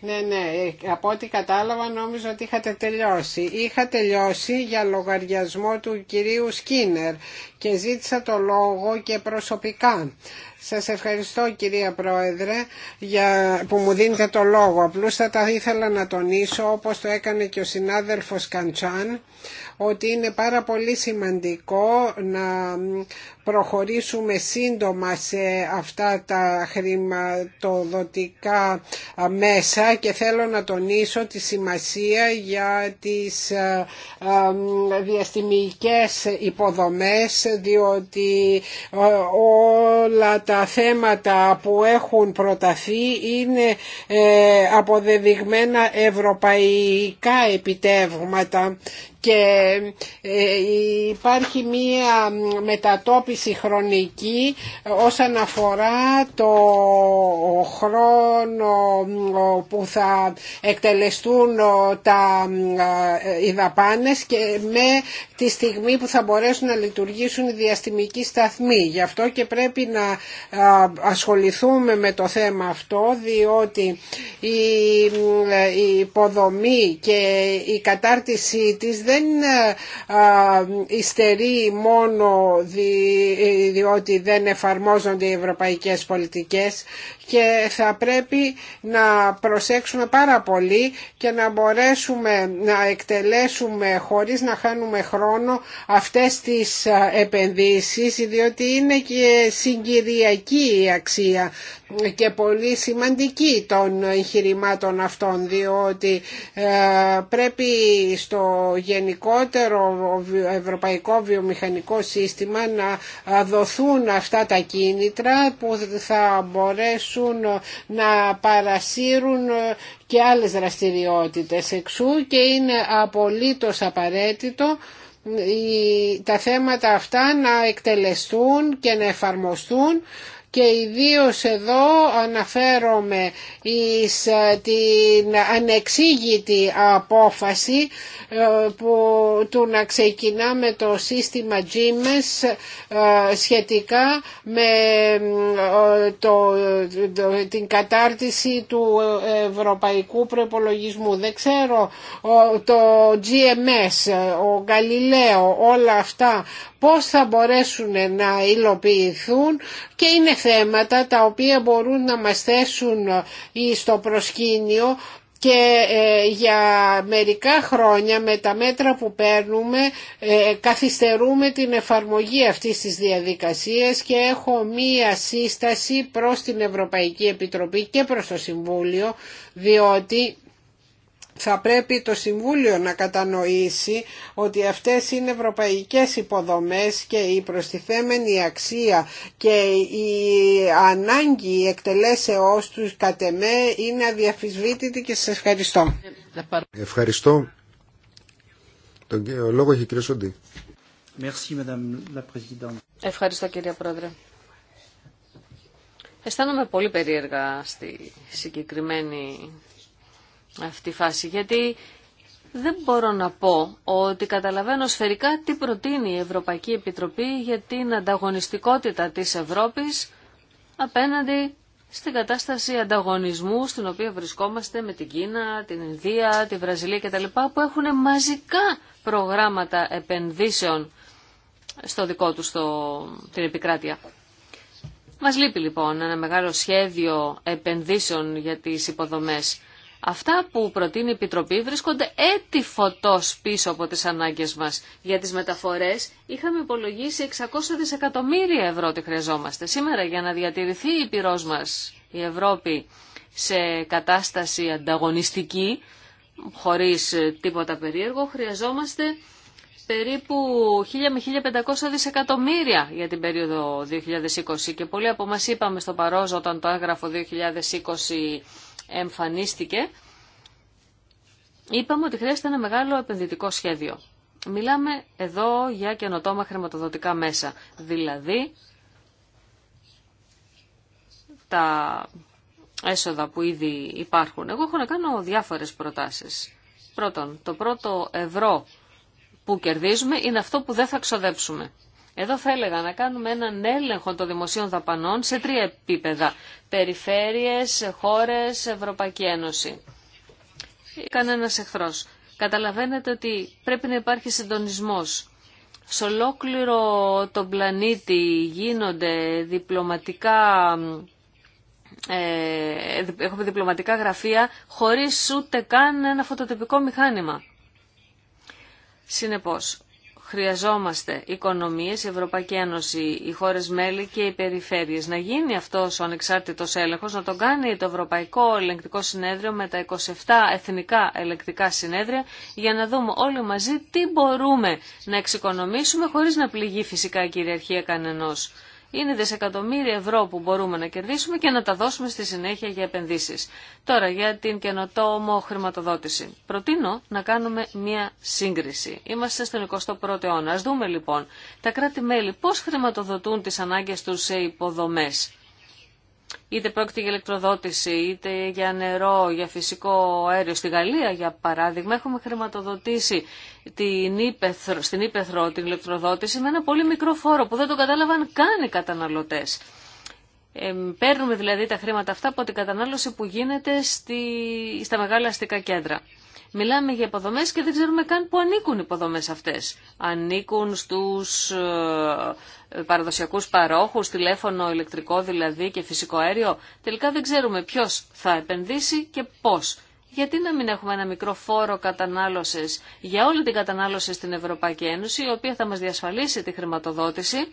Ναι, ναι, ε, από ό,τι κατάλαβα νόμιζα ότι είχατε τελειώσει. Είχα τελειώσει για λογαριασμό του κυρίου Σκίνερ και ζήτησα το λόγο και προσωπικά. Σας ευχαριστώ κυρία Πρόεδρε για, που μου δίνετε το λόγο. Απλούστατα ήθελα να τονίσω όπως το έκανε και ο συνάδελφος Καντσάν ότι είναι πάρα πολύ σημαντικό να προχωρήσουμε σύντομα σε αυτά τα χρηματοδοτικά μέσα και θέλω να τονίσω τη σημασία για τις ε, ε, διαστημικές υποδομές διότι ε, όλα τα θέματα που έχουν προταθεί είναι ε, αποδεδειγμένα ευρωπαϊκά επιτεύγματα και ε, υπάρχει μία μετατόπιση χρονική όσον αφορά το χρόνο που θα εκτελεστούν τα, ε, οι δαπάνες και με τη στιγμή που θα μπορέσουν να λειτουργήσουν οι διαστημικοί σταθμοί. Γι' αυτό και πρέπει να ε, ασχοληθούμε με το θέμα αυτό διότι η υποδομή και η κατάρτισή της δεν δεν ιστερεί ε, μόνο διότι δεν εφαρμόζονται οι ευρωπαϊκές πολιτικές και θα πρέπει να προσέξουμε πάρα πολύ και να μπορέσουμε να εκτελέσουμε χωρίς να χάνουμε χρόνο αυτές τις επενδύσεις διότι είναι και συγκυριακή η αξία και πολύ σημαντική των εγχειρημάτων αυτών διότι ε, πρέπει στο γενικότερο ευρωπαϊκό βιομηχανικό σύστημα να δοθούν αυτά τα κίνητρα που θα μπορέσουν να παρασύρουν και άλλες δραστηριότητες εξού και είναι απολύτως απαραίτητο τα θέματα αυτά να εκτελεστούν και να εφαρμοστούν και ιδίως εδώ αναφέρομαι εις ε, την ανεξήγητη απόφαση ε, που, του να ξεκινάμε το σύστημα GMS ε, σχετικά με την κατάρτιση του ευρωπαϊκού προπολογισμού. Δεν ξέρω το GMS, ο Γαλιλαίο, όλα αυτά πώς θα μπορέσουν να υλοποιηθούν και είναι θέματα τα οποία μπορούν να μας θέσουν ε, στο προσκήνιο και ε, για μερικά χρόνια με τα μέτρα που παίρνουμε ε, καθυστερούμε την εφαρμογή αυτής της διαδικασίας και έχω μία σύσταση προς την Ευρωπαϊκή Επιτροπή και προς το Συμβούλιο διότι θα πρέπει το Συμβούλιο να κατανοήσει ότι αυτές είναι ευρωπαϊκές υποδομές και η προστιθέμενη αξία και η ανάγκη εκτελέσεώς τους κατ' εμέ είναι αδιαφυσβήτητη και σας ευχαριστώ. Ευχαριστώ. Τον κύριο λόγο έχει κύριο Σοντή. Ευχαριστώ κύριε Πρόεδρε. Αισθάνομαι πολύ περίεργα στη συγκεκριμένη αυτή η φάση, γιατί δεν μπορώ να πω ότι καταλαβαίνω σφαιρικά τι προτείνει η Ευρωπαϊκή Επιτροπή για την ανταγωνιστικότητα της Ευρώπης απέναντι στην κατάσταση ανταγωνισμού στην οποία βρισκόμαστε με την Κίνα, την Ινδία, τη Βραζιλία κτλ. που έχουν μαζικά προγράμματα επενδύσεων στο δικό τους το, την επικράτεια. Μας λείπει λοιπόν ένα μεγάλο σχέδιο επενδύσεων για τις υποδομές Αυτά που προτείνει η Επιτροπή βρίσκονται έτη φωτός πίσω από τις ανάγκες μας. Για τις μεταφορές είχαμε υπολογίσει 600 δισεκατομμύρια ευρώ ότι χρειαζόμαστε. Σήμερα για να διατηρηθεί η πυρός μας, η Ευρώπη, σε κατάσταση ανταγωνιστική, χωρίς τίποτα περίεργο, χρειαζόμαστε περίπου 1.000 με 1.500 δισεκατομμύρια για την περίοδο 2020 και πολλοί από εμά είπαμε στο Παρόζο όταν το έγραφο 2020 εμφανίστηκε, είπαμε ότι χρειάζεται ένα μεγάλο επενδυτικό σχέδιο. Μιλάμε εδώ για καινοτόμα χρηματοδοτικά μέσα, δηλαδή τα έσοδα που ήδη υπάρχουν. Εγώ έχω να κάνω διάφορες προτάσεις. Πρώτον, το πρώτο ευρώ που κερδίζουμε είναι αυτό που δεν θα ξοδέψουμε. Εδώ θα έλεγα να κάνουμε έναν έλεγχο των δημοσίων δαπανών σε τρία επίπεδα. Περιφέρειες, χώρες, Ευρωπαϊκή Ένωση. Κανένας εχθρός. Καταλαβαίνετε ότι πρέπει να υπάρχει συντονισμός. Σε ολόκληρο τον πλανήτη γίνονται διπλωματικά ε, έχουμε διπλωματικά γραφεία χωρίς ούτε καν ένα φωτοτυπικό μηχάνημα. Συνεπώς, χρειαζόμαστε οικονομίες, η Ευρωπαϊκή Ένωση, οι χώρες μέλη και οι περιφέρειες. Να γίνει αυτός ο ανεξάρτητος έλεγχος, να τον κάνει το Ευρωπαϊκό Ελεγκτικό Συνέδριο με τα 27 εθνικά ελεγκτικά συνέδρια για να δούμε όλοι μαζί τι μπορούμε να εξοικονομήσουμε χωρίς να πληγεί φυσικά η κυριαρχία κανενός είναι δισεκατομμύρια ευρώ που μπορούμε να κερδίσουμε και να τα δώσουμε στη συνέχεια για επενδύσεις. Τώρα για την καινοτόμο χρηματοδότηση. Προτείνω να κάνουμε μία σύγκριση. Είμαστε στον 21ο αιώνα. Ας δούμε λοιπόν τα κράτη-μέλη πώς χρηματοδοτούν τις ανάγκες τους σε υποδομές. Είτε πρόκειται για ηλεκτροδότηση, είτε για νερό, για φυσικό αέριο. Στη Γαλλία, για παράδειγμα, έχουμε χρηματοδοτήσει την Ήπεθρο, στην Ήπεθρο την ηλεκτροδότηση με ένα πολύ μικρό φόρο που δεν το κατάλαβαν καν οι καταναλωτές. Ε, παίρνουμε δηλαδή τα χρήματα αυτά από την κατανάλωση που γίνεται στη, στα μεγάλα αστικά κέντρα. Μιλάμε για υποδομές και δεν ξέρουμε καν που ανήκουν οι υποδομές αυτές. Ανήκουν στους ε, παραδοσιακούς παρόχους, τηλέφωνο, ηλεκτρικό δηλαδή και φυσικό αέριο. Τελικά δεν ξέρουμε ποιος θα επενδύσει και πώς. Γιατί να μην έχουμε ένα μικρό φόρο κατανάλωσης για όλη την κατανάλωση στην Ευρωπαϊκή Ένωση, η οποία θα μας διασφαλίσει τη χρηματοδότηση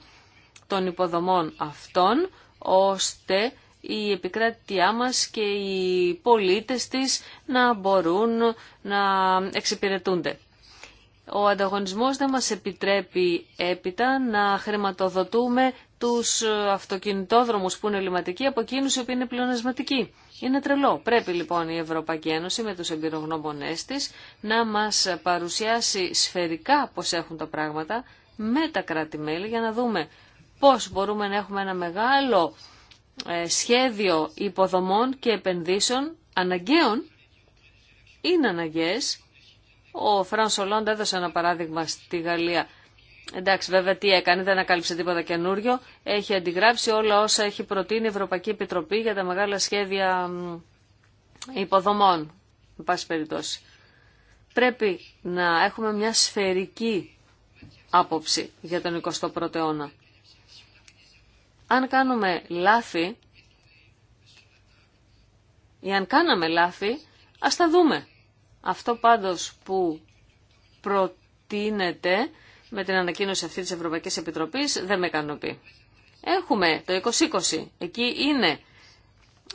των υποδομών αυτών, ώστε η επικράτειά μας και οι πολίτες της να μπορούν να εξυπηρετούνται. Ο ανταγωνισμός δεν μας επιτρέπει έπειτα να χρηματοδοτούμε τους αυτοκινητόδρομους που είναι λιματικοί από εκείνους οποίοι είναι πλειονασματικοί. Είναι τρελό. Πρέπει λοιπόν η Ευρωπαϊκή Ένωση με τους εμπειρογνώμονές της να μας παρουσιάσει σφαιρικά πώς έχουν τα πράγματα με τα κράτη-μέλη για να δούμε πώς μπορούμε να έχουμε ένα μεγάλο ε, σχέδιο υποδομών και επενδύσεων αναγκαίων είναι αναγκαίες. Ο Φραν Σολόντ έδωσε ένα παράδειγμα στη Γαλλία. Εντάξει, βέβαια τι έκανε, δεν ανακάλυψε τίποτα καινούριο. Έχει αντιγράψει όλα όσα έχει προτείνει η Ευρωπαϊκή Επιτροπή για τα μεγάλα σχέδια υποδομών. με πάση περιπτώσει. Πρέπει να έχουμε μια σφαιρική άποψη για τον 21ο αιώνα αν κάνουμε λάθη ή αν κάναμε λάθη, ας τα δούμε. Αυτό πάντως που προτείνεται με την ανακοίνωση αυτή της Ευρωπαϊκής Επιτροπής δεν με ικανοποιεί. Έχουμε το 2020, εκεί είναι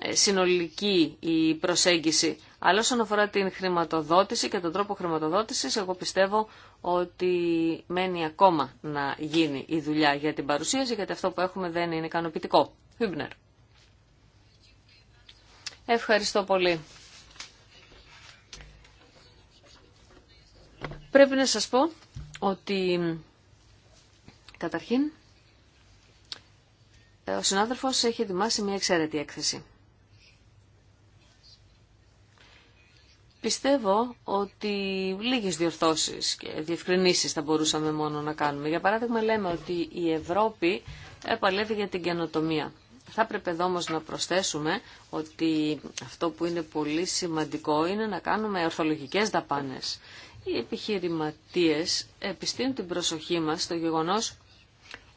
ε, συνολική η προσέγγιση. Αλλά όσον αφορά την χρηματοδότηση και τον τρόπο χρηματοδότησης, εγώ πιστεύω ότι μένει ακόμα να γίνει η δουλειά για την παρουσίαση, γιατί αυτό που έχουμε δεν είναι ικανοποιητικό. Ευχαριστώ πολύ. Πρέπει να σας πω ότι καταρχήν ε, ο συνάδελφος έχει ετοιμάσει μια εξαίρετη έκθεση. Πιστεύω ότι λίγες διορθώσεις και διευκρινήσεις θα μπορούσαμε μόνο να κάνουμε. Για παράδειγμα λέμε ότι η Ευρώπη παλεύει για την καινοτομία. Θα πρέπει εδώ όμως να προσθέσουμε ότι αυτό που είναι πολύ σημαντικό είναι να κάνουμε ορθολογικές δαπάνες. Οι επιχειρηματίες επιστήνουν την προσοχή μας στο γεγονός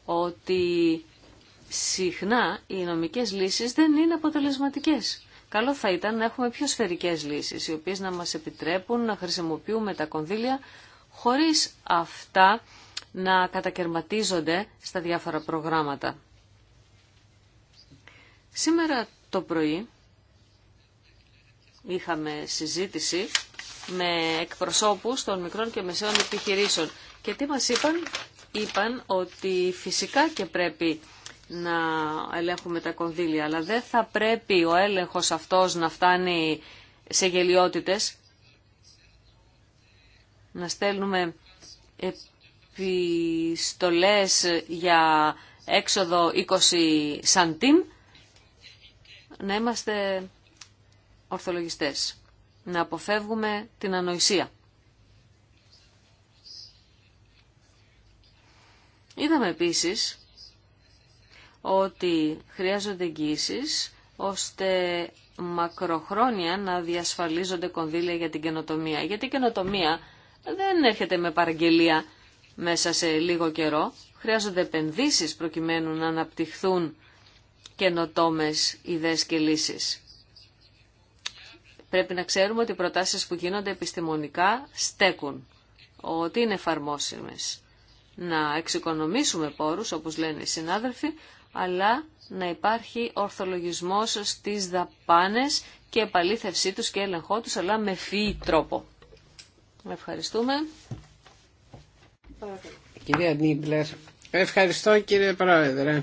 ότι συχνά οι νομικές λύσεις δεν είναι αποτελεσματικές. Καλό θα ήταν να έχουμε πιο σφαιρικές λύσεις, οι οποίες να μας επιτρέπουν να χρησιμοποιούμε τα κονδύλια χωρίς αυτά να κατακαιρματίζονται στα διάφορα προγράμματα. Σήμερα το πρωί είχαμε συζήτηση με εκπροσώπους των μικρών και μεσαίων επιχειρήσεων και τι μας είπαν, είπαν ότι φυσικά και πρέπει να ελέγχουμε τα κονδύλια, αλλά δεν θα πρέπει ο έλεγχος αυτός να φτάνει σε γελιότητες, να στέλνουμε επιστολές για έξοδο 20 σαντίμ, να είμαστε ορθολογιστές, να αποφεύγουμε την ανοησία. Είδαμε επίσης ότι χρειάζονται εγγύησει ώστε μακροχρόνια να διασφαλίζονται κονδύλια για την καινοτομία. Γιατί η καινοτομία δεν έρχεται με παραγγελία μέσα σε λίγο καιρό. Χρειάζονται επενδύσει προκειμένου να αναπτυχθούν καινοτόμε ιδέε και λύσει. Πρέπει να ξέρουμε ότι οι προτάσεις που γίνονται επιστημονικά στέκουν, ότι είναι εφαρμόσιμε. Να εξοικονομήσουμε πόρους, όπω λένε οι συνάδελφοι, αλλά να υπάρχει ορθολογισμός στις δαπάνες και επαλήθευσή τους και έλεγχό τους, αλλά με φύη τρόπο. Ευχαριστούμε. Κυρία Νίμπλερ, ευχαριστώ κύριε Πρόεδρε.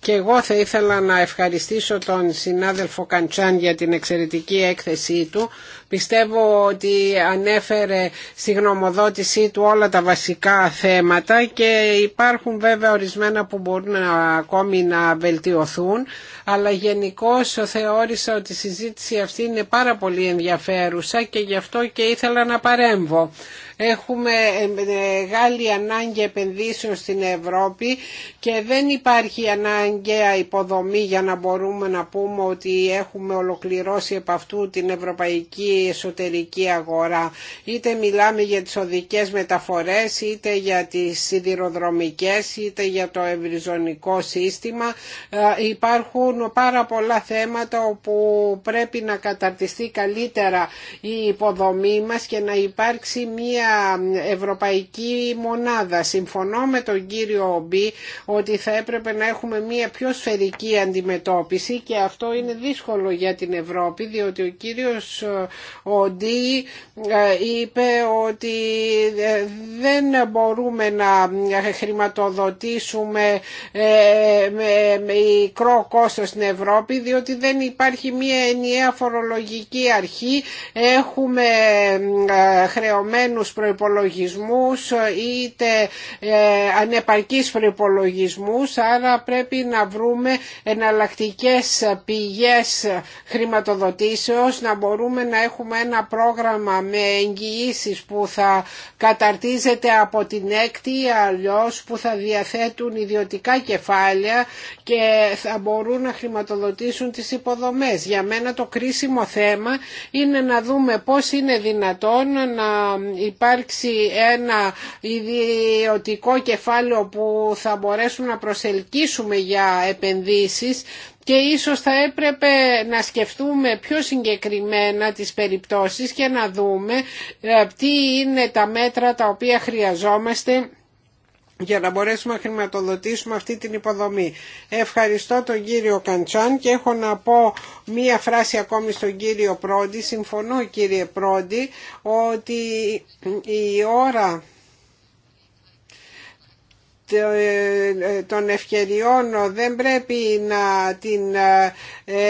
Και εγώ θα ήθελα να ευχαριστήσω τον συνάδελφο Καντσάν για την εξαιρετική έκθεσή του. Πιστεύω ότι ανέφερε στη γνωμοδότησή του όλα τα βασικά θέματα και υπάρχουν βέβαια ορισμένα που μπορούν ακόμη να βελτιωθούν, αλλά γενικώ θεώρησα ότι η συζήτηση αυτή είναι πάρα πολύ ενδιαφέρουσα και γι' αυτό και ήθελα να παρέμβω. Έχουμε μεγάλη ανάγκη επενδύσεων στην Ευρώπη και δεν υπάρχει αναγκαία υποδομή για να μπορούμε να πούμε ότι έχουμε ολοκληρώσει επ' αυτού την ευρωπαϊκή εσωτερική αγορά. Είτε μιλάμε για τις οδικές μεταφορές, είτε για τις σιδηροδρομικές, είτε για το ευρυζωνικό σύστημα. Ε, υπάρχουν πάρα πολλά θέματα όπου πρέπει να καταρτιστεί καλύτερα η υποδομή μας και να υπάρξει μία ευρωπαϊκή μονάδα. Συμφωνώ με τον κύριο Ομπί ότι θα έπρεπε να έχουμε μια πιο σφαιρική αντιμετώπιση και αυτό είναι δύσκολο για την Ευρώπη διότι ο κύριος Οντί ε, είπε ότι ε, δεν μπορούμε να χρηματοδοτήσουμε ε, με μικρό κόστος στην Ευρώπη διότι δεν υπάρχει μια ενιαία φορολογική αρχή έχουμε χρεωμένους προϋπολογισμούς είτε ε, ανεπαρκείς προϋπολογισμούς άρα πρέπει να βρούμε εναλλακτικές πηγές χρηματοδοτήσεως να μπορούμε να έχουμε ένα πρόγραμμα με εγγυήσει που θα καταρτίζεται από την έκτη αλλιώς που θα διαθέτουν ιδιωτικά κεφάλαια και θα μπορούν να χρηματοδοτήσουν τις υποδομές. Για μένα το κρίσιμο θέμα είναι να δούμε πώς είναι δυνατόν να υπάρξει ένα ιδιωτικό κεφάλαιο που θα μπορέσουμε να προσελκύσουμε για επενδύσεις και ίσως θα έπρεπε να σκεφτούμε πιο συγκεκριμένα τις περιπτώσεις και να δούμε ε, τι είναι τα μέτρα τα οποία χρειαζόμαστε για να μπορέσουμε να χρηματοδοτήσουμε αυτή την υποδομή. Ευχαριστώ τον κύριο Καντσάν και έχω να πω μία φράση ακόμη στον κύριο Πρόντι. Συμφωνώ κύριε Πρόντι ότι η ώρα ε, ε, των ευκαιριών δεν πρέπει να την ε,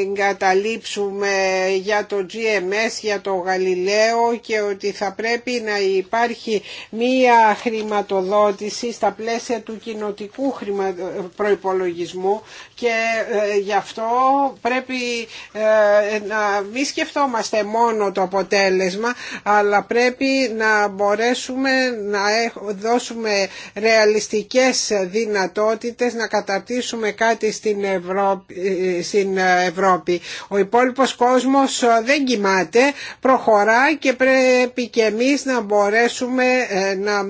εγκαταλείψουμε για το GMS, για το Γαλιλαίο και ότι θα πρέπει να υπάρχει μία χρηματοδότηση στα πλαίσια του κοινοτικού προϋπολογισμού και ε, γι' αυτό πρέπει ε, να μην σκεφτόμαστε μόνο το αποτέλεσμα αλλά πρέπει να μπορέσουμε να δώσουμε ρεαλιστικές δυνατότητες να καταρτήσουμε κάτι στην Ευρώπη, ε, Ο υπόλοιπος κόσμος δεν κοιμάται, προχωρά και πρέπει και εμείς να μπορέσουμε να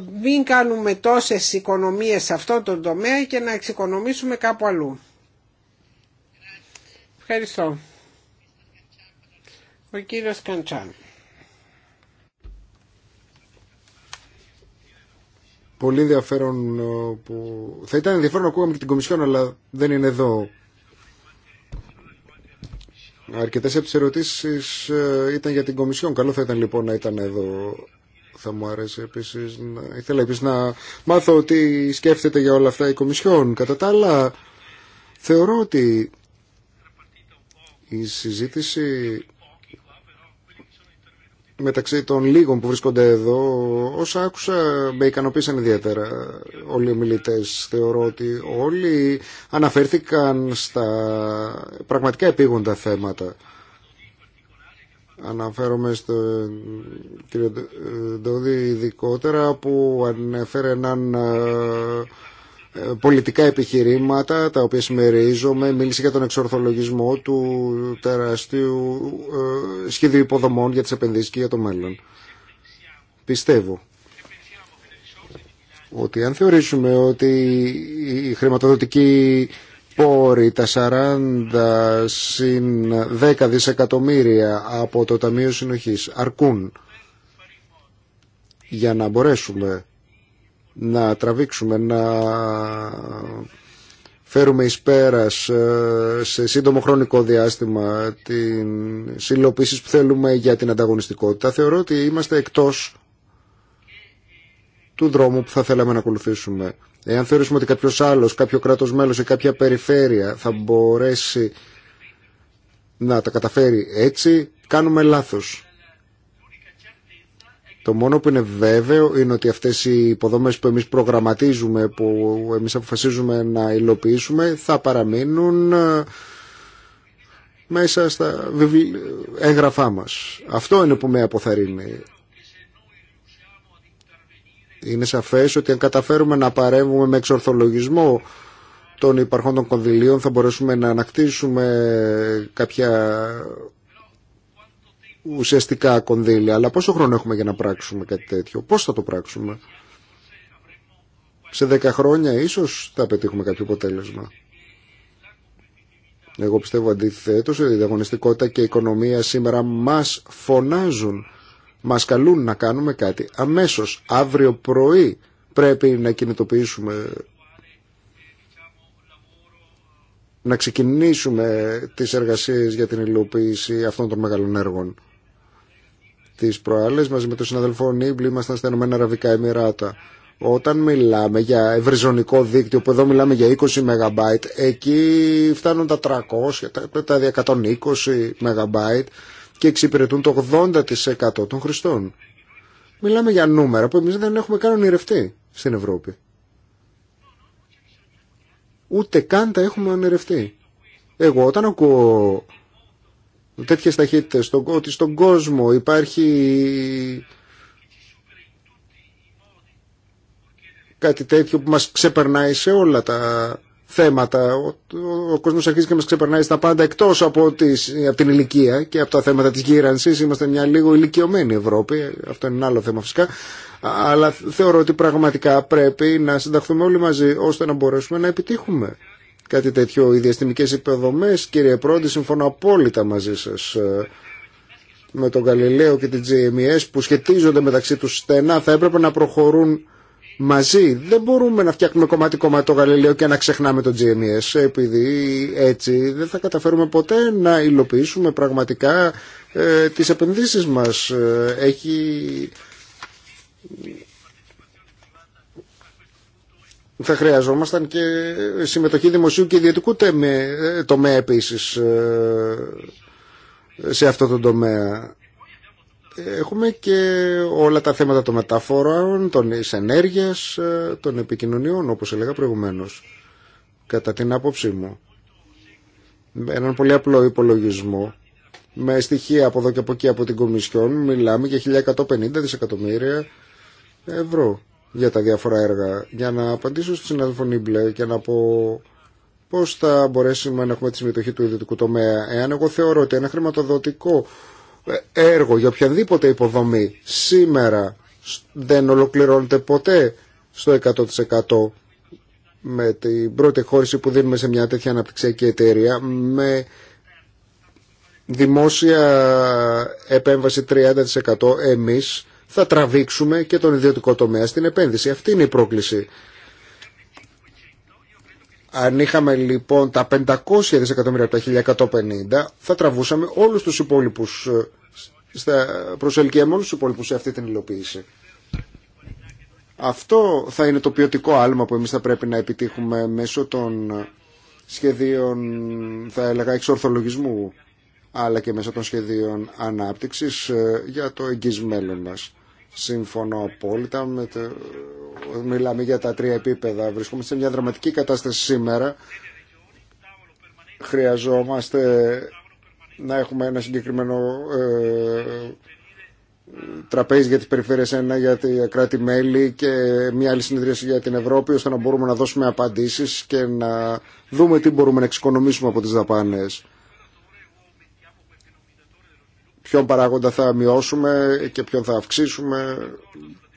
μην κάνουμε τόσες οικονομίες σε αυτό το τομέα και να εξοικονομήσουμε κάπου αλλού. Ευχαριστώ. Ο κύριος Καντσάν. Πολύ ενδιαφέρον που... Θα ήταν ενδιαφέρον να ακούγαμε και την Κομισιόν, αλλά δεν είναι εδώ. Αρκετές από τις ερωτήσεις ε, ήταν για την Κομισιόν. Καλό θα ήταν λοιπόν να ήταν εδώ θα μου άρεσε επίσης, να... ήθελα επίσης να μάθω ότι σκέφτεται για όλα αυτά οι Κομισιόν. Κατά τα άλλα, θεωρώ ότι η συζήτηση μεταξύ των λίγων που βρίσκονται εδώ, όσα άκουσα με ικανοποίησαν ιδιαίτερα όλοι οι ομιλητέ. Θεωρώ ότι όλοι αναφέρθηκαν στα πραγματικά επίγοντα θέματα. Αναφέρομαι στο κύριο Ντόδη ε, ειδικότερα που ανέφερε έναν ε, ε, πολιτικά επιχειρήματα τα οποία συμμερίζομαι μίλησε για τον εξορθολογισμό του τεραστίου σχεδίου υποδομών για τις επενδύσεις και για το μέλλον πιστεύω ότι αν θεωρήσουμε ότι η χρηματοδοτική πόροι, τα 40 συν 10 δισεκατομμύρια από το Ταμείο Συνοχής αρκούν για να μπορέσουμε να τραβήξουμε, να φέρουμε εις πέρας ε, σε σύντομο χρονικό διάστημα την συλλοποίηση που θέλουμε για την ανταγωνιστικότητα. Θεωρώ ότι είμαστε εκτός του δρόμου που θα θέλαμε να ακολουθήσουμε. Εάν θεωρήσουμε ότι κάποιος άλλος, κάποιο κράτος μέλος ή κάποια περιφέρεια θα μπορέσει να τα καταφέρει έτσι, κάνουμε λάθος. Το μόνο που είναι βέβαιο είναι ότι αυτές οι υποδομές που εμείς προγραμματίζουμε, που εμείς αποφασίζουμε να υλοποιήσουμε, θα παραμείνουν ε, μέσα στα έγγραφά μας. Αυτό είναι που με αποθαρρύνει. Είναι σαφές ότι αν καταφέρουμε να παρέμβουμε με εξορθολογισμό των υπαρχών των κονδυλίων θα μπορέσουμε να ανακτήσουμε κάποια ουσιαστικά κονδύλια. Αλλά πόσο χρόνο έχουμε για να πράξουμε κάτι τέτοιο, πώς θα το πράξουμε. Σε δέκα χρόνια ίσως θα πετύχουμε κάποιο αποτέλεσμα. Εγώ πιστεύω αντιθέτως ότι η διαγωνιστικότητα και η οικονομία σήμερα μας φωνάζουν μας καλούν να κάνουμε κάτι αμέσως. Αύριο πρωί πρέπει να κινητοποιήσουμε να ξεκινήσουμε τις εργασίες για την υλοποίηση αυτών των μεγάλων έργων. Τις προάλλες μαζί με τον συναδελφό Νίμπλη ήμασταν στα Ηνωμένα Αραβικά Εμμυράτα. Όταν μιλάμε για ευρυζωνικό δίκτυο που εδώ μιλάμε για 20 MB, εκεί φτάνουν τα 300, τα 120 MB και εξυπηρετούν το 80% των χρηστών. Μιλάμε για νούμερα που εμείς δεν έχουμε καν ονειρευτεί στην Ευρώπη. Ούτε καν τα έχουμε ονειρευτεί. Εγώ όταν ακούω τέτοιες ταχύτητες, ότι στον κόσμο υπάρχει κάτι τέτοιο που μας ξεπερνάει σε όλα τα θέματα. Ο, ο, ο κόσμος αρχίζει και μα ξεπερνάει στα πάντα εκτό από, από την ηλικία και από τα θέματα τη γύρανσή. Είμαστε μια λίγο ηλικιωμένη Ευρώπη, αυτό είναι ένα άλλο θέμα φυσικά. Αλλά θεωρώ ότι πραγματικά πρέπει να συνταχθούμε όλοι μαζί ώστε να μπορέσουμε να επιτύχουμε κάτι τέτοιο. Οι διαστημικέ υποδομέ. κύριε Πρόντι, συμφωνώ απόλυτα μαζί σα, ε, με τον Γαλιλαίο και την GMES που σχετίζονται μεταξύ τους στενά θα έπρεπε να προχωρούν μαζί. Δεν μπορούμε να φτιάχνουμε κομμάτι κομμάτι το Γαλιλαίο και να ξεχνάμε το GMS e επειδή έτσι δεν θα καταφέρουμε ποτέ να υλοποιήσουμε πραγματικά ε, τις επενδύσεις μας. Ε, έχει... Θα χρειαζόμασταν και συμμετοχή δημοσίου και ιδιωτικού ε, τομέα επίσης ε, σε αυτό το τομέα έχουμε και όλα τα θέματα των μεταφορών, των ενέργειας, ε, των επικοινωνιών, όπως έλεγα προηγουμένως, κατά την άποψή μου. Έναν πολύ απλό υπολογισμό, με στοιχεία από εδώ και από εκεί από την Κομισιόν, μιλάμε για 1150 δισεκατομμύρια ευρώ για τα διάφορα έργα. Για να απαντήσω στη συνάδελφο Νίμπλε και να πω πώς θα μπορέσουμε να έχουμε τη συμμετοχή του ιδιωτικού τομέα. Εάν εγώ θεωρώ ότι ένα χρηματοδοτικό έργο, για οποιαδήποτε υποδομή σήμερα δεν ολοκληρώνεται ποτέ στο 100% με την πρώτη χώριση που δίνουμε σε μια τέτοια αναπτυξιακή εταιρεία με δημόσια επέμβαση 30% εμείς θα τραβήξουμε και τον ιδιωτικό τομέα στην επένδυση. Αυτή είναι η πρόκληση αν είχαμε λοιπόν τα 500 δισεκατομμύρια από τα 1150 θα τραβούσαμε όλους τους υπόλοιπους ε, στα προσελκύαμε όλους τους υπόλοιπους σε αυτή την υλοποίηση. Αυτό θα είναι το ποιοτικό άλμα που εμείς θα πρέπει να επιτύχουμε μέσω των σχεδίων, θα έλεγα, εξορθολογισμού, αλλά και μέσω των σχεδίων ανάπτυξης ε, για το εγγύς μέλλον μας. Συμφωνώ απόλυτα. Με το... Μιλάμε για τα τρία επίπεδα. Βρισκόμαστε σε μια δραματική κατάσταση σήμερα. Χρειαζόμαστε να έχουμε ένα συγκεκριμένο ε, τραπέζι για τις περιφέρειες, ένα για τα κράτη-μέλη και μια άλλη συνεδρίαση για την Ευρώπη, ώστε να μπορούμε να δώσουμε απαντήσεις και να δούμε τι μπορούμε να εξοικονομήσουμε από τις δαπάνες ποιον παράγοντα θα μειώσουμε και ποιον θα αυξήσουμε,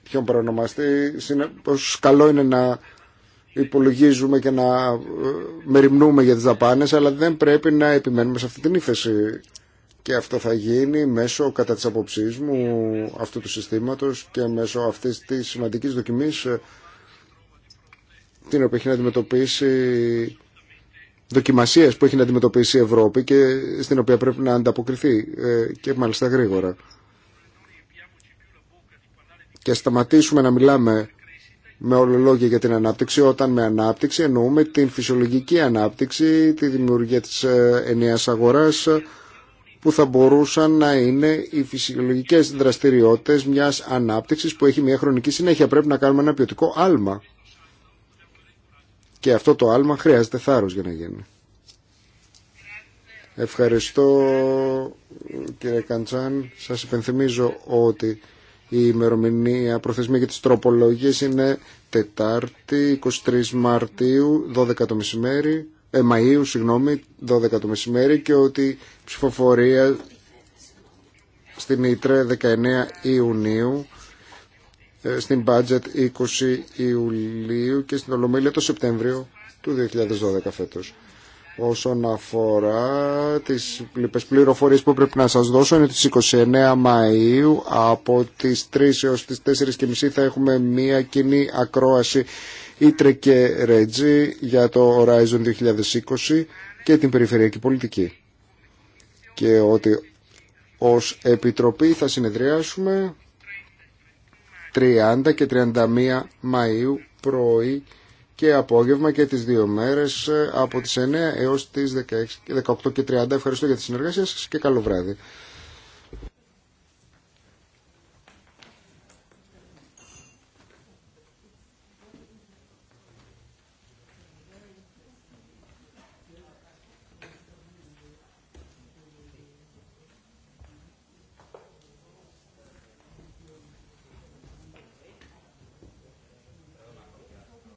ποιον παρονομαστεί. Συνεπώς καλό είναι να υπολογίζουμε και να ε, μεριμνούμε για τις δαπάνε, αλλά δεν πρέπει να επιμένουμε σε αυτή την ύφεση. Και αυτό θα γίνει μέσω, κατά τις αποψή μου, αυτού του συστήματος και μέσω αυτής της σημαντικής δοκιμής ε, την οποία έχει να αντιμετωπίσει δοκιμασίες που έχει να αντιμετωπίσει η Ευρώπη και στην οποία πρέπει να ανταποκριθεί ε, και μάλιστα γρήγορα. Και σταματήσουμε να μιλάμε με ολολόγια για την ανάπτυξη όταν με ανάπτυξη εννοούμε την φυσιολογική ανάπτυξη, τη δημιουργία της ε, ενιαίας αγοράς που θα μπορούσαν να είναι οι φυσιολογικές δραστηριότητες μιας ανάπτυξης που έχει μια χρονική συνέχεια. Πρέπει να κάνουμε ένα ποιοτικό άλμα. Και αυτό το άλμα χρειάζεται θάρρος για να γίνει. Ευχαριστώ κύριε Καντσάν. Σας υπενθυμίζω ότι η ημερομηνία προθεσμία για τις τροπολογίες είναι Τετάρτη 23 Μαρτίου 12 το μεσημέρι, ε, Μαΐου, συγγνώμη, 12 μεσημέρι και ότι ψηφοφορία στην ΙΤΡΕ 19 Ιουνίου ε, στην budget 20 Ιουλίου και στην Ολομέλεια το Σεπτέμβριο του 2012 φέτος. Όσον αφορά τις λοιπές πληροφορίες που πρέπει να σας δώσω είναι τις 29 Μαΐου από τις 3 έως τις 4.30 θα έχουμε μία κοινή ακρόαση Ήτρε και Ρέτζι για το Horizon 2020 και την περιφερειακή πολιτική. Και ότι ως Επιτροπή θα συνεδριάσουμε 30 και 31 Μαΐου πρωί και απόγευμα και τις δύο μέρες ε, από τις 9 έως τις 18 και 30. Ευχαριστώ για τη συνεργασία σας και καλό βράδυ.